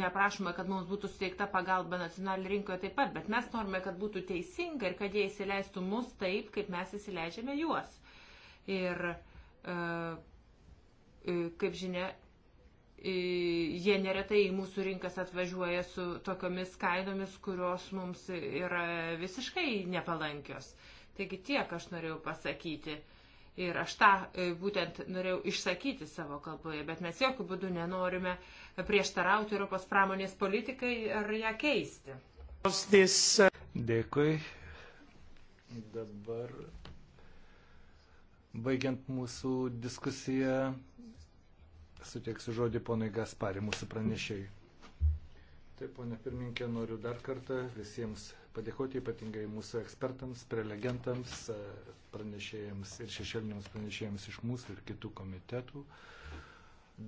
neprašome, kad mums būtų suteikta pagalba nacionalinėje rinkoje taip pat, bet mes norime, kad būtų teisinga ir kad jie įsileistų mus taip, kaip mes įsileidžiame juos. Ir, kaip žinia, jie neretai į mūsų rinkas atvažiuoja su tokiomis kainomis, kurios mums yra visiškai nepalankios. Taigi tiek aš norėjau pasakyti. Ir aš tą e, būtent norėjau išsakyti savo kalboje, bet mes jokių būdų nenorime prieštarauti Europos pramonės politikai ar ją keisti. Dėkui. Dabar, baigiant mūsų diskusiją, suteiksiu žodį ponui Gasparį, mūsų pranešėjai. Taip, ponė pirminkė, noriu dar kartą visiems padėkoti, ypatingai mūsų ekspertams, prelegentams, pranešėjams ir šešėliniams pranešėjams iš mūsų ir kitų komitetų.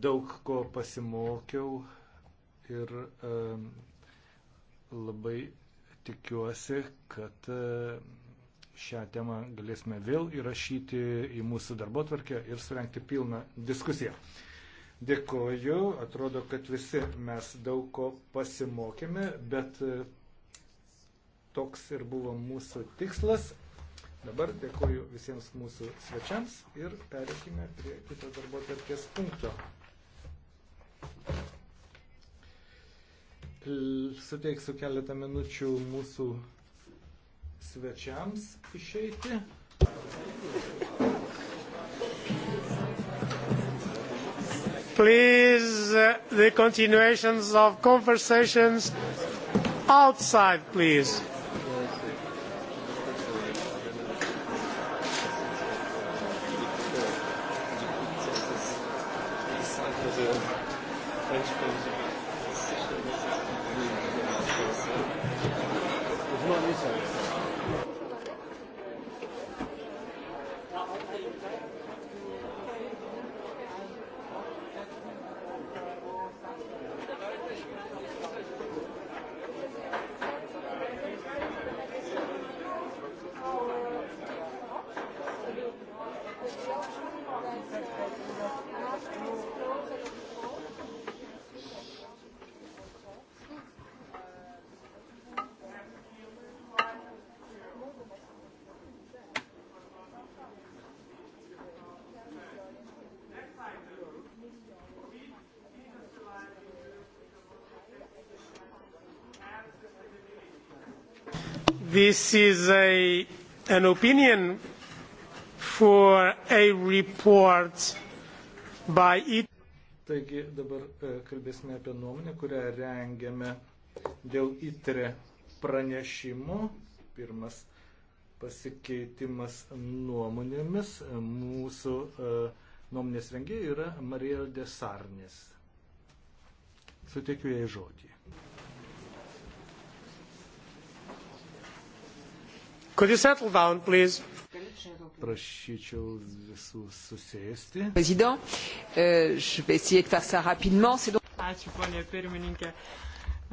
Daug ko pasimokiau ir um, labai tikiuosi, kad šią temą galėsime vėl įrašyti į mūsų darbo tvarkę ir surenkti pilną diskusiją. Dėkoju, atrodo, kad visi mes daug ko pasimokėme, bet e, toks ir buvo mūsų tikslas. Dabar dėkoju visiems mūsų svečiams ir perėkime prie kito darbo tarkės punkto. Suteiksiu keletą minučių mūsų svečiams išeiti. Please, uh, the continuations of conversations outside, please. this is a, an opinion for a report by it. Taigi dabar e, kalbėsime apie nuomonę, kurią rengiame dėl įtre pranešimo. Pirmas pasikeitimas nuomonėmis. Mūsų e, nuomonės rengėjai yra Marija Desarnės. Suteikiu jai žodį. Could you settle down, please? Prašyčiau visų susėsti. Président, euh, je vais essayer de faire ça rapidement. Donc... Ačiū, ponė pirmininkė.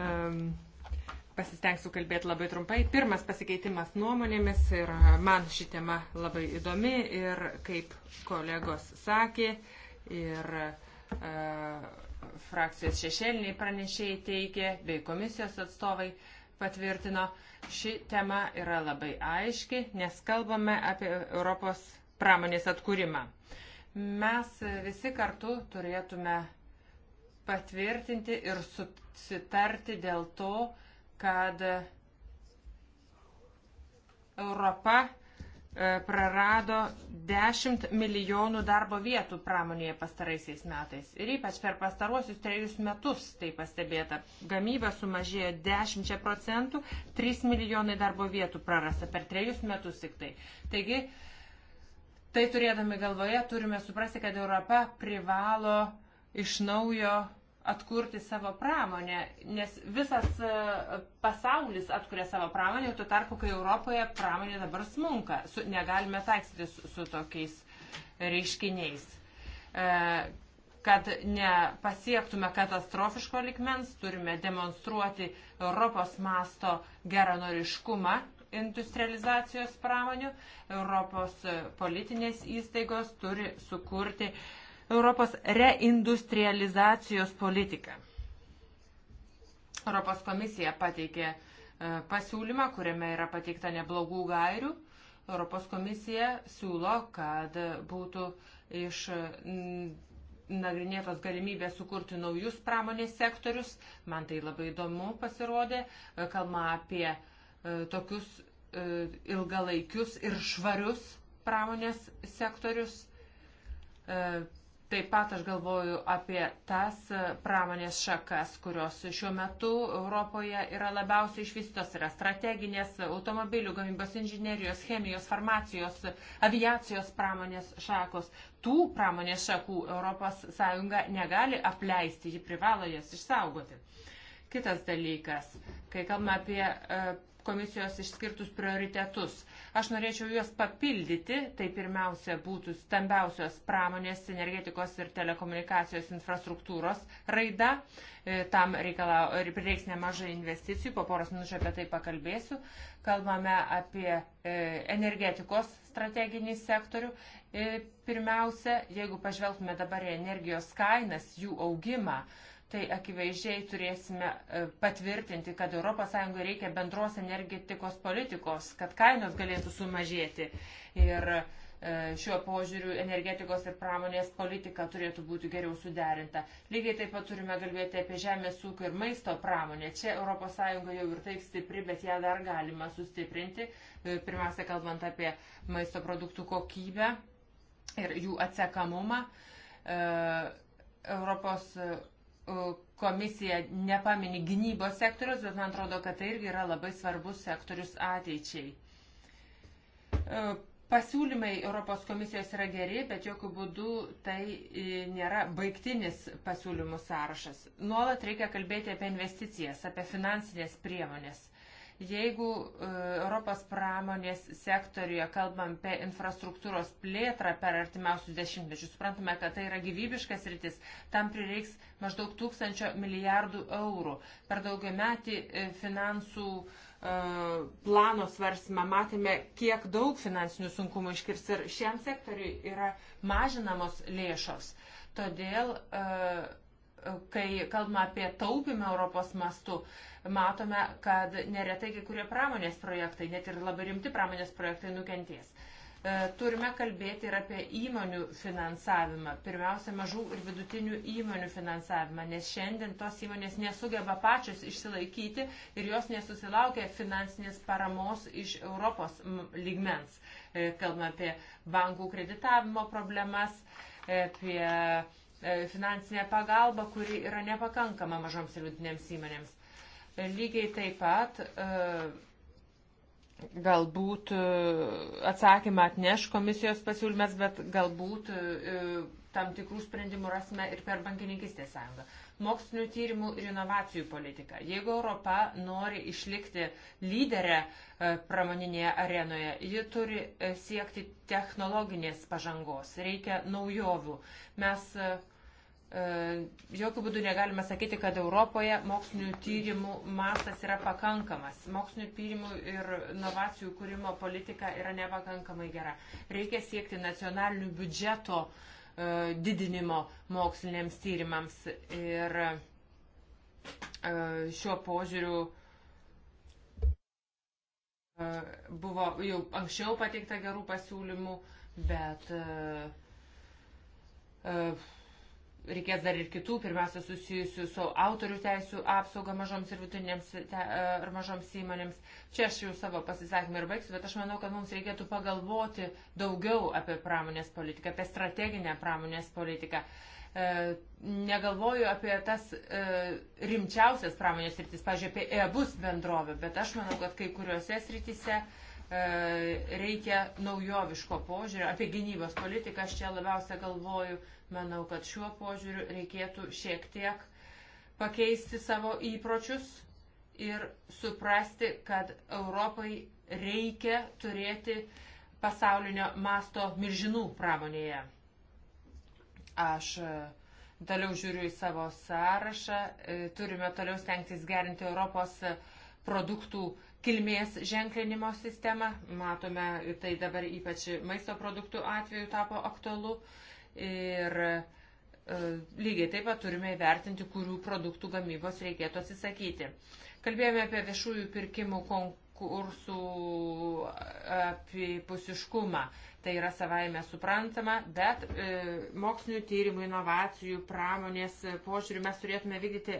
Um, pasistengsiu kalbėti labai trumpai. Pirmas pasikeitimas nuomonėmis ir man ši tema labai įdomi ir kaip kolegos sakė ir uh, frakcijos šešėliniai pranešėjai teikė bei komisijos atstovai. Uh, patvirtino. Ši tema yra labai aiški, nes kalbame apie Europos pramonės atkūrimą. Mes visi kartu turėtume patvirtinti ir susitarti dėl to, kad Europa E, prarado 10 milijonų darbo vietų pramonėje pastaraisiais metais. Ir ypač per pastaruosius trejus metus tai pastebėta. Gamyba sumažėjo 10 procentų, 3 milijonai darbo vietų prarasta per trejus metus tik tai. Taigi, tai turėdami galvoje, turime suprasti, kad Europa privalo iš naujo atkurti savo pramonę, nes visas e, pasaulis atkuria savo pramonę, tuo tarpu, kai Europoje pramonė dabar smunka, su, negalime taiksyti su, su tokiais reiškiniais. E, kad nepasiektume katastrofiško likmens, turime demonstruoti Europos masto geranoriškumą industrializacijos pramonių. Europos politinės įstaigos turi sukurti uh, Europos reindustrializacijos politiką. Europos komisija pateikė e, pasiūlymą, kuriame yra pateikta neblogų gairių. Europos komisija siūlo, kad būtų iš nagrinėtos galimybės sukurti naujus pramonės sektorius. Man tai labai įdomu pasirodė. E, Kalma apie e, tokius ilgalaikius ir švarius pramonės sektorius. Taip pat aš galvoju apie tas pramonės šakas, kurios šiuo metu Europoje yra labiausiai išvystos, yra strateginės automobilių gamybos inžinerijos, chemijos, farmacijos, aviacijos pramonės šakos. Tų pramonės šakų ES negali apleisti, ji privalo jas išsaugoti. Kitas dalykas, kai kalbame apie e, komisijos išskirtus prioritetus. Aš norėčiau juos papildyti, tai pirmiausia būtų stambiausios pramonės, energetikos ir telekomunikacijos infrastruktūros raida. E, tam prireiks nemažai investicijų, po poros minučių apie tai pakalbėsiu. Kalbame apie e, energetikos strateginį sektorių. E, pirmiausia, jeigu pažvelgtume dabar į energijos kainas, jų augimą, tai akivaizdžiai turėsime e, patvirtinti, kad ES reikia bendros energetikos politikos, kad kainos galėtų sumažėti. Ir e, šiuo požiūriu energetikos ir pramonės politika turėtų būti geriau suderinta. Lygiai taip pat turime kalbėti apie žemės ūkio ir maisto pramonę. Čia ES jau ir taip stipri, bet ją dar galima sustiprinti. E, pirmiausia, kalbant apie maisto produktų kokybę ir jų atsekamumą. Europos komisija nepamini gynybos sektorius, bet man atrodo, kad tai irgi yra labai svarbus sektorius ateičiai. Pasiūlymai Europos komisijos yra geri, bet jokių būdų tai e, nėra baigtinis pasiūlymų sąrašas. Nuolat reikia kalbėti apie investicijas, apie finansinės priemonės. Jeigu e, Europos pramonės sektoriuje kalbam apie infrastruktūros plėtrą per artimiausius dešimtmečius, suprantame, kad tai yra gyvybiškas rytis, tam prireiks maždaug tūkstančio milijardų eurų. Per daugia metį e, finansų e, plano svarsimą matėme, kiek daug finansinių sunkumų iškirs ir šiam sektoriui yra mažinamos lėšos. Todėl, kai kalbame apie taupimą Europos mastu, matome, kad neretai kai kurie pramonės projektai, net ir labai rimti pramonės projektai nukentės. E, turime kalbėti ir apie įmonių finansavimą, pirmiausia, mažų ir vidutinių įmonių finansavimą, nes šiandien tos įmonės nesugeba pačios išsilaikyti ir jos nesusilaukia finansinės paramos iš Europos lygmens. E, kalbame apie bankų kreditavimo problemas, e, apie finansinę pagalbą, kuri yra nepakankama mažoms ir vidutinėms įmonėms. Lygiai taip pat e, galbūt e, atsakymą atneš komisijos pasiūlymas, bet galbūt e, tam tikrų sprendimų rasime ir per bankininkistės sąjungą. Mokslinių tyrimų ir inovacijų politika. Jeigu Europa nori išlikti lyderę pramoninėje arenoje, ji turi siekti technologinės pažangos, reikia naujovių. Mes E, jokių būdų negalime sakyti, kad Europoje mokslinių tyrimų mastas yra pakankamas. Mokslinių tyrimų ir inovacijų kūrimo politika yra nepakankamai gera. Reikia siekti nacionalinių biudžeto e, didinimo moksliniams tyrimams ir e, šiuo požiūriu buvo jau anksčiau pateikta gerų pasiūlymų, bet uh, uh, reikės dar ir kitų, pirmiausia, susijusių su autorių teisų apsauga mažoms ir vidutinėms e, ar mažoms įmonėms. Čia aš jau savo pasisakymą ir baigsiu, bet aš manau, kad mums reikėtų pagalvoti daugiau apie pramonės politiką, apie strateginę pramonės politiką. E, negalvoju apie tas e, rimčiausias pramonės rytis, pažiūrėjau, apie e-bus bendrovę, bet aš manau, kad kai kuriuose rytise. Uh, E, reikia naujoviško požiūrio. Apie gynybos politiką aš čia labiausia galvoju. Manau, kad šiuo požiūriu reikėtų šiek tiek pakeisti savo įpročius ir suprasti, kad Europai reikia turėti pasaulinio masto miržinų pramonėje. Aš e, toliau žiūriu į savo sąrašą. E, turime toliau stengtis gerinti Europos produktų kilmės ženklinimo sistemą. Matome, tai dabar ypač maisto produktų atveju tapo aktualu. Ir e, lygiai taip pat turime įvertinti, kurių produktų gamybos reikėtų atsisakyti. Kalbėjome apie viešųjų pirkimų konkursų apipusiškumą. Tai yra savaime suprantama, bet e, mokslinių tyrimų, inovacijų, pramonės požiūrių mes turėtume vykdyti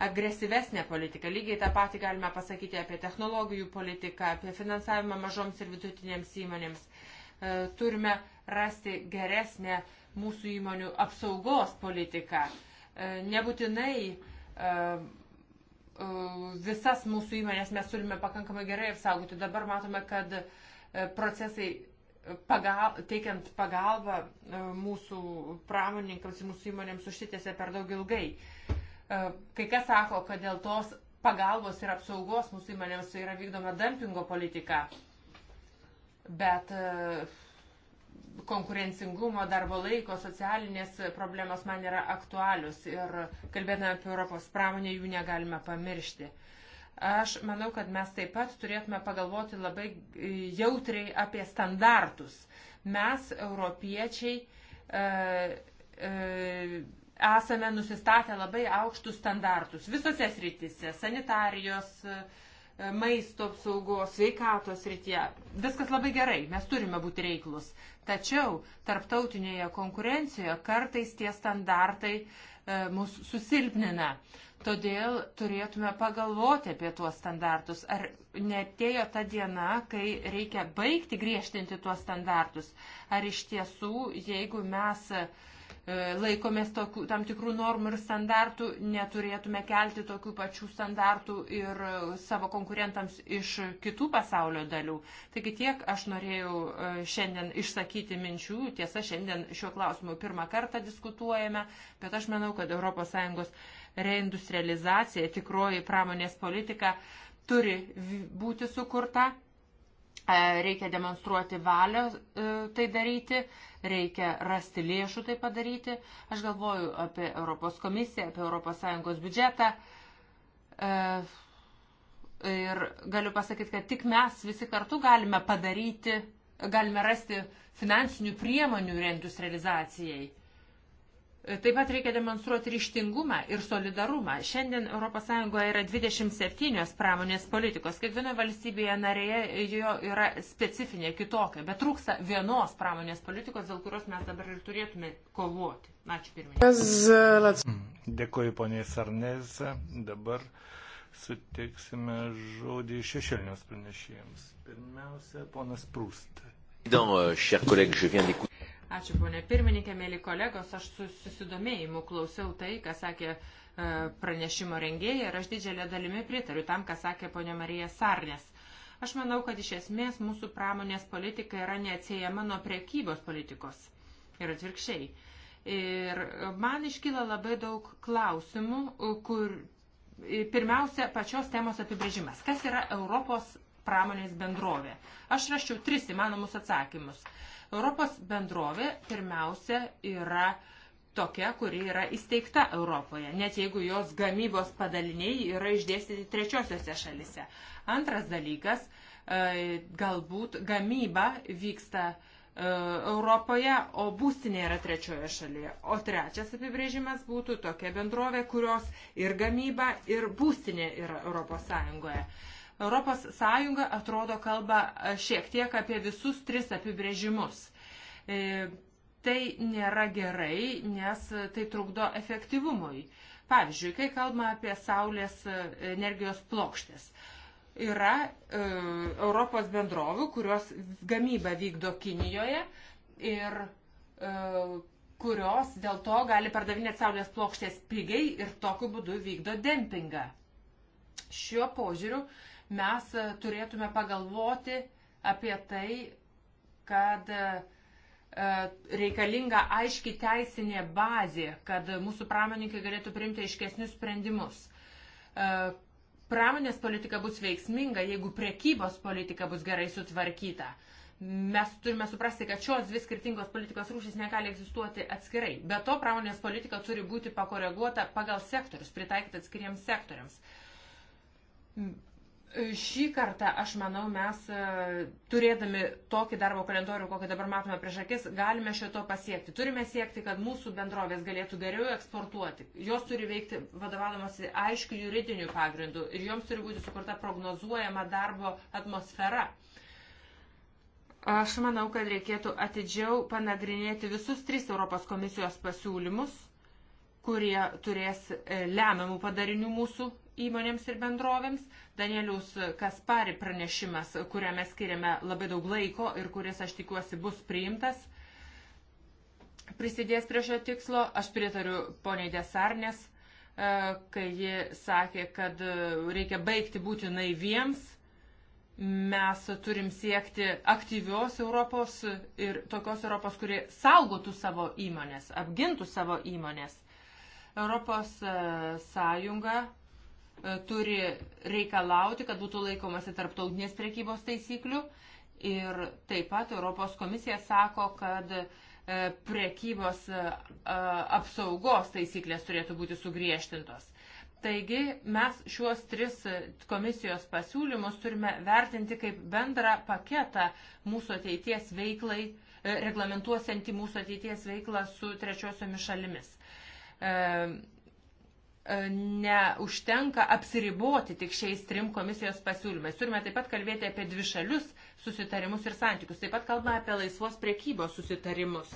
agresyvesnę politiką. Lygiai tą patį galime pasakyti apie technologijų politiką, apie finansavimą mažoms ir vidutinėms įmonėms. E, turime rasti geresnę mūsų įmonių apsaugos politiką. E, nebūtinai e, visas mūsų įmonės mes turime pakankamai gerai apsaugoti. Dabar matome, kad procesai pagal, teikiant pagalbą mūsų pramoninkams ir mūsų įmonėms užsitęsia per daug ilgai. E, kai kas sako, kad dėl tos pagalbos ir apsaugos mūsų įmonėms yra vykdoma dumpingo politika. Bet e, konkurencingumo, darbo laiko, socialinės problemos man yra aktualius ir kalbėdami apie Europos pramonę jų negalime pamiršti. Aš manau, kad mes taip pat turėtume pagalvoti labai jautriai apie standartus. Mes, europiečiai, e, e, esame nusistatę labai aukštus standartus visose srityse - sanitarijos, e, maisto apsaugos, sveikatos srityje. Viskas labai gerai, mes turime būti reiklus. Tačiau tarptautinėje konkurencijoje kartais tie standartai e, mus susilpnina. Todėl turėtume pagalvoti apie tuos standartus. Ar netėjo ta diena, kai reikia baigti griežtinti tuos standartus? Ar iš tiesų, jeigu mes e, E, laikomės tokių, tam tikrų normų ir standartų, neturėtume kelti tokių pačių standartų ir e, savo konkurentams iš kitų pasaulio dalių. Taigi tiek aš norėjau e, šiandien išsakyti minčių. Tiesa, šiandien šiuo klausimu pirmą kartą diskutuojame, bet aš manau, kad ES reindustrializacija, tikroji pramonės politika turi būti sukurta E, reikia demonstruoti valią e, tai daryti, reikia rasti lėšų tai padaryti. Aš galvoju apie Europos komisiją, apie ES biudžetą. E, ir galiu pasakyti, kad tik mes visi kartu galime padaryti, galime rasti finansinių priemonių rentus realizacijai. Taip pat reikia demonstruoti ryštingumą ir solidarumą. Šiandien ES yra 27 pramonės politikos. Kiekvienoje valstybėje narėje jo yra specifinė kitokia, bet trūksta vienos pramonės politikos, dėl kurios mes dabar ir turėtume kovoti. Ačiū pirmininkai. Mm, Dėkuoju poniai Sarnės. Dabar suteiksime žodį šešėlinios pranešėjams. Pirmiausia, ponas Prūst. Dans, euh, Ačiū, ponė pirmininkė, mėly kolegos, aš su susidomėjimu klausiau tai, ką sakė e, pranešimo rengėjai ir aš didžiulė dalimi pritariu tam, ką sakė ponė Marija Sarnės. Aš manau, kad iš esmės mūsų pramonės politika yra neatsiejama nuo prekybos politikos ir atvirkščiai. Ir man iškyla labai daug klausimų, kur pirmiausia pačios temos apibrėžimas. Kas yra Europos pramonės bendrovė? Aš raščiau tris įmanomus atsakymus. Europos bendrovė pirmiausia yra tokia, kuri yra įsteigta Europoje, net jeigu jos gamybos padaliniai yra išdėstyti trečiosiose šalise. Antras dalykas, e, galbūt gamyba vyksta e, Europoje, o būstinė yra trečioje šalyje. O trečias apibrėžimas būtų tokia bendrovė, kurios ir gamyba, ir būstinė yra Europos Sąjungoje. ES atrodo kalba e, šiek tiek apie visus tris apibrėžimus. E, tai nėra gerai, nes tai trukdo efektyvumui. Pavyzdžiui, kai kalbame apie Saulės e, energijos plokštės, yra e, Europos bendrovių, kurios gamybą vykdo Kinijoje ir e, kurios dėl to gali pardavinėti Saulės plokštės pigiai ir tokiu būdu vykdo dempingą. Šiuo požiūriu mes e, turėtume pagalvoti apie tai, kad e, reikalinga aiški teisinė bazė, kad mūsų pramoninkai galėtų priimti aiškesnius sprendimus. E, pramonės politika bus veiksminga, jeigu priekybos politika bus gerai sutvarkyta. Mes turime suprasti, kad šios dvi skirtingos politikos rūšys negali egzistuoti atskirai. Be to, pramonės politika turi būti pakoreguota pagal sektorius, pritaikyta atskiriems sektoriams Šį kartą, aš manau, mes e, turėdami tokį darbo kalendorių, kokį dabar matome prieš akis, galime šito pasiekti. Turime siekti, kad mūsų bendrovės galėtų geriau eksportuoti. Jos turi veikti vadovavimasi aiškių juridinių pagrindų ir joms turi būti sukurta prognozuojama darbo atmosfera. Aš manau, kad reikėtų atidžiau panagrinėti visus tris Europos komisijos pasiūlymus kurie turės e, lemiamų padarinių mūsų įmonėms ir bendrovėms. Danielius Kaspari pranešimas, kuriame skiriame labai daug laiko ir kuris, aš tikiuosi, bus priimtas, prisidės prie šio tikslo. Aš pritariu poniai Desarnės, e, kai ji sakė, kad e, reikia baigti būti naiviems. Mes turim siekti aktyvios Europos ir tokios Europos, kuri saugotų savo įmonės, apgintų savo įmonės Europos e, Sąjunga e, turi reikalauti, kad būtų laikomasi tarptautinės prekybos taisyklių ir taip pat Europos komisija sako, kad e, prekybos apsaugos taisyklės turėtų būti sugriežtintos. Taigi mes šiuos tris komisijos pasiūlymus turime vertinti kaip bendrą paketą mūsų ateities veiklai, reglamentuosianti mūsų ateities veiklą su trečiosiomis šalimis. E, neužtenka apsiriboti tik šiais trim komisijos pasiūlymais. Turime taip pat kalbėti apie dvišalius susitarimus ir santykius. Taip pat kalbame apie laisvos priekybos susitarimus.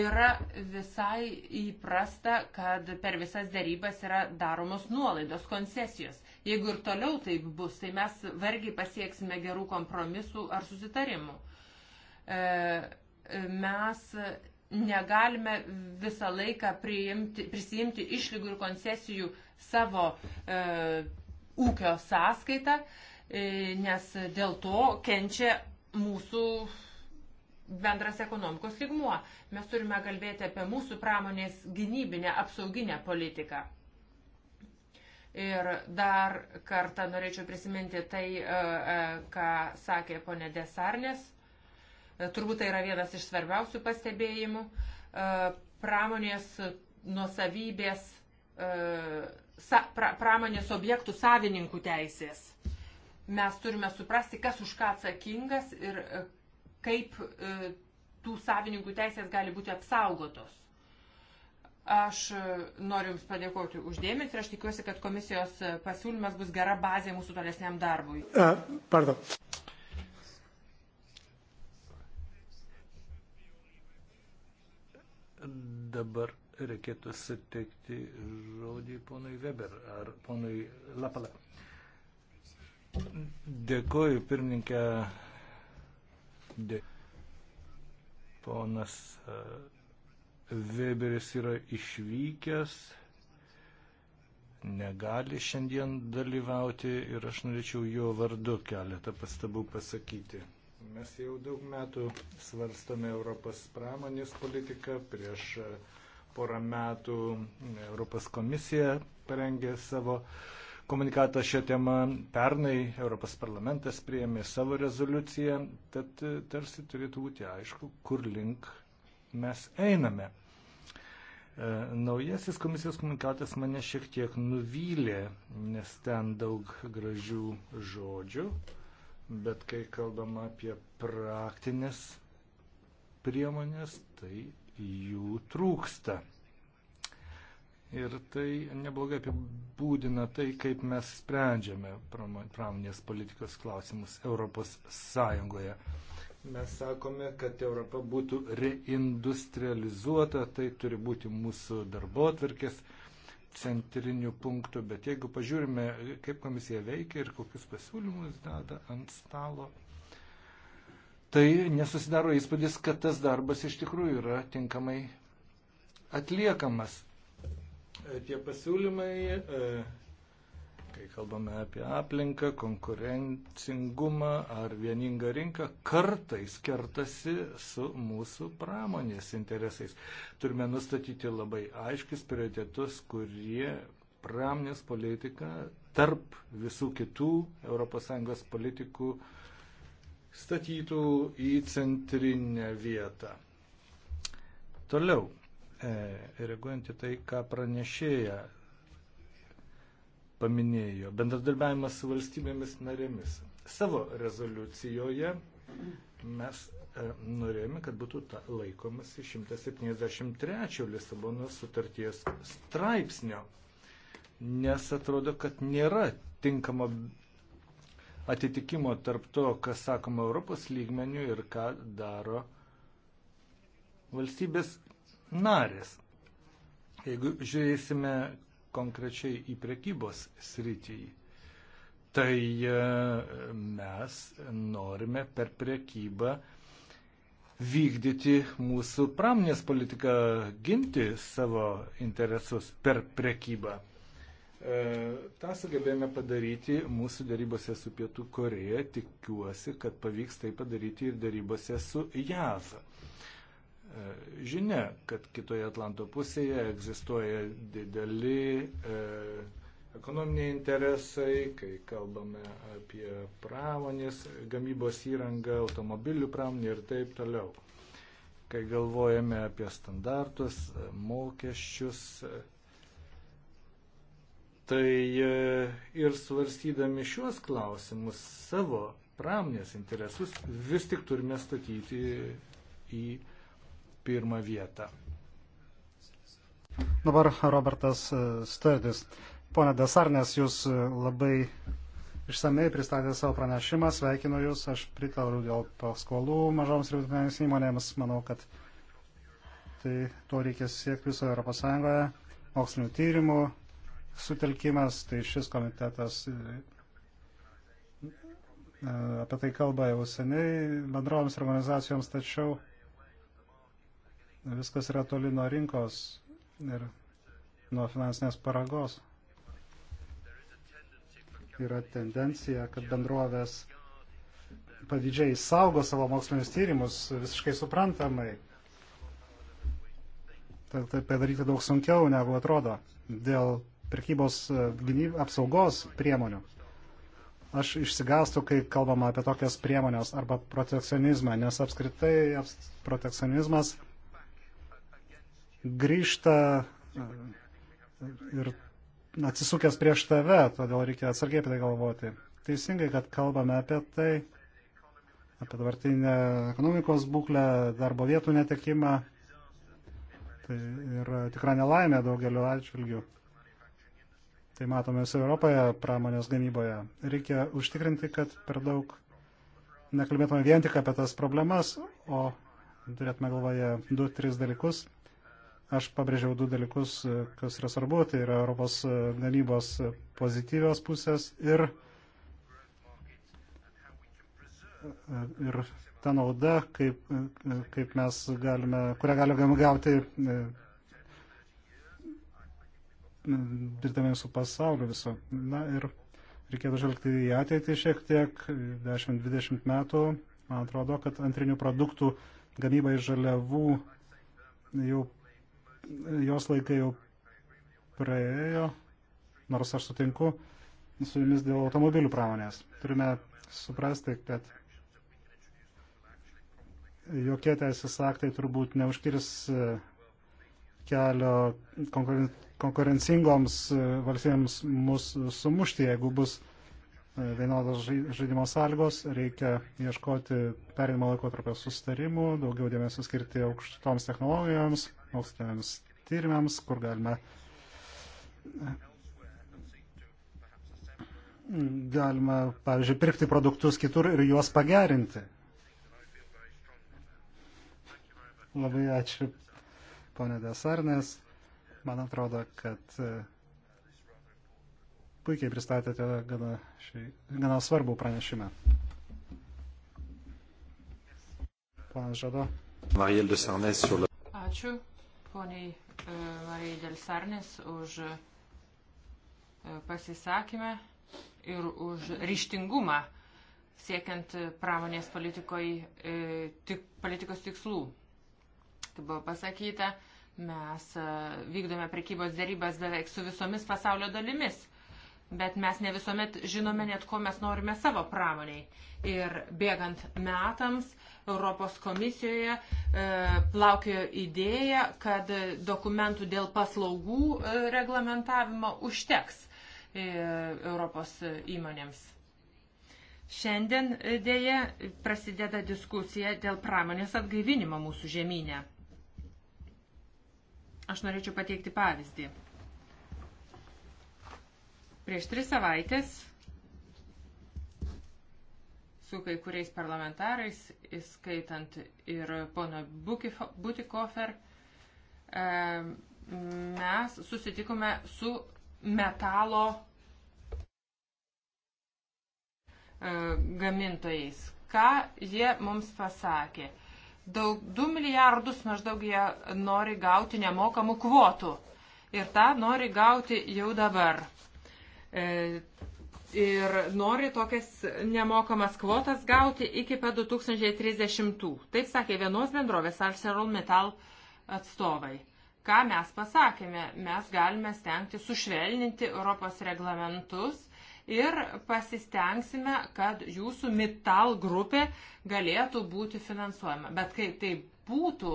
Yra visai įprasta, kad per visas dėrybas yra daromos nuolaidos, koncesijos. Jeigu ir toliau taip bus, tai mes vargiai pasieksime gerų kompromisų ar susitarimų. Mes negalime visą laiką priimti, prisijimti išlygų ir koncesijų savo e, ūkio sąskaitą, e, nes dėl to kenčia mūsų bendras ekonomikos lygmuo. Mes turime kalbėti apie mūsų pramonės gynybinę, apsauginę politiką. Ir dar kartą norėčiau prisiminti tai, e, e, ką sakė ponė Desarnės E, turbūt tai yra vienas iš svarbiausių pastebėjimų. E, pramonės nuosavybės, e, pra, pramonės objektų savininkų teisės. Mes turime suprasti, kas už ką atsakingas ir kaip tų savininkų teisės gali būti apsaugotos. Aš noriu Jums padėkoti uždėmės ir aš tikiuosi, kad komisijos pasiūlymas bus gera bazė mūsų tolesniam darbui. Uh, pardon. Dabar reikėtų sutikti žodį ponui Weber ar ponui Lapala. Dėkuoju, pirmininkė. Dė... Ponas e, Weberis yra išvykęs, negali šiandien dalyvauti ir aš norėčiau jo vardu keletą pastabų pasakyti. Mes jau daug metų svarstome Europos pramonės politiką. Prieš e, porą metų Europos komisija parengė savo komunikatą šią temą. Pernai Europos parlamentas priėmė savo rezoliuciją. Tad e, tarsi turėtų būti aišku, kur link mes einame. E, naujasis komisijos komunikatas mane šiek tiek nuvylė, nes ten daug gražių žodžių bet kai kalbama apie praktinės priemonės, tai jų trūksta. Ir tai neblogai apibūdina tai, kaip mes sprendžiame pramonės politikos klausimus Europos Sąjungoje. Mes sakome, kad Europa būtų reindustrializuota, tai turi būti mūsų darbo atvarkės centrinių punktų, bet jeigu pažiūrime, kaip komisija veikia ir kokius pasiūlymus deda ant stalo, tai nesusidaro įspūdis, kad tas darbas iš tikrųjų yra tinkamai atliekamas. Tie pasiūlymai e, kai kalbame apie aplinką, konkurencingumą ar vieningą rinką, kartais kertasi su mūsų pramonės interesais. Turime nustatyti labai aiškis prioritetus, kurie pramonės politika tarp visų kitų ES politikų statytų į centrinę vietą. Toliau, e, reaguojant į tai, ką pranešėja paminėjo - bendradarbiavimas su valstybėmis narėmis. Savo rezoliucijoje mes e, norėjome, kad būtų ta, laikomasi 173 Lisabonos sutarties straipsnio, nes atrodo, kad nėra tinkamo atitikimo tarp to, kas sakoma Europos lygmenių ir ką daro valstybės narės. Jeigu žiūrėsime, konkrečiai į prekybos sritį, tai e, mes norime per prekybą vykdyti mūsų pramonės politiką, ginti savo interesus per prekybą. E, Ta sugebėjome padaryti mūsų darybose su Pietų Koreja, tikiuosi, kad pavyks tai padaryti ir darybose su JAV. E, žinia, kad kitoje Atlanto pusėje egzistuoja dideli e, ekonominiai interesai, kai kalbame apie pramonės, gamybos įrangą, automobilių pramonį ir taip toliau. Kai galvojame apie standartus, e, mokesčius, tai ir svarstydami šiuos klausimus savo pramonės interesus vis tik turime statyti į pirmą vietą. Dabar Robertas e, Sturdis. Pone Desarnės, jūs e, labai išsamei pristatė savo pranešimą, sveikinu Jūs, aš pritaru dėl paskolų mažoms ir vidutinėms įmonėms, manau, kad tai to reikės siekti visoje Europos Sąjungoje, mokslinių tyrimų sutelkimas, tai šis komitetas e, apie tai kalba jau seniai bendrovėms organizacijoms, tačiau viskas yra toli nuo rinkos ir nuo finansinės paragos. Yra tendencija, kad bendrovės pavydžiai saugo savo mokslinius tyrimus visiškai suprantamai. Tai, tai padaryti daug sunkiau negu atrodo dėl prekybos e, apsaugos priemonių. Aš išsigastu, kai kalbama apie tokias priemonės arba protekcionizmą, nes apskritai protekcionizmas grįžta e, ir atsisukęs prieš tave, todėl reikia atsargiai apie tai galvoti. Teisingai, kad kalbame apie tai, apie dabartinę ekonomikos būklę, darbo vietų netekimą. Tai yra tikra nelaimė daugeliu atžvilgių. Tai matome visoje Europoje pramonės gamyboje. Reikia užtikrinti, kad per daug nekalbėtume vien tik apie tas problemas, o turėtume galvoje du, tris dalykus. Aš pabrėžiau du dalykus, kas yra svarbu, tai yra Europos gamybos pozityvios pusės ir, ir ta nauda, kaip, kaip mes galime, kurią galime gauti dirbdami su pasauliu viso. Na ir reikėtų žvelgti į ateitį šiek tiek, 10-20 metų, man atrodo, kad antrinių produktų gamyba iš žaliavų jau jos laikai jau praėjo, nors aš sutinku su jumis dėl automobilių pramonės. Turime suprasti, kad jokie teisės aktai turbūt neužkirs e, kelio konkurencingoms e, valstybėms mus sumušti, jeigu bus vienodos žaidimo sąlygos, reikia ieškoti perinimo laikotarpio sustarimų, daugiau dėmesio skirti aukštoms technologijoms, moksliniams tyrimams, kur galime galima, pavyzdžiui, pirkti produktus kitur ir juos pagerinti. Labai ačiū, ponė Desarnės. Man atrodo, kad puikiai pristatėte gana, šį, gana svarbų pranešimą. Planas Žado. Ačiū poniai e, Marijai Delsarnės už e, pasisakymę ir už ryštingumą siekiant pramonės e, tik, politikos tikslų. Kaip buvo pasakyta, mes vykdome prekybos dėrybas beveik su visomis pasaulio dalimis bet mes ne visuomet žinome net, ko mes norime savo pramoniai. Ir bėgant metams Europos komisijoje e, plaukėjo idėja, kad dokumentų dėl paslaugų e, reglamentavimo užteks e, Europos įmonėms. Šiandien e, dėje prasideda diskusija dėl pramonės atgaivinimo mūsų žemynė. Aš norėčiau pateikti pavyzdį. Prieš tris savaitės su kai kuriais parlamentarais, įskaitant ir pono Butikofer, mes susitikome su metalo e, gamintojais. Ką jie mums pasakė? Daug 2 milijardus maždaug jie nori gauti nemokamų kvotų. Ir tą nori gauti jau dabar. E, ir nori tokias nemokamas kvotas gauti iki pat 2030. Taip sakė vienos bendrovės Arcelor Metal atstovai. Ką mes pasakėme? Mes galime stengti sušvelninti Europos reglamentus ir pasistengsime, kad jūsų metal grupė galėtų būti finansuojama. Bet kai tai būtų,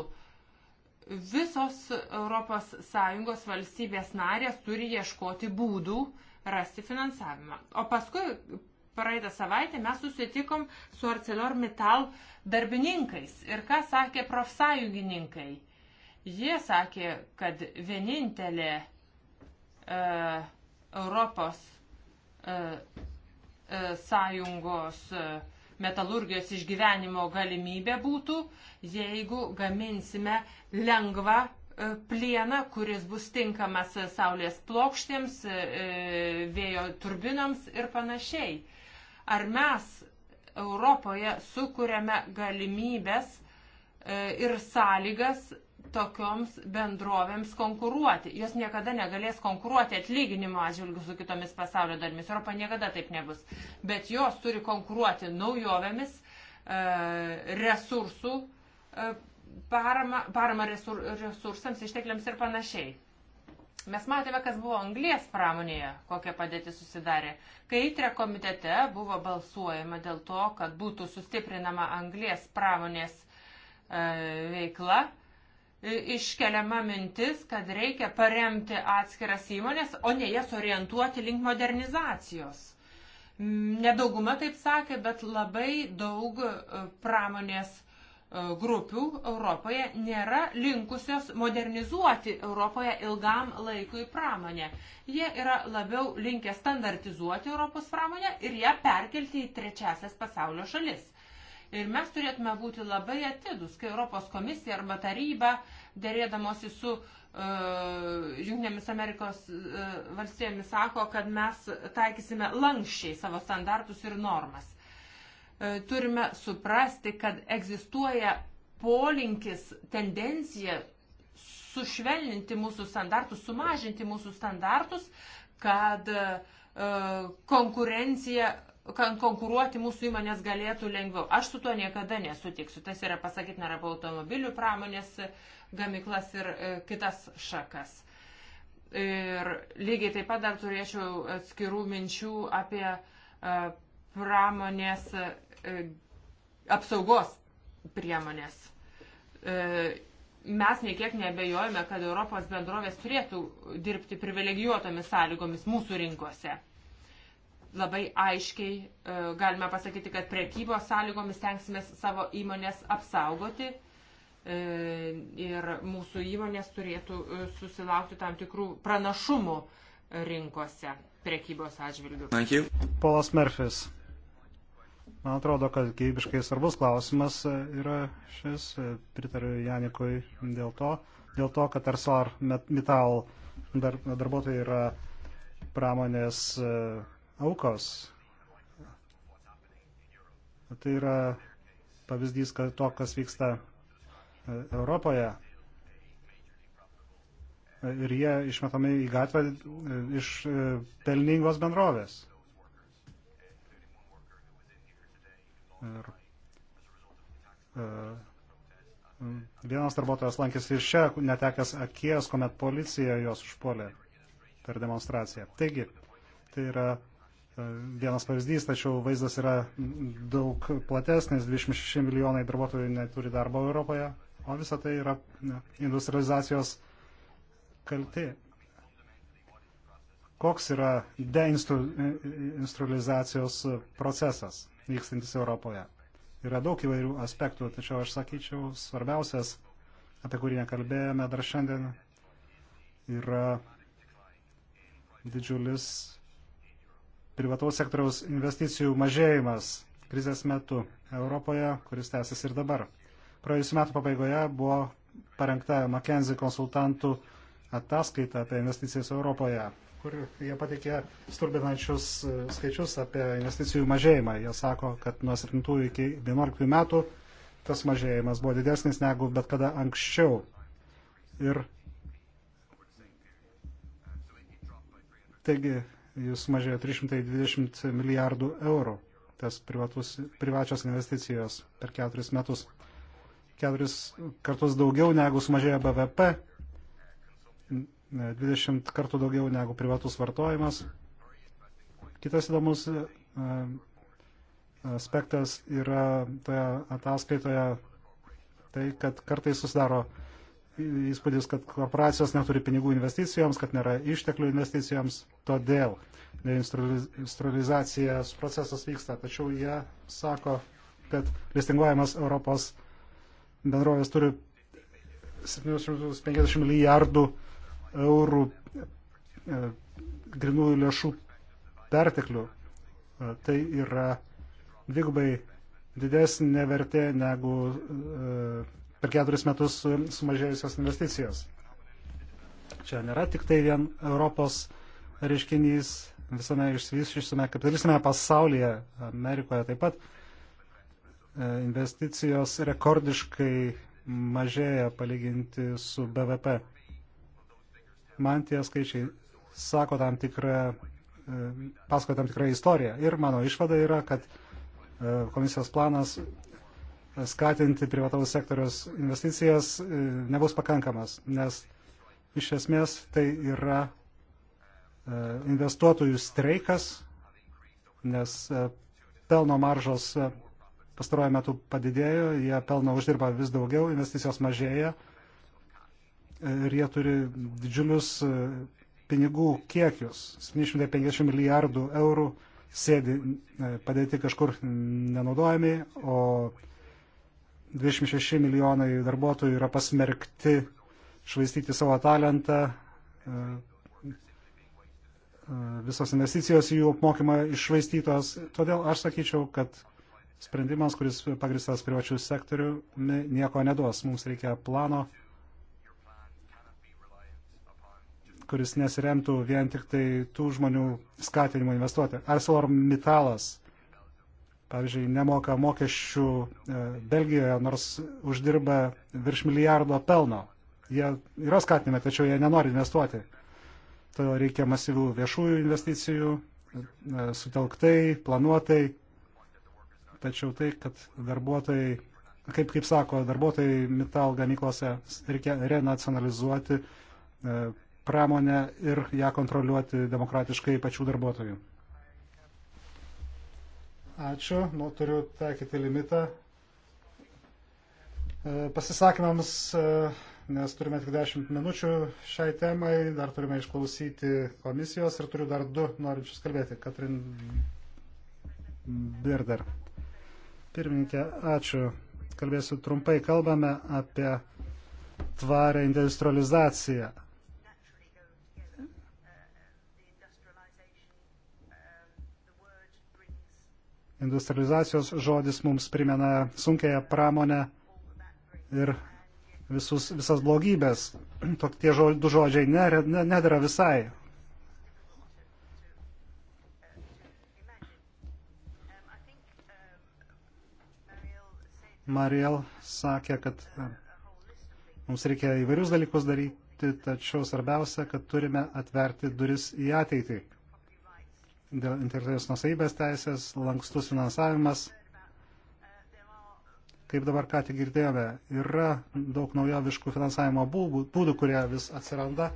visos ES valstybės narės turi ieškoti būdų, rasti finansavimą. O paskui praeitą savaitę mes susitikom su ArcelorMittal darbininkais. Ir ką sakė profsąjungininkai? Jie sakė, kad vienintelė uh, Europos uh, uh, sąjungos uh, metalurgijos išgyvenimo galimybė būtų, jeigu gaminsime lengvą E, plieną, kuris bus tinkamas e, saulės plokštėms, e, vėjo turbinoms ir panašiai. Ar mes Europoje sukūrėme galimybės ir sąlygas tokioms bendrovėms konkuruoti. Jos niekada negalės konkuruoti atlyginimo atžvilgiu su kitomis pasaulio dalimis. Europa niekada taip nebus. Bet jos turi konkuruoti naujovėmis, resursų parama, parama resur, resursams, ištekliams ir panašiai. Mes matėme, kas buvo anglės pramonėje, kokia padėtis susidarė. Kai įtre komitete buvo balsuojama dėl to, kad būtų sustiprinama anglės pramonės e, veikla, iškeliama mintis, kad reikia paremti atskiras įmonės, o ne jas orientuoti link modernizacijos. Nedauguma taip sakė, bet labai daug e, pramonės E, grupių Europoje nėra linkusios modernizuoti Europoje ilgam laikui pramonę. Jie yra labiau linkę standartizuoti Europos pramonę ir ją perkelti į trečiasias pasaulio šalis. Ir mes turėtume būti labai atidus, kai Europos komisija arba taryba, dėrėdamosi su uh, Junktinėmis Amerikos uh, e, valstybėmis, sako, kad mes taikysime lankščiai savo standartus ir normas. E, turime suprasti, kad egzistuoja polinkis, tendencija sušvelninti mūsų standartus, sumažinti mūsų standartus, kad e, konkurencija, kad konkuruoti mūsų įmonės galėtų lengviau. Aš su tuo niekada nesutiksiu. Tas yra pasakyti, nėra apie automobilių pramonės e, gamiklas ir kitas šakas. Ir lygiai taip pat dar turėčiau atskirų minčių apie pramonės E, apsaugos priemonės. E, mes niekiek nebejojame, kad Europos bendrovės turėtų dirbti privilegijuotomis sąlygomis mūsų rinkose. Labai aiškiai e, galime pasakyti, kad prekybos sąlygomis tenksime savo įmonės apsaugoti ir mūsų įmonės turėtų susilaukti tam tikrų pranašumų rinkose prekybos atžvilgių. Polas Merfis. Man atrodo, kad gyvybiškai svarbus klausimas yra šis, pritariu Janikui dėl to, dėl to kad Arsolar Metal dar, darbuotojai yra pramonės e, aukos. Tai yra pavyzdys kad to, kas vyksta e, Europoje. Ir jie išmetami į gatvę e, iš pelningos bendrovės. Ir e, vienas darbuotojas lankėsi iš čia, netekęs akies, kuomet policija juos užpuolė per demonstraciją. Taigi, tai yra e, vienas pavyzdys, tačiau vaizdas yra daug platesnis, 26 milijonai darbuotojų neturi darbo Europoje, o visa tai yra industrializacijos kalti. Koks yra deinstrualizacijos procesas? vykstantis Europoje. Yra daug įvairių aspektų, tačiau aš sakyčiau, svarbiausias, apie kurį nekalbėjome dar šiandien, yra didžiulis privataus sektoriaus investicijų mažėjimas krizės metu Europoje, kuris tęsis ir dabar. Praėjusiu metu pabaigoje buvo parengta McKenzie konsultantų ataskaita apie investicijas Europoje kur jie patikė stulbinančius e, skaičius apie investicijų mažėjimą. Jie sako, kad nuo 7 iki 11 metų tas mažėjimas buvo didesnis negu bet kada anksčiau. Ir taigi jis mažėjo 320 milijardų eurų, tas privatus, privačios investicijos per keturis metus. Keturis kartus daugiau negu sumažėjo BVP 20 kartų daugiau negu privatus vartojimas. Kitas įdomus e, e, aspektas yra toje ataskaitoje tai, kad kartais susidaro įspūdis, kad korporacijos neturi pinigų investicijoms, kad nėra išteklių investicijoms, todėl deinstrualizacijos procesas vyksta. Tačiau jie sako, kad listinguojamas Europos bendrovės turi 750 milijardų uh, eurų e, grinųjų lėšų perteklių. E, tai yra dvigubai didesnė vertė negu e, per keturis metus sumažėjusios investicijos. Čia nėra tik tai vien Europos reiškinys visame išsivyščiusiame kapitalistinėme pasaulyje, Amerikoje taip pat investicijos rekordiškai mažėja palyginti su BVP man tie skaičiai sako tam tikrą, e, pasako tam tikrą istoriją. Ir mano išvada yra, kad e, komisijos planas skatinti privataus sektoriaus investicijas e, nebus pakankamas, nes iš esmės tai yra investuotojų streikas, nes pelno maržos pastaruoju metu padidėjo, jie pelno uždirba vis daugiau, investicijos mažėja ir jie turi didžiulius e, pinigų kiekius. 750 milijardų eurų sėdi e, padėti kažkur nenaudojami, o 26 milijonai darbuotojų yra pasmerkti švaistyti savo talentą. E, visos investicijos į jų apmokymą išvaistytos. Todėl aš sakyčiau, kad sprendimas, kuris pagristas privačių sektorių, nieko neduos. Mums reikia plano kuris nesiremtų vien tik tai tų žmonių skatinimu investuoti. ArcelorMittalas, pavyzdžiui, nemoka mokesčių e, Belgijoje, nors uždirba virš milijardo pelno. Jie yra skatinami, tačiau jie nenori investuoti. Todėl reikia masyvių viešųjų investicijų, e, sutelktai, planuotai. Tačiau tai, kad darbuotojai kaip, kaip sako, darbuotojai metal gamyklose reikia renacionalizuoti, e, pramonę ir ją kontroliuoti demokratiškai pačių darbuotojų. Ačiū, nu, turiu taikyti limitą e, pasisakymams, e, nes turime tik 10 minučių šiai temai, dar turime išklausyti komisijos ir turiu dar du norinčius kalbėti. Katrin Birder. Pirmininkė, ačiū. Kalbėsiu trumpai. Kalbame apie tvarę industrializaciją. Industrializacijos žodis mums primena sunkėją pramonę ir visus, visas blogybės. [clears throat] Tok tie žo, du žodžiai nedara ne, ne visai. Mariel sakė, kad e, mums reikia įvairius dalykus daryti, tačiau svarbiausia, kad turime atverti duris į ateitį dėl intelektinės nusaibės teisės, lankstus finansavimas. Kaip dabar ką tik girdėjome, yra daug naujoviškų finansavimo būdų, būdų kurie vis atsiranda.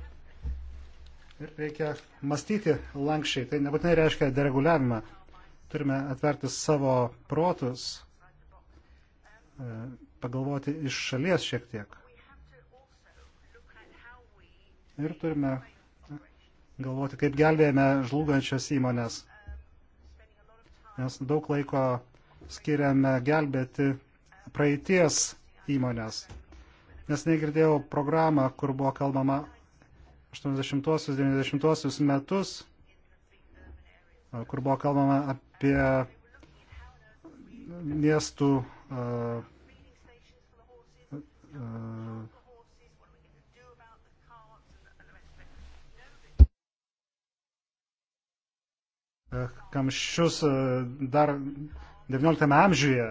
Ir reikia mąstyti lankščiai. Tai nebūtinai reiškia dereguliavimą. Turime atverti savo protus, e, pagalvoti iš šalies šiek tiek. Ir turime galvoti, kaip gelbėjame žlugančias įmonės. Nes daug laiko skiriame gelbėti praeities įmonės. Nes negirdėjau programą, kur buvo kalbama 80-90 metus, kur buvo kalbama apie miestų uh, uh, E, kamščius e, dar XIX amžiuje,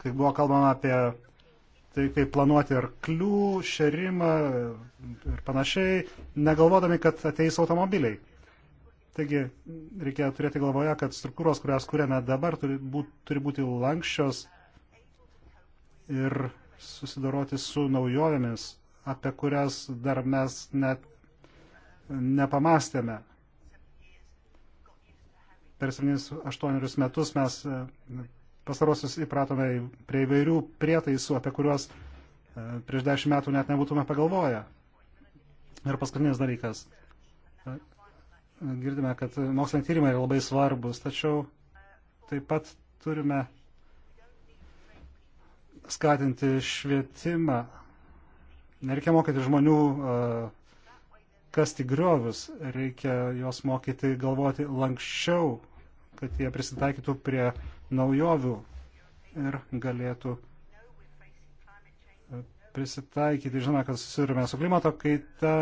kai buvo kalbama apie tai, kaip planuoti arklių, šerimą ir panašiai, negalvodami, kad ateis automobiliai. Taigi reikia turėti galvoje, kad struktūros, kurias kuriame dabar, turi, būt, turi būti lankščios ir susidoroti su naujovėmis, apie kurias dar mes net nepamastėme per 7-8 metus mes e, pasarosius įpratome prie įvairių prietaisų, apie kuriuos e, prieš 10 metų net nebūtume pagalvoję. Ir paskutinis dalykas. E, girdime, kad moksliniai tyrimai yra labai svarbus, tačiau taip pat turime skatinti švietimą. Nereikia mokyti žmonių kasti griovius, reikia juos mokyti galvoti lankščiau, kad jie prisitaikytų prie naujovių ir galėtų e, prisitaikyti. Žinome, kad susidurime su klimato kaita,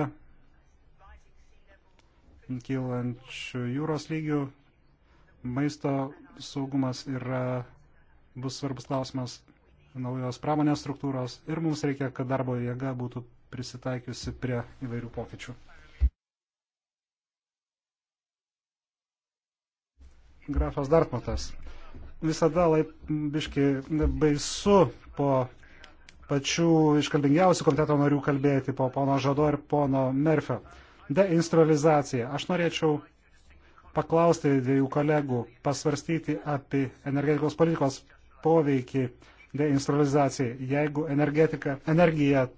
kylančių jūros lygių, maisto saugumas yra, bus svarbus klausimas naujos pramonės struktūros ir mums reikia, kad darbo jėga būtų prisitaikiusi prie įvairių pokyčių. grafas Dartmatas. Visada laibiškai baisu po pačių iškalbingiausių komiteto narių kalbėti, po pono Žado ir pono Merfio. Deinstrualizacija. Aš norėčiau paklausti dviejų kolegų, pasvarstyti apie energetikos politikos poveikį deinstrualizacijai. Jeigu energija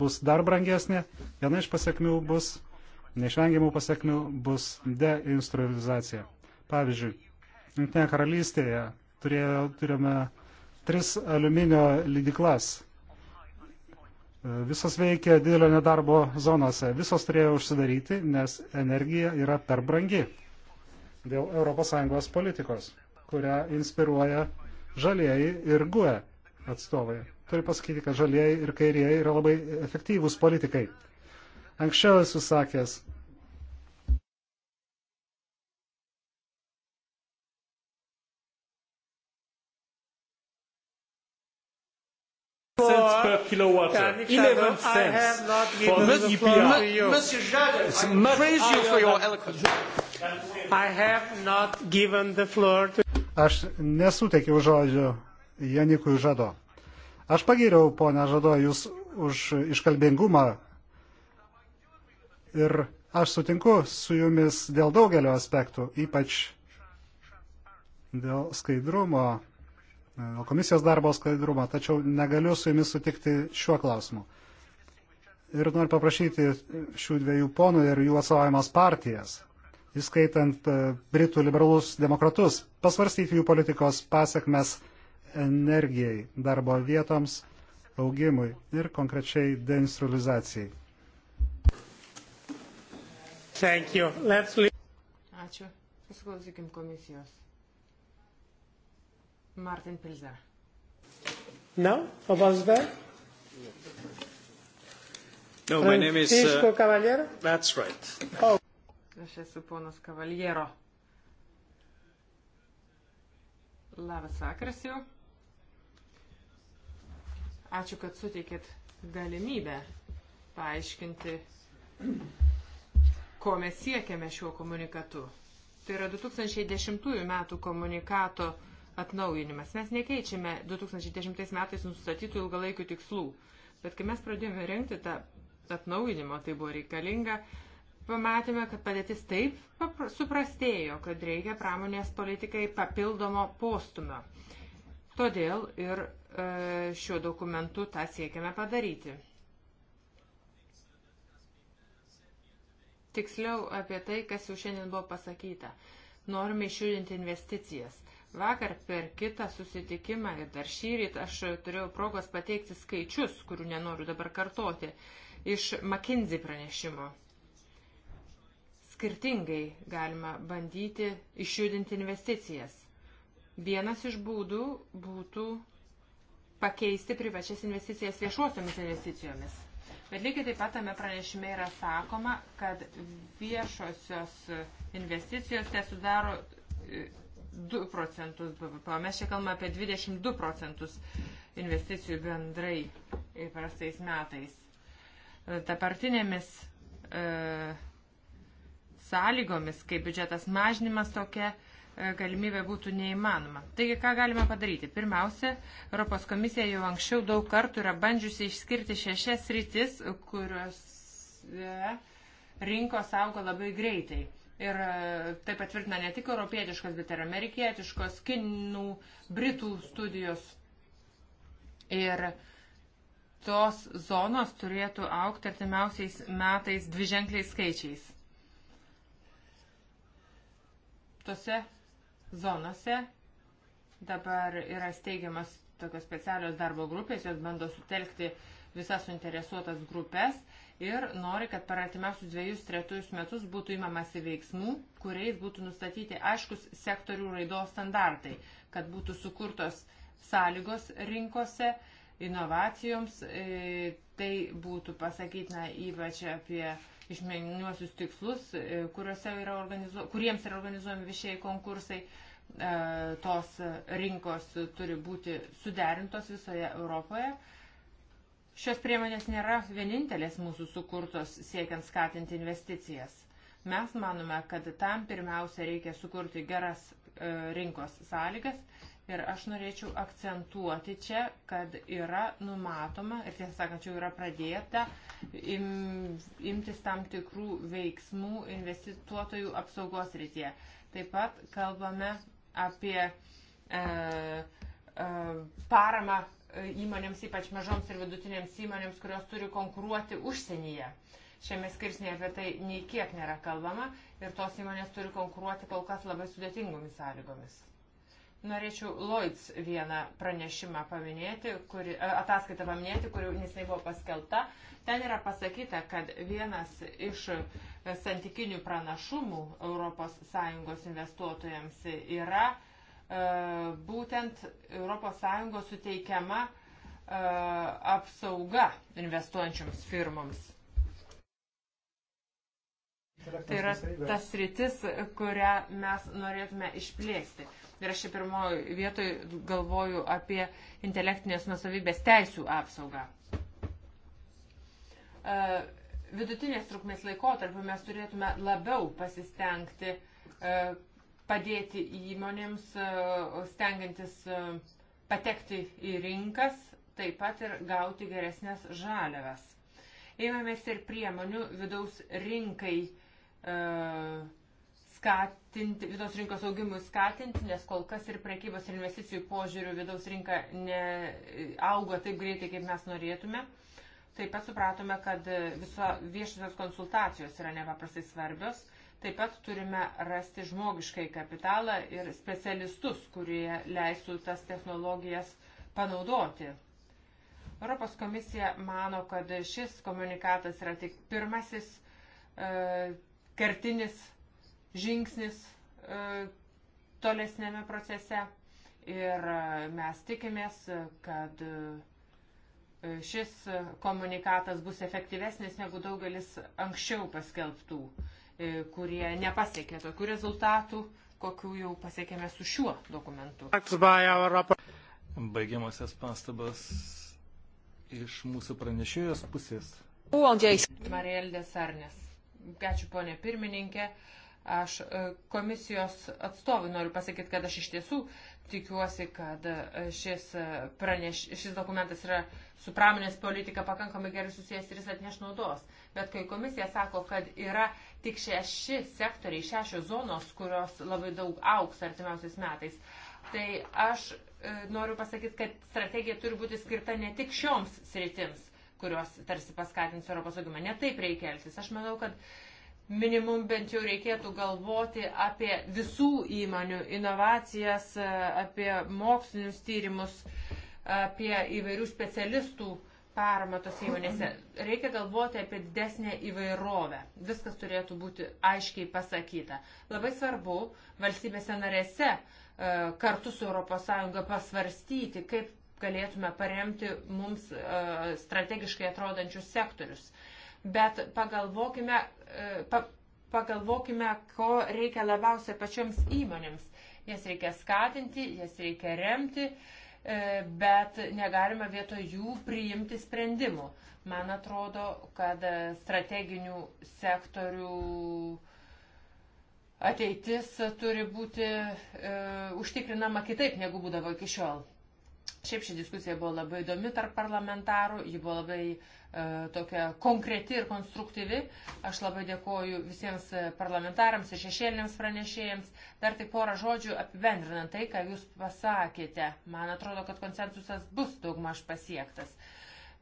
bus dar brangesnė, viena iš pasiekmių bus, neišvengiamų pasiekmių bus deinstrualizacija. Pavyzdžiui, Junktinėje karalystėje turėjo, turėjome tris aliuminio lydiklas. Visos veikia didelio nedarbo zonose. Visos turėjo užsidaryti, nes energija yra per brangi dėl ES politikos, kurią inspiruoja žalieji ir GUE atstovai. Turiu pasakyti, kad žalieji ir kairieji yra labai efektyvūs politikai. Anksčiau esu sakęs, kilowatt, yeah, 11 cents for the EPR. Mr. Jadot, I praise you for your eloquence. I have not given the floor to... Aš nesuteikiau žodžio Janikui Žado. Aš pagiriau, ponia Žado, jūs už iškalbingumą ir aš sutinku su jumis dėl daugelio aspektų, ypač dėl skaidrumo dėl e, komisijos darbo skaidrumo, tačiau negaliu su jumis sutikti šiuo klausimu. Ir noriu paprašyti šių dviejų ponų ir jų atstovavimas partijas, įskaitant e, Britų liberalus demokratus, pasvarstyti jų politikos pasiekmes energijai, darbo vietoms, augimui ir konkrečiai deinstrualizacijai. Ačiū. Pasiklausykim komisijos. Martin Pilzer. No? What was that? No, my name is... Uh, Cavaliero? That's right. Oh. Aš esu ponas Kavaliero. Labas vakaras jau. Ačiū, kad suteikėt galimybę paaiškinti, ko mes siekiame šiuo komunikatu. Tai yra 2010 metų komunikato uh, atnaujinimas. Mes nekeičiame 2010 metais nustatytų ilgalaikių tikslų, bet kai mes pradėjome rengti tą atnaujinimą, tai buvo reikalinga, pamatėme, kad padėtis taip suprastėjo, kad reikia pramonės politikai papildomo postumio. Todėl ir e, šiuo dokumentu tą siekiame padaryti. Tiksliau apie tai, kas jau šiandien buvo pasakyta. Norime išjudinti investicijas. Vakar per kitą susitikimą ir dar šį rytą aš turėjau progos pateikti skaičius, kurių nenoriu dabar kartoti, iš McKinsey pranešimo. Skirtingai galima bandyti išjudinti investicijas. Vienas iš būdų būtų pakeisti privačias investicijas viešuosiomis investicijomis. Bet lygiai taip pat tame pranešime yra sakoma, kad viešosios investicijos nesudaro 2 procentus BVP. Mes čia kalbame apie 22 procentus investicijų bendrai įprastais metais. E, dabartinėmis e, sąlygomis, kai biudžetas mažinimas tokia, e, galimybė būtų neįmanoma. Taigi, ką galime padaryti? Pirmiausia, Europos komisija jau anksčiau daug kartų yra bandžiusi išskirti šešias rytis, kurios e, rinkos auga labai greitai. Ir e, tai patvirtina ne tik europietiškos, bet ir amerikietiškos, kinų, britų studijos. Ir tos zonos turėtų aukti artimiausiais metais dviženkliais skaičiais. Tose zonose dabar yra steigiamas tokios specialios darbo grupės, jos bando sutelkti visas suinteresuotas grupės ir nori, kad per artimiausius dviejus, trejus metus būtų imamasi veiksmų, kuriais būtų nustatyti aiškus sektorių raidos standartai, kad būtų sukurtos sąlygos rinkose inovacijoms. E, tai būtų pasakytina ypač apie išmeniuosius tikslus, e, yra organizuo, kuriems yra organizuojami viešieji konkursai. E, tos rinkos turi būti suderintos visoje Europoje Šios priemonės nėra vienintelės mūsų sukurtos siekiant skatinti investicijas. Mes manome, kad tam pirmiausia reikia sukurti geras e, rinkos sąlygas ir aš norėčiau akcentuoti čia, kad yra numatoma ir tiesą sakant, jau yra pradėta im, imtis tam tikrų veiksmų investuotojų apsaugos rytie. Taip pat kalbame apie e, e, paramą įmonėms, ypač mažoms ir vidutinėms įmonėms, kurios turi konkuruoti užsienyje. Šiame skirsnėje apie tai nei kiek nėra kalbama ir tos įmonės turi konkuruoti kol kas labai sudėtingomis sąlygomis. Norėčiau Lloyds vieną pranešimą paminėti, kuri, ataskaitą paminėti, kuri nesnei buvo paskelbta. Ten yra pasakyta, kad vienas iš santykinių pranašumų ES investuotojams yra uh, E, būtent ES suteikiama e, apsauga investuojančioms firmoms. Tai yra tas rytis, kurią mes norėtume išplėsti. Ir aš čia pirmojo vietoj galvoju apie intelektinės nusavybės teisų apsaugą. E, vidutinės trukmės laikotarpiu mes turėtume labiau pasistengti padėti įmonėms e, stengiantis e, patekti į rinkas, taip pat ir gauti geresnės žaliavas. Ėmėmės ir priemonių vidaus rinkai e, skatinti, vidaus rinkos augimui skatinti, nes kol kas ir prekybos ir investicijų požiūrių vidaus rinka neaugo taip greitai, kaip mes norėtume. Taip pat supratome, kad viso viešosios konsultacijos yra nepaprastai svarbios Taip pat turime rasti žmogiškai kapitalą ir specialistus, kurie leistų tas technologijas panaudoti. Europos komisija mano, kad šis komunikatas yra tik pirmasis e, kartinis žingsnis e, tolesnėme procese ir e, mes tikimės, kad e, šis komunikatas bus efektyvesnis negu daugelis anksčiau paskelbtų. E, E, kurie nepasiekė tokių rezultatų, kokių jau pasiekėme su šiuo dokumentu. Baigiamasias pastabas iš mūsų pranešėjos pusės. Marija Eldės Arnės. Ačiū ponė pirmininkė. Uh, Aš e, komisijos atstovui noriu pasakyti, kad aš iš tiesų tikiuosi, kad e, šis, e, praneš, šis dokumentas yra su pramonės politika pakankamai gerai susijęs ir jis atneš naudos. Bet kai komisija sako, kad yra tik šeši sektoriai, šešios zonos, kurios labai daug auks artimiausiais metais, tai aš noriu pasakyti, kad strategija turi būti skirta ne tik šioms sritims, kurios tarsi paskatins Europos augimą. Ne taip reikia elgtis. Aš manau, kad uh, minimum bent jau reikėtų galvoti apie visų įmonių inovacijas, apie mokslinius tyrimus, apie įvairių specialistų paramą tos įmonėse. Reikia galvoti apie didesnę įvairovę. Viskas turėtų būti aiškiai pasakyta. Labai svarbu valstybėse narėse e, kartu su ES pasvarstyti, kaip galėtume paremti mums e, strategiškai atrodančius sektorius. Bet pagalvokime, E, pa, pagalvokime, ko reikia labiausia pačioms įmonėms. Jas reikia skatinti, jas reikia remti, e, bet negalima vieto jų priimti sprendimų. Man atrodo, kad strateginių sektorių ateitis turi būti e, užtikrinama kitaip, negu būdavo iki šiol. Šiaip ši diskusija buvo labai įdomi tarp parlamentarų, ji buvo labai E, tokia konkreti ir konstruktyvi. Aš labai dėkoju visiems parlamentarams ir šešėliniams pranešėjams. Dar tik porą žodžių apibendrinant tai, ką jūs pasakėte. Man atrodo, kad konsensusas bus daugmaž pasiektas.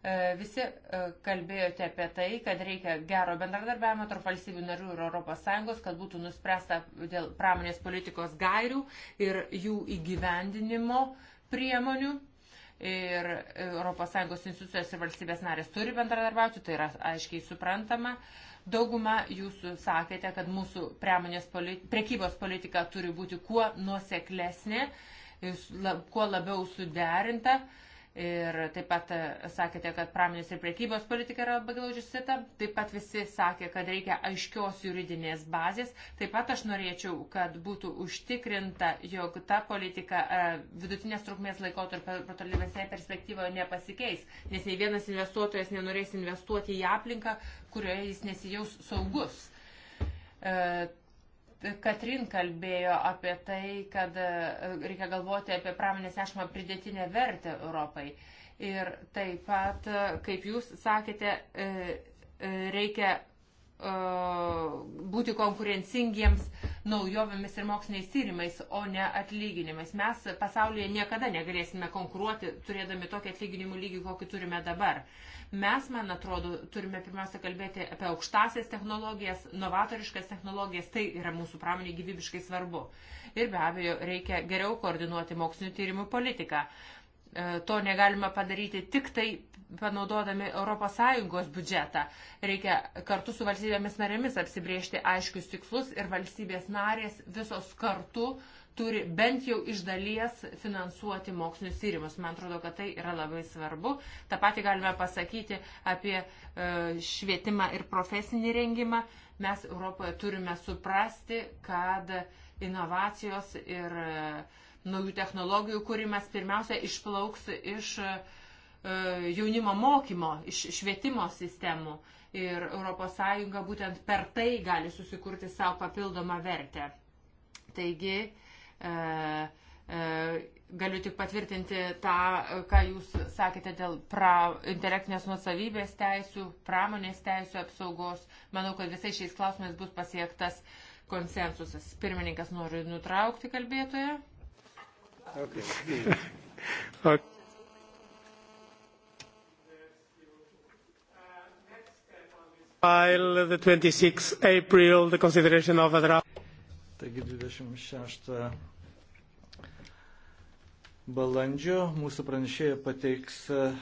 E, visi e, kalbėjote apie tai, kad reikia gero bendradarbiavimo tarp valstybių narių ir ES, kad būtų nuspręsta dėl pramonės politikos gairių ir jų įgyvendinimo priemonių ir ES institucijos ir valstybės narės turi bendradarbiauti, tai yra aiškiai suprantama. Dauguma jūsų sakėte, kad mūsų politi prekybos politika turi būti kuo nuoseklesnė, kuo labiau suderinta. Ir taip pat e, sakėte, kad pramonės ir priekybos politika yra labai glaudžiai susita. Taip pat visi sakė, kad reikia aiškios juridinės bazės. Taip pat aš norėčiau, kad būtų užtikrinta, jog ta politika e, vidutinės trukmės laikotarpio tolimesnėje perspektyvoje nepasikeis, nes nei vienas investuotojas nenorės investuoti į aplinką, kurioje jis nesijaus saugus. E, Katrin kalbėjo apie tai, kad e, reikia galvoti apie pramonės nešamą pridėtinę vertę Europai. Ir taip pat, e, kaip jūs sakėte, e, reikia būti konkurencingiems naujovėmis ir moksliniais tyrimais, o ne atlyginimais. Mes pasaulyje niekada negalėsime konkuruoti, turėdami tokį atlyginimų lygį, kokį turime dabar. Mes, man atrodo, turime pirmiausia kalbėti apie aukštasias technologijas, novatoriškas technologijas, tai yra mūsų pramonė gyvybiškai svarbu. Ir be abejo, reikia geriau koordinuoti mokslinio tyrimų politiką. E, to negalima padaryti tik tai panaudodami ES biudžetą. Reikia kartu su valstybėmis narėmis apsibriežti aiškius tikslus ir valstybės narės visos kartu turi bent jau iš dalies finansuoti mokslinius tyrimus. Man atrodo, kad tai yra labai svarbu. Ta pati galime pasakyti apie e, švietimą ir profesinį rengimą. Mes Europoje turime suprasti, kad inovacijos ir e, naujų technologijų kūrimas pirmiausia išplauks iš uh, E, jaunimo mokymo, iš švietimo sistemų. Ir ES būtent per tai gali susikurti savo papildomą vertę. Taigi, e, e, galiu tik patvirtinti tą, ką jūs sakėte dėl pra, intelektinės nuosavybės teisų, pramonės teisų apsaugos. Manau, kad visais šiais klausimais bus pasiektas konsensusas. Pirmininkas nori nutraukti kalbėtoją. Okay. [laughs] okay. file the 26th April the consideration of a draft. Taigi 26 balandžio mūsų pranešėja pateiks eh,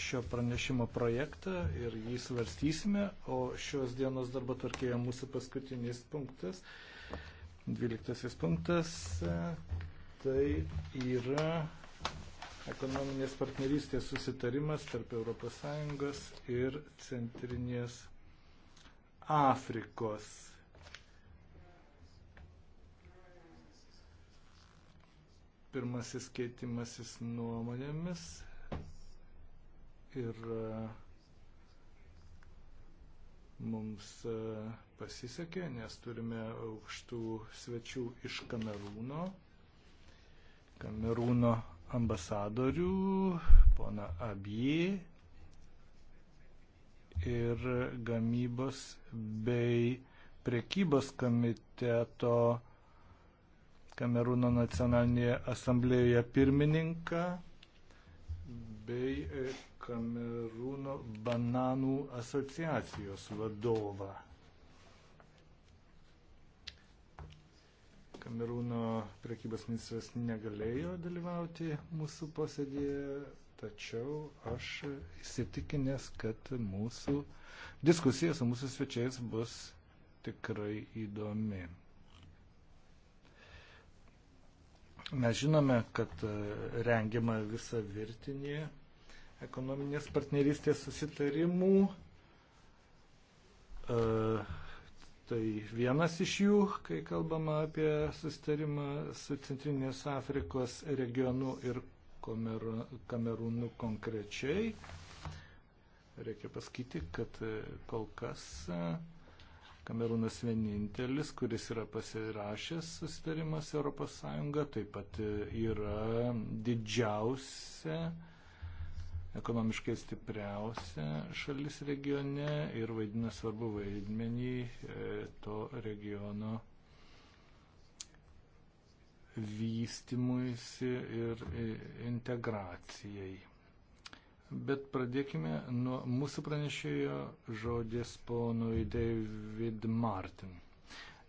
šio pranešimo projektą ir jį svarstysime, o šios dienos darbo tvarkėje mūsų paskutinis punktas, 12 punktas, eh, tai yra ekonominės partnerystės susitarimas tarp ES ir Centrinės Afrikos. Pirmasis keitimasis nuomonėmis ir mums e, pasisekė, nes turime aukštų svečių iš Kamerūno. Kamerūno ambasadorių, pona Abie ir gamybos bei prekybos komiteto Kamerūno nacionalinėje asamblėjoje pirmininką bei e, Kamerūno bananų asociacijos vadovą. Kamerūno prekybos ministras negalėjo dalyvauti mūsų posėdėje, tačiau aš įsitikinęs, kad mūsų diskusija su mūsų svečiais bus tikrai įdomi. Mes žinome, kad e, rengiama visa virtinė ekonominės partnerystės susitarimų. Uh, Tai vienas iš jų, kai kalbama apie sustarimą su Centrinės Afrikos regionu ir Kamerūnu konkrečiai, reikia pasakyti, kad e, kol kas e, Kamerūnas vienintelis, kuris yra pasirašęs sustarimas ES, taip pat e, yra didžiausia ekonomiškai stipriausia šalis regione ir vaidina svarbu vaidmenį e, to regiono vystimuisi ir e, integracijai. Bet pradėkime nuo mūsų pranešėjo žodės ponui David Martin.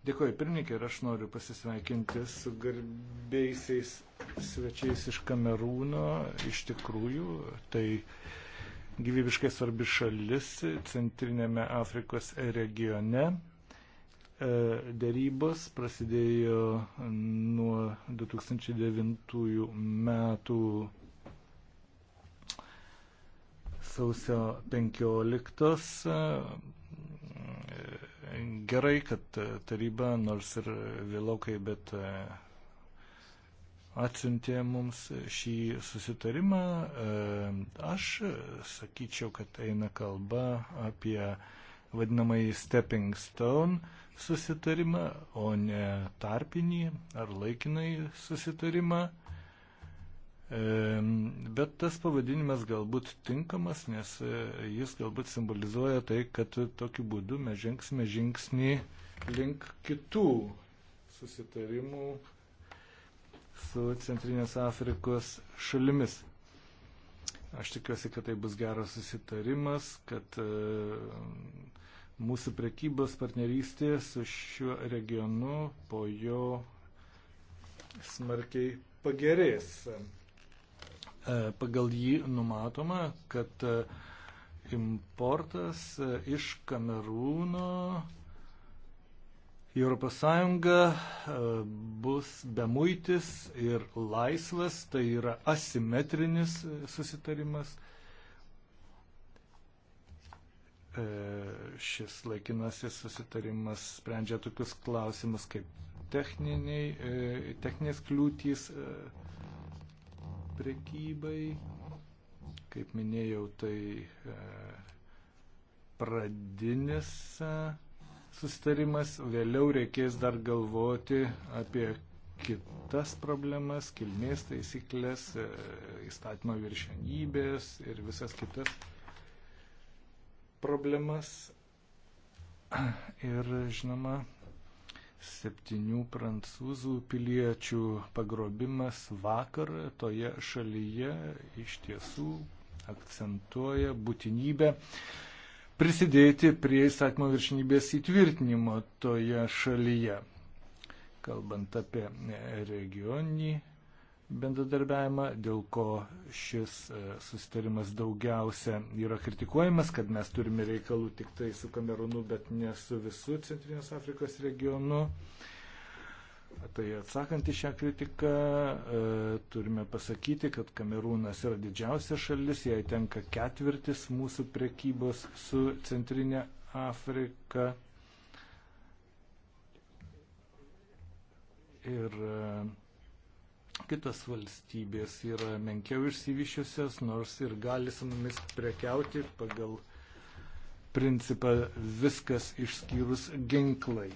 Dėkuoju pirmininkė ir aš noriu pasisveikinti su garbėjaisiais svečiais iš Kamerūno. Iš tikrųjų, tai gyvybiškai svarbi šalis centrinėme Afrikos regione. E, dėrybos prasidėjo nuo 2009 metų sausio 15 gerai, kad e, taryba, nors ir vėlokai, bet e, atsiuntė mums šį susitarimą. E, aš sakyčiau, kad eina kalba apie vadinamąjį stepping stone susitarimą, o ne tarpinį ar laikinai susitarimą. Bet tas pavadinimas galbūt tinkamas, nes e, jis galbūt simbolizuoja tai, kad tokiu būdu mes žengsime žingsnį link kitų susitarimų su Centrinės Afrikos šalimis. Aš tikiuosi, kad tai bus geras susitarimas, kad e, mūsų prekybos partnerystė su šiuo regionu po jo smarkiai pagerės. E, pagal jį numatoma, kad e, importas e, iš Kamerūno į ES bus bemuitis ir laisvas, tai yra asimetrinis susitarimas šis laikinasis susitarimas sprendžia tokius klausimus kaip techniniai, techninės kliūtys prekybai. Kaip minėjau, tai e, pradinis e, sustarimas, vėliau reikės dar galvoti apie kitas problemas, kilmės taisyklės, e, įstatymo viršenybės ir visas kitas problemas. [clears throat] Ir žinoma, septynių prancūzų piliečių pagrobimas vakar toje šalyje iš tiesų akcentuoja būtinybę prisidėti prie įstatymo viršinybės įtvirtinimo toje šalyje. Kalbant apie regioninį bendradarbiavimą, dėl ko šis e, susitarimas daugiausia yra kritikuojamas, kad mes turime reikalų tik tai su Kamerunu, bet ne su visu Centrinės Afrikos regionu. Tai atsakant į šią kritiką, e, turime pasakyti, kad Kamerūnas yra didžiausia šalis, jai tenka ketvirtis mūsų prekybos su Centrinė Afrika. Ir uh, Kitos valstybės yra menkiau išsivyšiusios, nors ir gali su mumis prekiauti pagal principą viskas išskyrus ginklai.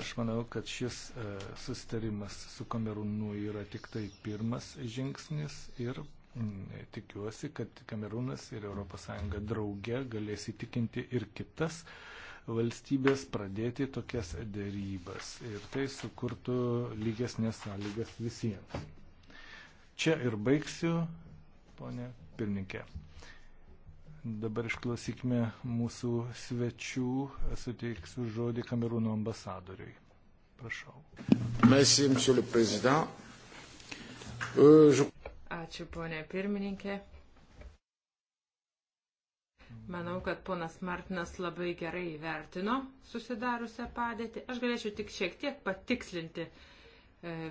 Aš manau, kad šis e, sustarimas su Kamerūnu yra tik tai pirmas žingsnis ir tikiuosi, kad Kamerūnas ir ES drauge galės įtikinti ir kitas valstybės pradėti tokias dėrybas ir tai sukurtų lygesnės sąlygas visiems. Čia ir baigsiu, ponė pirmininkė. Dabar išklausykime mūsų svečių, suteiksiu žodį Kamerūno ambasadoriui. Prašau. Merci, euh, Ačiū, ponė pirmininkė. Manau, kad ponas Martinas labai gerai įvertino susidariusią padėtį. Aš galėčiau tik šiek tiek patikslinti e,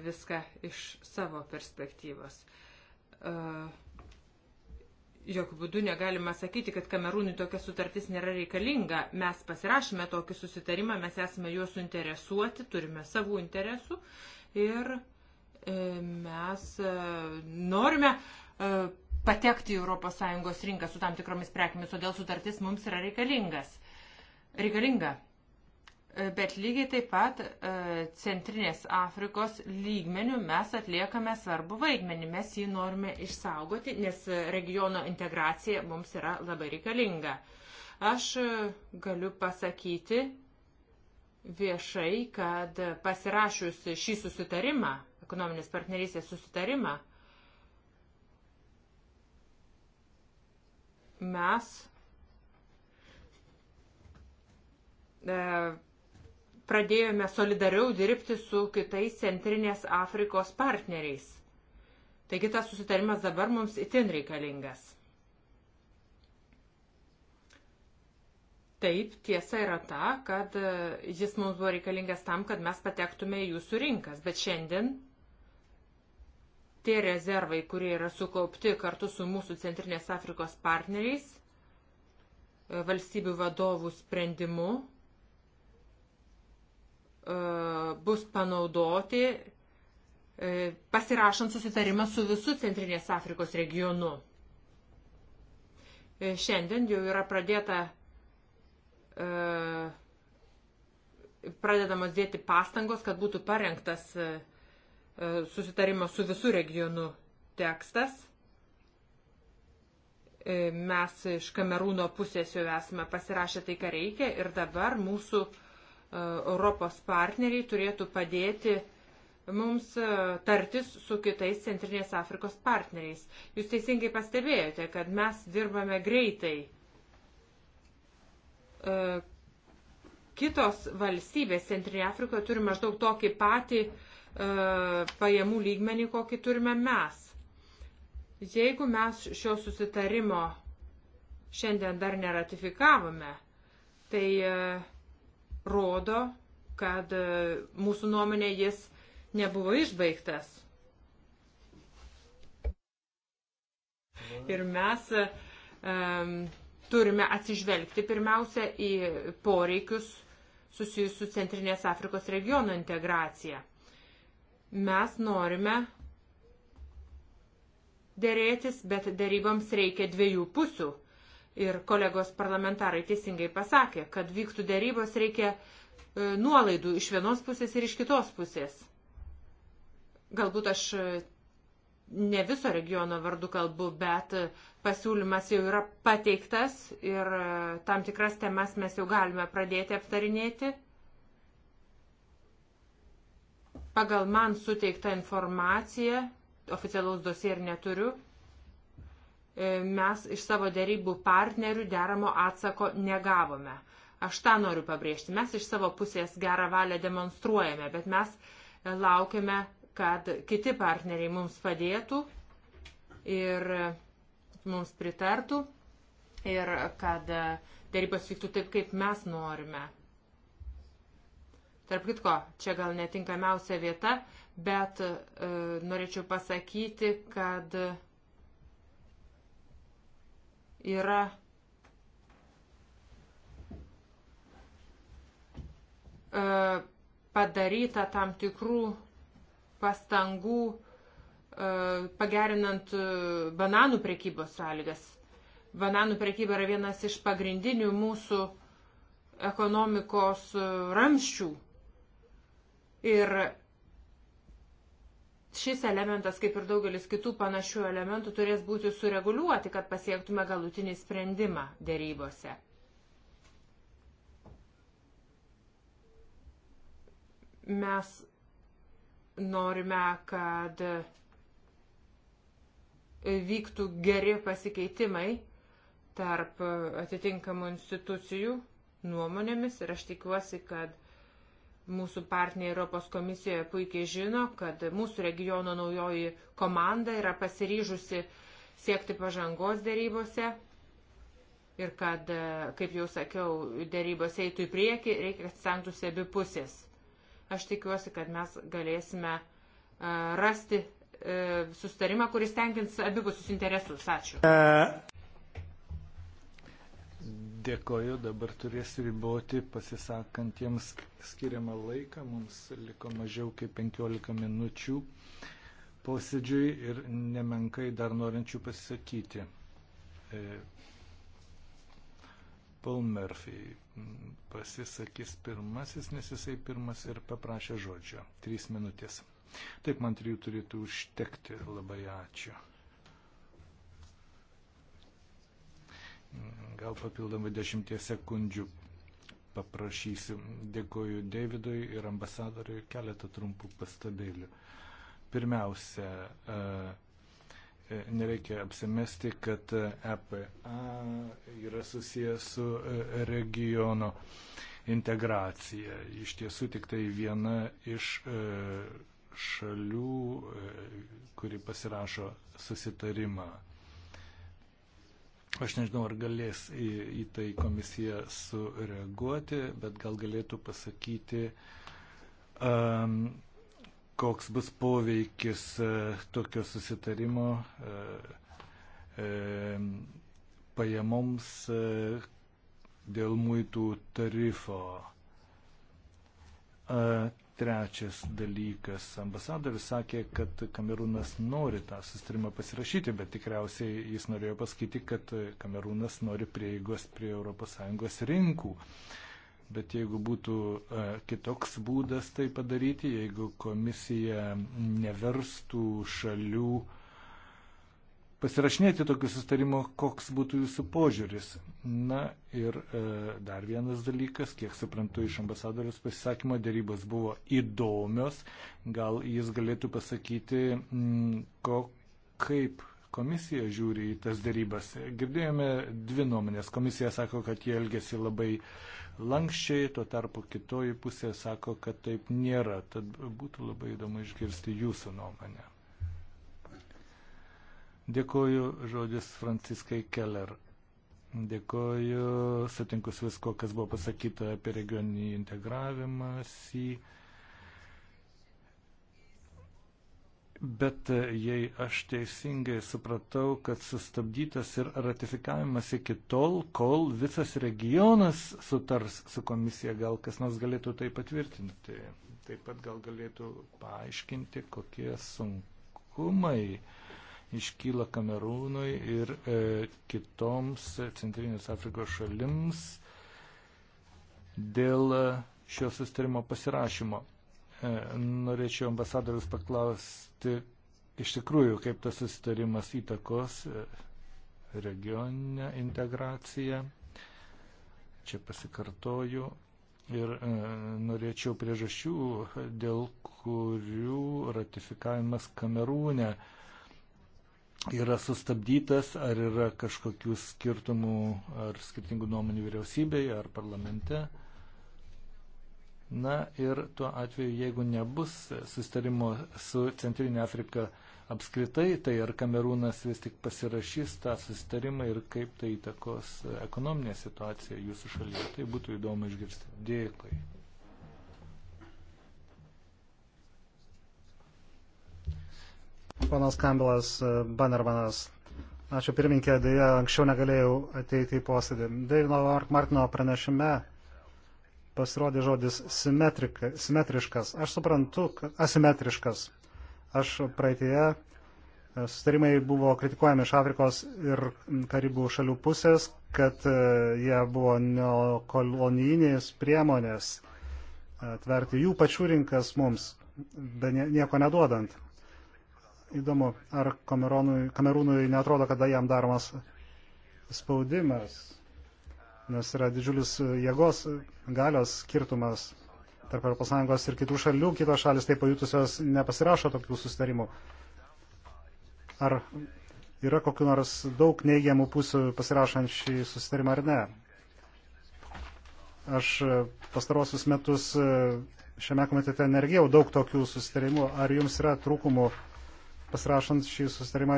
viską iš savo perspektyvos. E, jokių būdų negalima sakyti, kad Kamerūnui tokia sutartis nėra reikalinga. Mes pasirašome tokį susitarimą, mes esame juos suinteresuoti, turime savų interesų ir e, mes norime patekti į ES rinką su tam tikromis prekiamis, todėl sutartis mums yra reikalingas. reikalinga. Bet lygiai taip pat e, Centrinės Afrikos lygmenių mes atliekame svarbu vaidmenį, mes jį norime išsaugoti, nes regiono integracija mums yra labai reikalinga. Aš e, galiu pasakyti viešai, kad pasirašius šį susitarimą, ekonominės partnerystės susitarimą, mes e, pradėjome solidariau dirbti su kitais Centrinės Afrikos partneriais. Taigi tas susitarimas dabar mums itin reikalingas. Taip, tiesa yra ta, kad e, jis mums buvo reikalingas tam, kad mes patektume į jūsų rinkas, bet šiandien tie rezervai, kurie yra sukaupti kartu su mūsų Centrinės Afrikos partneriais, e, valstybių vadovų sprendimu, e, bus panaudoti e, pasirašant susitarimą su visų Centrinės Afrikos regionu. Šiandien jau yra pradėta, pradedamos dėti pastangos, kad būtų parengtas E, susitarimo su visų regionu tekstas. E, mes iš Kamerūno pusės jau esame pasirašę tai, ką reikia ir dabar mūsų e, Europos partneriai turėtų padėti mums tartis su kitais Centrinės Afrikos partneriais. Jūs teisingai pastebėjote, kad mes dirbame greitai. Kitos valstybės Centrinė Afrikoje turi maždaug tokį patį uh, E, pajamų lygmenį, kokį turime mes. Jeigu mes šio susitarimo šiandien dar neratifikavome, tai e, rodo, kad e, mūsų nuomonė jis nebuvo išbaigtas. Ir mes um, turime atsižvelgti pirmiausia į poreikius susijusius su Centrinės Afrikos regiono integracija. Mes norime dėrėtis, bet dėryboms reikia dviejų pusių. Ir kolegos parlamentarai teisingai pasakė, kad vyktų dėrybos reikia e, nuolaidų iš vienos pusės ir iš kitos pusės. Galbūt aš e, ne viso regiono vardu kalbu, bet e, pasiūlymas jau yra pateiktas ir tam tikras temas mes jau galime pradėti aptarinėti. Pagal man suteiktą informaciją, oficialaus dosie ir neturiu, e, mes iš savo dėrybų partnerių deramo atsako negavome. Aš tą noriu pabrėžti. Mes iš savo pusės gerą valią demonstruojame, bet mes e, laukiame, kad kiti partneriai mums padėtų ir e, mums pritartų ir kad dėrybos vyktų taip, kaip mes norime. Tarp kitko, čia gal netinkamiausia vieta, bet e, norėčiau pasakyti, kad yra e, padaryta tam tikrų pastangų e, pagerinant e, bananų prekybos sąlygas. Bananų prekyba yra vienas iš pagrindinių mūsų ekonomikos e, ramščių Ir šis elementas, kaip ir daugelis kitų panašių elementų, turės būti sureguliuoti, kad pasiektume galutinį sprendimą dėrybose. Mes norime, kad vyktų geri pasikeitimai tarp atitinkamų institucijų nuomonėmis ir aš tikiuosi, kad Mūsų partneriai Europos komisijoje puikiai žino, kad mūsų regiono naujoji komanda yra pasiryžusi siekti pažangos dėrybose ir kad, e, kaip jau sakiau, dėrybos eitų į priekį, reikia, kad stengtųsi abi pusės. Aš tikiuosi, kad mes galėsime e, rasti e, sustarimą, kuris tenkins abipusius interesus. Ačiū. Dėkoju, dabar turės riboti pasisakantiems skiriamą laiką, mums liko mažiau kaip 15 minučių posėdžiui ir nemenkai dar norinčių pasisakyti. E, Paul Murphy pasisakys pirmasis, nes jisai pirmas ir paprašė žodžio. Trys minutės. Taip man trijų turėtų užtekti. Labai ačiū. Gal papildomai dešimties sekundžių paprašysiu. Dėkoju Davidui ir ambasadoriui keletą trumpų pastabėlių. Pirmiausia, e, e, nereikia apsimesti, kad EPA e yra susijęs su regiono integracija. Iš tiesų tik tai viena iš šalių, kuri pasirašo susitarimą Aš nežinau, ar galės į, į tai komisija sureaguoti, bet gal galėtų pasakyti, um, koks bus poveikis uh, tokio susitarimo uh, um, pajamoms uh, dėl muitų tarifo. Uh, Trečias dalykas, ambasadoris sakė, kad Kamerūnas nori tą sustarimą pasirašyti, bet tikriausiai jis norėjo pasakyti, kad Kamerūnas nori prieigos prie ES rinkų. Bet jeigu būtų e, kitoks būdas tai padaryti, jeigu komisija neverstų šalių uh, pasirašinėti tokių sustarimų, koks būtų jūsų požiūris. Na ir e, dar vienas dalykas, kiek suprantu iš ambasadorius pasisakymo, dėrybos buvo įdomios. Gal jis galėtų pasakyti, m, mm, ko, kaip komisija žiūri į tas dėrybas. Girdėjome dvi nuomonės. Komisija sako, kad jie elgesi labai lankščiai, tuo tarpu kitoji pusė sako, kad taip nėra. Tad būtų labai įdomu išgirsti jūsų nuomonę. Dėkoju žodis Franciskai Keller. Dėkoju, sutinku su visko, kas buvo pasakyta apie regioninį integravimąsi. Bet e, jei aš teisingai supratau, kad sustabdytas ir ratifikavimas iki tol, kol visas regionas sutars su komisija, gal kas nors galėtų tai patvirtinti. Taip pat gal galėtų paaiškinti, kokie sunkumai uh, iškyla Kamerūnui ir e, kitoms Centrinės Afrikos šalims dėl šio sustarimo pasirašymo. E, norėčiau ambasadorius paklausti, iš tikrųjų, kaip tas sustarimas įtakos e, regioninę integraciją. Čia pasikartoju, ir e, norėčiau priežasčių, dėl kurių ratifikavimas Kamerūne yra sustabdytas, ar yra kažkokių skirtumų ar skirtingų nuomonių vyriausybėje ar parlamente. Na ir tuo atveju, jeigu nebus sustarimo su Centrinė Afrika apskritai, tai ar Kamerūnas vis tik pasirašys tą sustarimą ir kaip tai įtakos ekonominė situacija jūsų šalyje. Tai būtų įdomu išgirsti. Dėkui. Panas Kambilas e, Banermanas. Ačiū pirminkė, dėja, anksčiau negalėjau ateiti į posėdį. Deivino Martino pranešime pasirodė žodis simetriškas. Aš suprantu, kad asimetriškas. Aš praeitėje Sustarimai buvo kritikuojami iš Afrikos ir Karibų šalių pusės, kad e, jie buvo neokolonijinės priemonės e, atverti jų pačių rinkas mums, be nieko neduodant. Įdomu, ar Kamerūnui, Kamerūnui netrodo, kada jam daromas spaudimas, nes yra didžiulis jėgos galios skirtumas tarp ES ir kitų šalių, kitos šalis taip pajutusios nepasirašo tokių sustarimų. Ar yra kokiu nors daug neigiamų pusių pasirašant šį susitarimą ar ne? Aš pastarosius metus šiame komitete energijau daug tokių susitarimų. Ar jums yra trūkumų pasirašant šį susitarimą,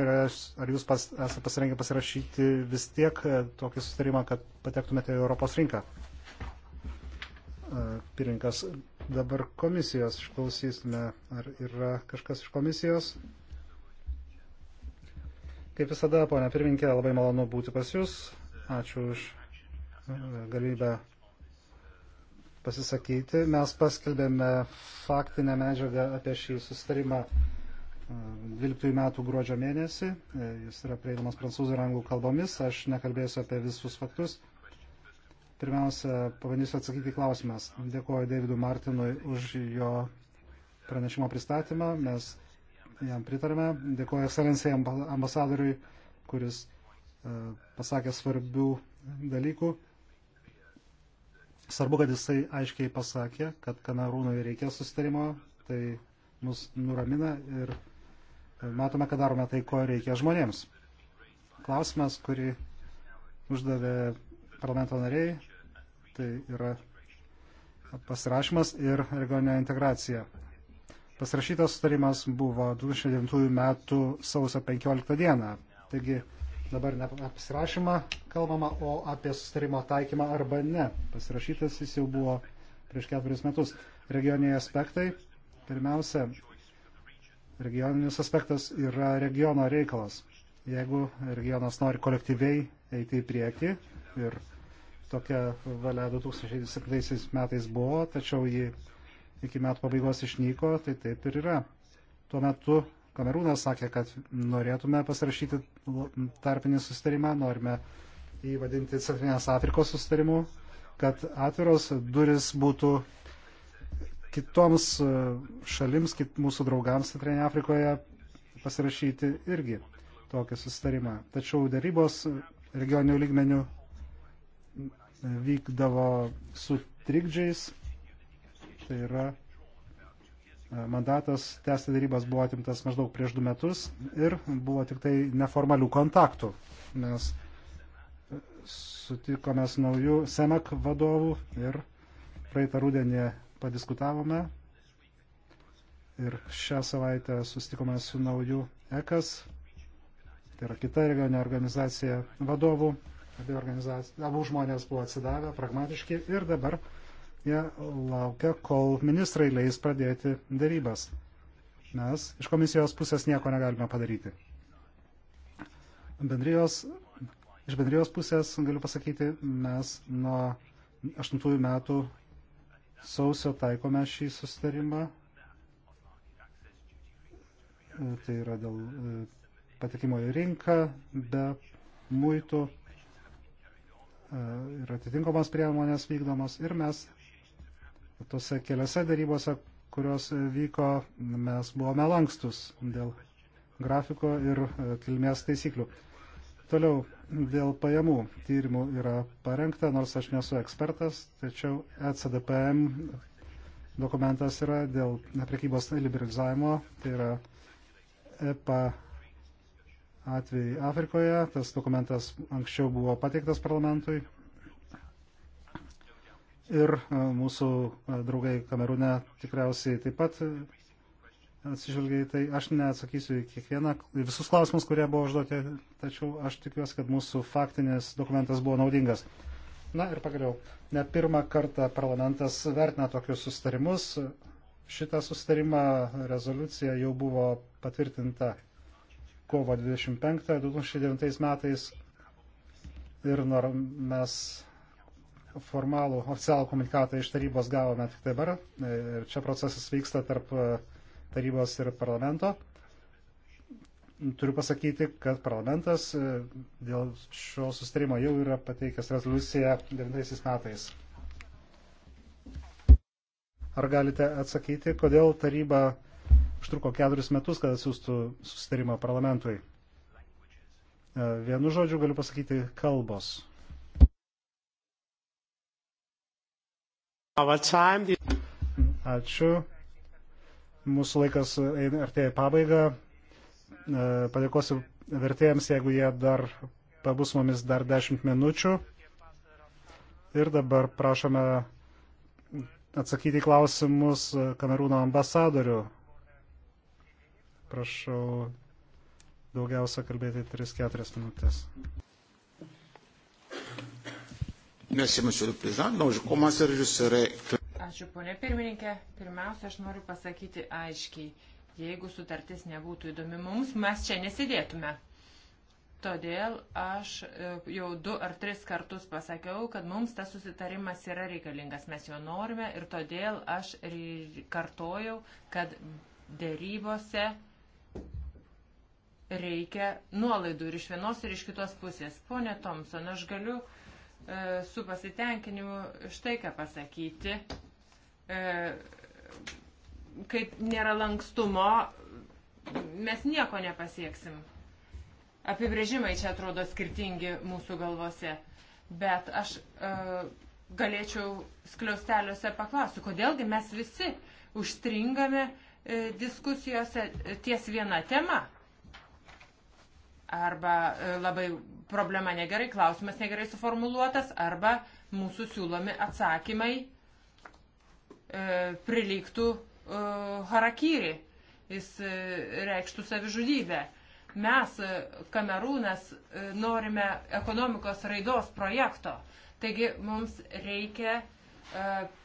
ar jūs pas, esate pasirengę pasirašyti vis tiek e, tokį susitarimą, kad patektumėte į Europos rinką? E, Pirinkas, dabar komisijos išklausysime, ar yra kažkas iš komisijos. Kaip visada, ponia pirminkė, labai malonu būti pas Jūs. Ačiū už e, galimybę pasisakyti. Mes paskelbėme faktinę medžiagą apie šį sustarimą 12 metų gruodžio mėnesį. E, jis yra prieinamas prancūzų ir anglų kalbomis. Aš nekalbėsiu apie visus faktus. Pirmiausia, pabandysiu atsakyti klausimas. Dėkuoju Davidui Martinui už jo pranešimo pristatymą. Mes jam pritarėme. Dėkuoju ekscelencijai ambasadoriui, kuris e, pasakė svarbių dalykų. Svarbu, kad jisai aiškiai pasakė, kad Kanarūnui reikia sustarimo. Tai mus nuramina ir matome, kad darome tai, ko reikia žmonėms. Klausimas, kurį uždavė parlamento nariai, tai yra pasirašymas ir regioninė integracija. Pasirašytas sutarimas buvo 2009 metų sausio 15 dieną. Taigi dabar ne apie pasirašymą kalbama, o apie sustarimo taikymą arba ne. Pasirašytas jis jau buvo prieš keturis metus. Regioniniai aspektai. Pirmiausia, Regioninis aspektas yra regiono reikalas. Jeigu regionas nori kolektyviai eiti į priekį ir tokia valia 2007 metais buvo, tačiau ji iki metų pabaigos išnyko, tai taip ir yra. Tuo metu Kamerūnas sakė, kad norėtume pasirašyti tarpinį sustarimą, norime jį vadinti Centrinės Afrikos sustarimu, kad atviros duris būtų kitoms e, šalims, kit mūsų draugams Centrinėje Afrikoje pasirašyti irgi tokį susitarimą. Tačiau darybos regioninių lygmenių vykdavo su trikdžiais. Tai yra e, mandatas tęsti darybas buvo atimtas maždaug prieš du metus ir buvo tik tai neformalių kontaktų. Mes e, sutikome su naujų SEMAK vadovu ir praeitą rūdienį padiskutavome ir šią savaitę sustikome su nauju ECAS, tai yra kita regioninė organizacija vadovų. Abi, abu žmonės buvo atsidavę, pragmatiški ir dabar jie laukia, kol ministrai leis pradėti darybas. Mes iš komisijos pusės nieko negalime padaryti. Bendrijos, iš bendrijos pusės, galiu pasakyti, mes nuo 8 metų sausio taikome šį sustarimą. E, tai yra dėl e, patekimo į rinką be muitų e, ir atitinkamos priemonės vykdomos. Ir mes tose keliose darybose, kurios vyko, mes buvome lankstus dėl grafiko ir kilmės taisyklių. Toliau dėl pajamų tyrimų yra parengta, nors aš nesu ekspertas, tačiau ECDPM dokumentas yra dėl prekybos liberalizavimo, tai yra EPA atvejai Afrikoje. Tas dokumentas anksčiau buvo pateiktas parlamentui. Ir e, mūsų e, draugai Kamerūne tikriausiai taip pat atsižvelgiai, tai aš neatsakysiu į kiekvieną, į visus klausimus, kurie buvo užduoti, tačiau aš tikiuosi, kad mūsų faktinis dokumentas buvo naudingas. Na ir pagaliau, ne pirmą kartą parlamentas vertina tokius sustarimus. Šitą sustarimą rezoliucija jau buvo patvirtinta kovo 25-2009 metais ir nors mes formalų oficialų komunikatą iš tarybos gavome tik dabar ir čia procesas vyksta tarp uh, tarybos ir parlamento. Turiu pasakyti, kad parlamentas e, dėl šio sustarimo jau yra pateikęs rezoliuciją 9 metais. Ar galite atsakyti, kodėl taryba užtruko keturis metus, kad atsiųstų susitarimą parlamentui? E, vienu žodžiu galiu pasakyti kalbos. Ačiū. Mūsų laikas artėja pabaiga. E, padėkosiu vertėjams, jeigu jie dar pabus mumis dar 10 minučių. Ir dabar prašome atsakyti klausimus Kamerūno ambasadorių. Prašau daugiausia kalbėti 3-4 minutės. Merci, monsieur le président. Donc, je commencerai, je serai... Ačiū, ponė pirmininkė. Pirmiausia, aš noriu pasakyti aiškiai, jeigu sutartis nebūtų įdomi mums, mes čia nesidėtume. Todėl aš e, jau du ar tris kartus pasakiau, kad mums tas susitarimas yra reikalingas, mes jo norime ir todėl aš kartojau, kad dėrybose reikia nuolaidų ir iš vienos ir iš kitos pusės. Pone Thompson, aš galiu e, su pasitenkinimu štai ką pasakyti. E, kai nėra lankstumo, mes nieko nepasieksim. Apibrėžimai čia atrodo skirtingi mūsų galvose, bet aš uh, galėčiau skliausteliuose paklausti, kodėlgi mes visi užstringame uh, diskusijose ties viena tema. Arba uh, labai problema negerai, klausimas negerai suformuluotas, arba mūsų siūlomi atsakymai uh, E, priliktų e, harakyri, jis e, reikštų savižudybę. Mes, Kamerūnas, norime ekonomikos raidos projekto, taigi mums reikia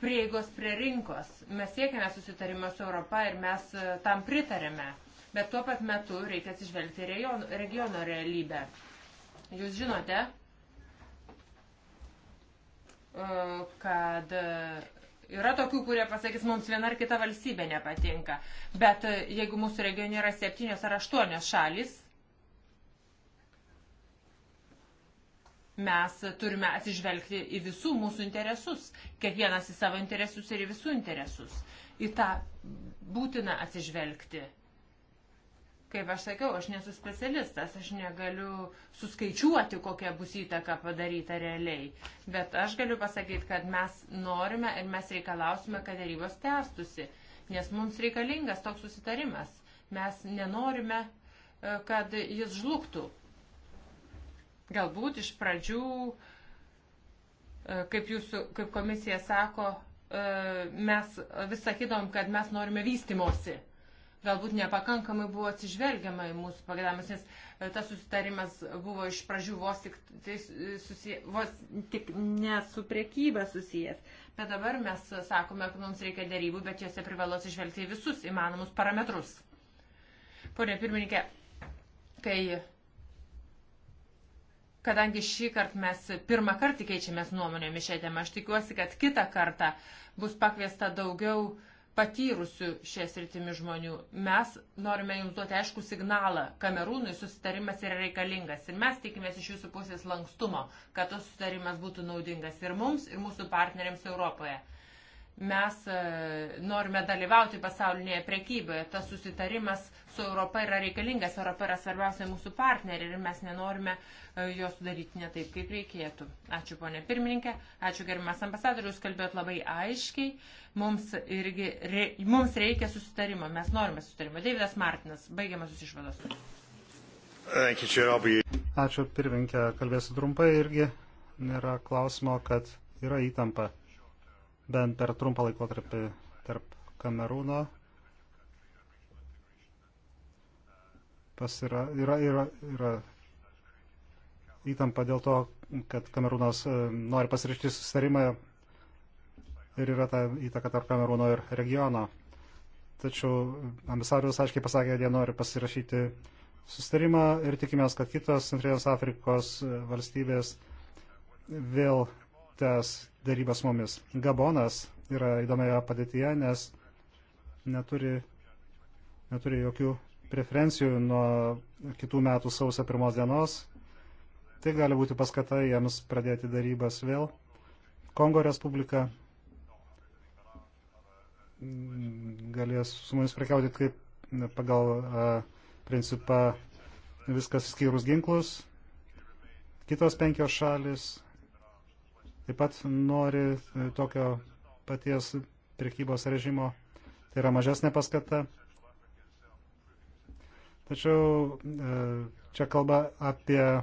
prieigos prie rinkos. Mes siekime susitarimą su Europa ir mes tam pritarėme. Bet tuo pat metu reikia atsižvelgti regiono realybę. Jūs žinote, kad Yra tokių, kurie pasakys, mums viena ar kita valstybė nepatinka. Bet e, jeigu mūsų regione yra septynios ar aštuonios šalis, mes turime atsižvelgti į visų mūsų interesus, kiekvienas į savo interesus ir į visų interesus. Į tą būtina atsižvelgti. Kaip aš sakiau, aš nesu specialistas, aš negaliu suskaičiuoti, kokia bus įtaka padaryta realiai. Bet aš galiu pasakyti, kad mes norime ir mes reikalausime, kad darybos tęstusi, nes mums reikalingas toks susitarimas. Mes nenorime, e, kad jis žlugtų. Galbūt iš pradžių, e, kaip, jūsų, kaip komisija sako, e, mes vis sakydom, kad mes norime vystimosi galbūt nepakankamai buvo atsižvelgiama į mūsų pagėdavimus, nes e, tas susitarimas buvo iš pradžių vos tik, tai susiję, vos tik ne su priekyba susijęs. Bet dabar mes sakome, kad mums reikia dėrybų, bet juose privalo atsižvelgti į visus įmanomus parametrus. Pone pirmininkė, kai. Kadangi šį kartą mes pirmą kartą keičiamės nuomonėmis šią temą, aš tikiuosi, kad kitą kartą bus pakviesta daugiau uh, patyrusių šią sritimi žmonių. Mes norime jums duoti aišku signalą. Kamerūnui susitarimas yra reikalingas ir mes tikimės iš jūsų pusės lankstumo, kad tas susitarimas būtų naudingas ir mums, ir mūsų partneriams Europoje. Mes e, norime dalyvauti pasaulinėje prekyboje. Tas susitarimas uh, su Europa yra reikalingas, Europa yra svarbiausia mūsų partnerė ir mes nenorime e, jos sudaryti ne taip, kaip reikėtų. Ačiū ponė pirmininkė, ačiū gerimas ambasadorius, kalbėjot labai aiškiai, mums, irgi, re, mums reikia susitarimo, mes norime susitarimo. Davidas Martinas, baigiamasis išvados. Ačiū pirmininkė, kalbėsiu trumpai irgi, nėra klausimo, kad yra įtampa bent per trumpą laikotarpį tarp Kamerūno įtampas yra, yra, yra, yra įtampa dėl to, kad Kamerūnas e, nori pasirašyti susitarimą ir yra ta įtaka tarp Kamerūno ir regiono. Tačiau ambasarius aiškiai pasakė, kad jie nori pasirašyti susitarimą ir tikimės, kad kitos Centrinės Afrikos e, valstybės vėl tęs darybas mumis. Gabonas yra įdomioje padėtyje, nes neturi, neturi jokių preferencijų nuo kitų metų sausio pirmos dienos. Tai gali būti paskata jiems pradėti darybas vėl. Kongo Respublika galės su mumis prekiauti kaip pagal a, principą viskas skyrus ginklus. Kitos penkios šalis taip pat nori e, tokio paties prekybos režimo. Tai yra mažesnė paskata. Tačiau e, čia kalba apie e,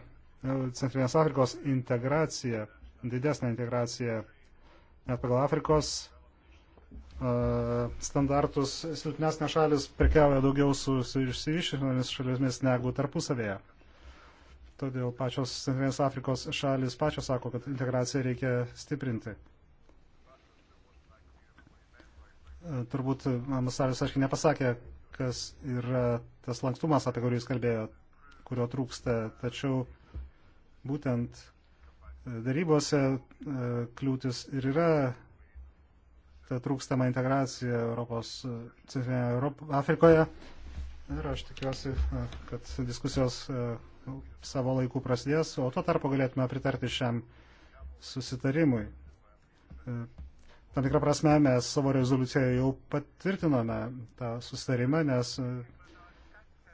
Centrinės Afrikos integraciją, didesnę integraciją, net pagal Afrikos e, standartus silpnesnės šalis prekiauja daugiau su, su išsivyšinomis šalimis negu tarpusavėje. Todėl pačios Centrinės Afrikos šalis pačios sako, kad integraciją reikia stiprinti. Turbūt Masalis, aiškiai, nepasakė, dalykas yra tas lankstumas, apie kurį jūs kalbėjote, kurio trūksta. Tačiau būtent e, darybose e, kliūtis ir yra ta trūkstama integracija Europos, e, Centrinėje Europo, Afrikoje. Ir aš tikiuosi, kad diskusijos savo laiku prasidės, o tuo tarpu galėtume pritarti šiam susitarimui tam tikrą prasme mes savo rezoliucijoje jau patvirtinome tą sustarimą, nes e,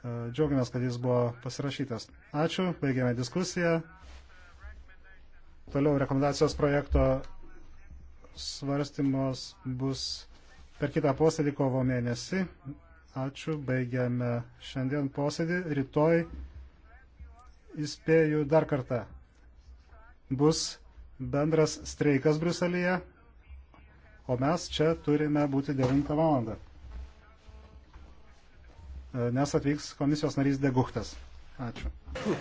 e, džiaugiamės, kad jis buvo pasirašytas. Ačiū, baigėme diskusiją. Toliau rekomendacijos projekto svarstymos bus per kitą posėdį kovo mėnesį. Ačiū, baigiame šiandien posėdį. Rytoj įspėju dar kartą. Bus bendras streikas Bruselėje o mes čia turime būti 9 valandą, e, nes atvyks komisijos narys Deguhtas. Ačiū.